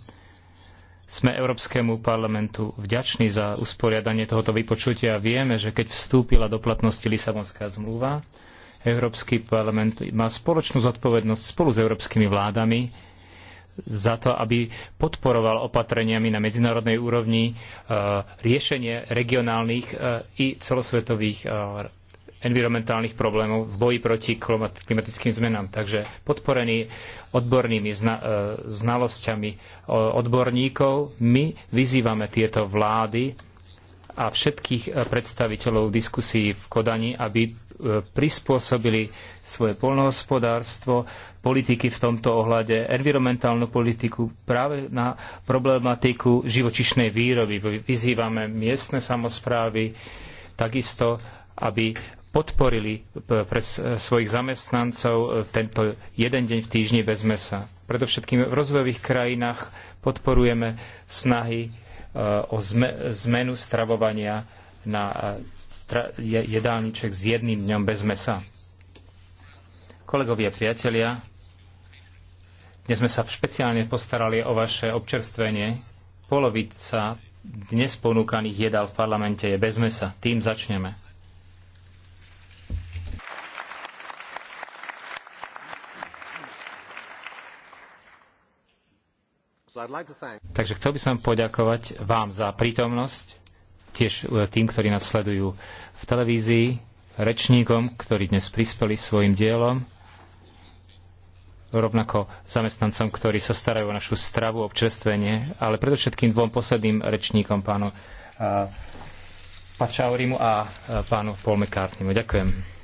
Speaker 4: Sme Európskemu parlamentu vďační za usporiadanie tohoto vypočutia. Vieme, že keď vstúpila do platnosti Lisabonská zmluva, Európsky parlament má spoločnú zodpovednosť spolu s európskymi vládami za to, aby podporoval opatreniami na medzinárodnej úrovni e, riešenie regionálnych e, i celosvetových e, environmentálnych problémov v boji proti klimatickým zmenám. Takže podporený odbornými znalosťami odborníkov, my vyzývame tieto vlády a všetkých predstaviteľov diskusí v Kodani, aby prispôsobili svoje polnohospodárstvo, politiky v tomto ohľade, environmentálnu politiku práve na problematiku živočišnej výroby. Vyzývame miestne samozprávy takisto, aby podporili e, pre e, svojich zamestnancov e, tento jeden deň v týždni bez mesa. Predovšetkým v rozvojových krajinách podporujeme snahy o zmenu stravovania na jedálniček s jedným dňom bez mesa. Kolegovia, priatelia, dnes sme sa špeciálne postarali o vaše občerstvenie. Polovica dnes ponúkaných jedál v parlamente je bez mesa. Tým začneme. Takže chcel by som poďakovať vám za prítomnosť tiež e, tým, ktorí nás sledujú v televízii, rečníkom, ktorí dnes prispeli svojim dielom, rovnako zamestnancom, ktorí sa starajú o našu stravu, občerstvenie, ale predovšetkým dvom posledným rečníkom, pánu e, Pačaurimu a e, pánu Paul McCartneymu. Ďakujem.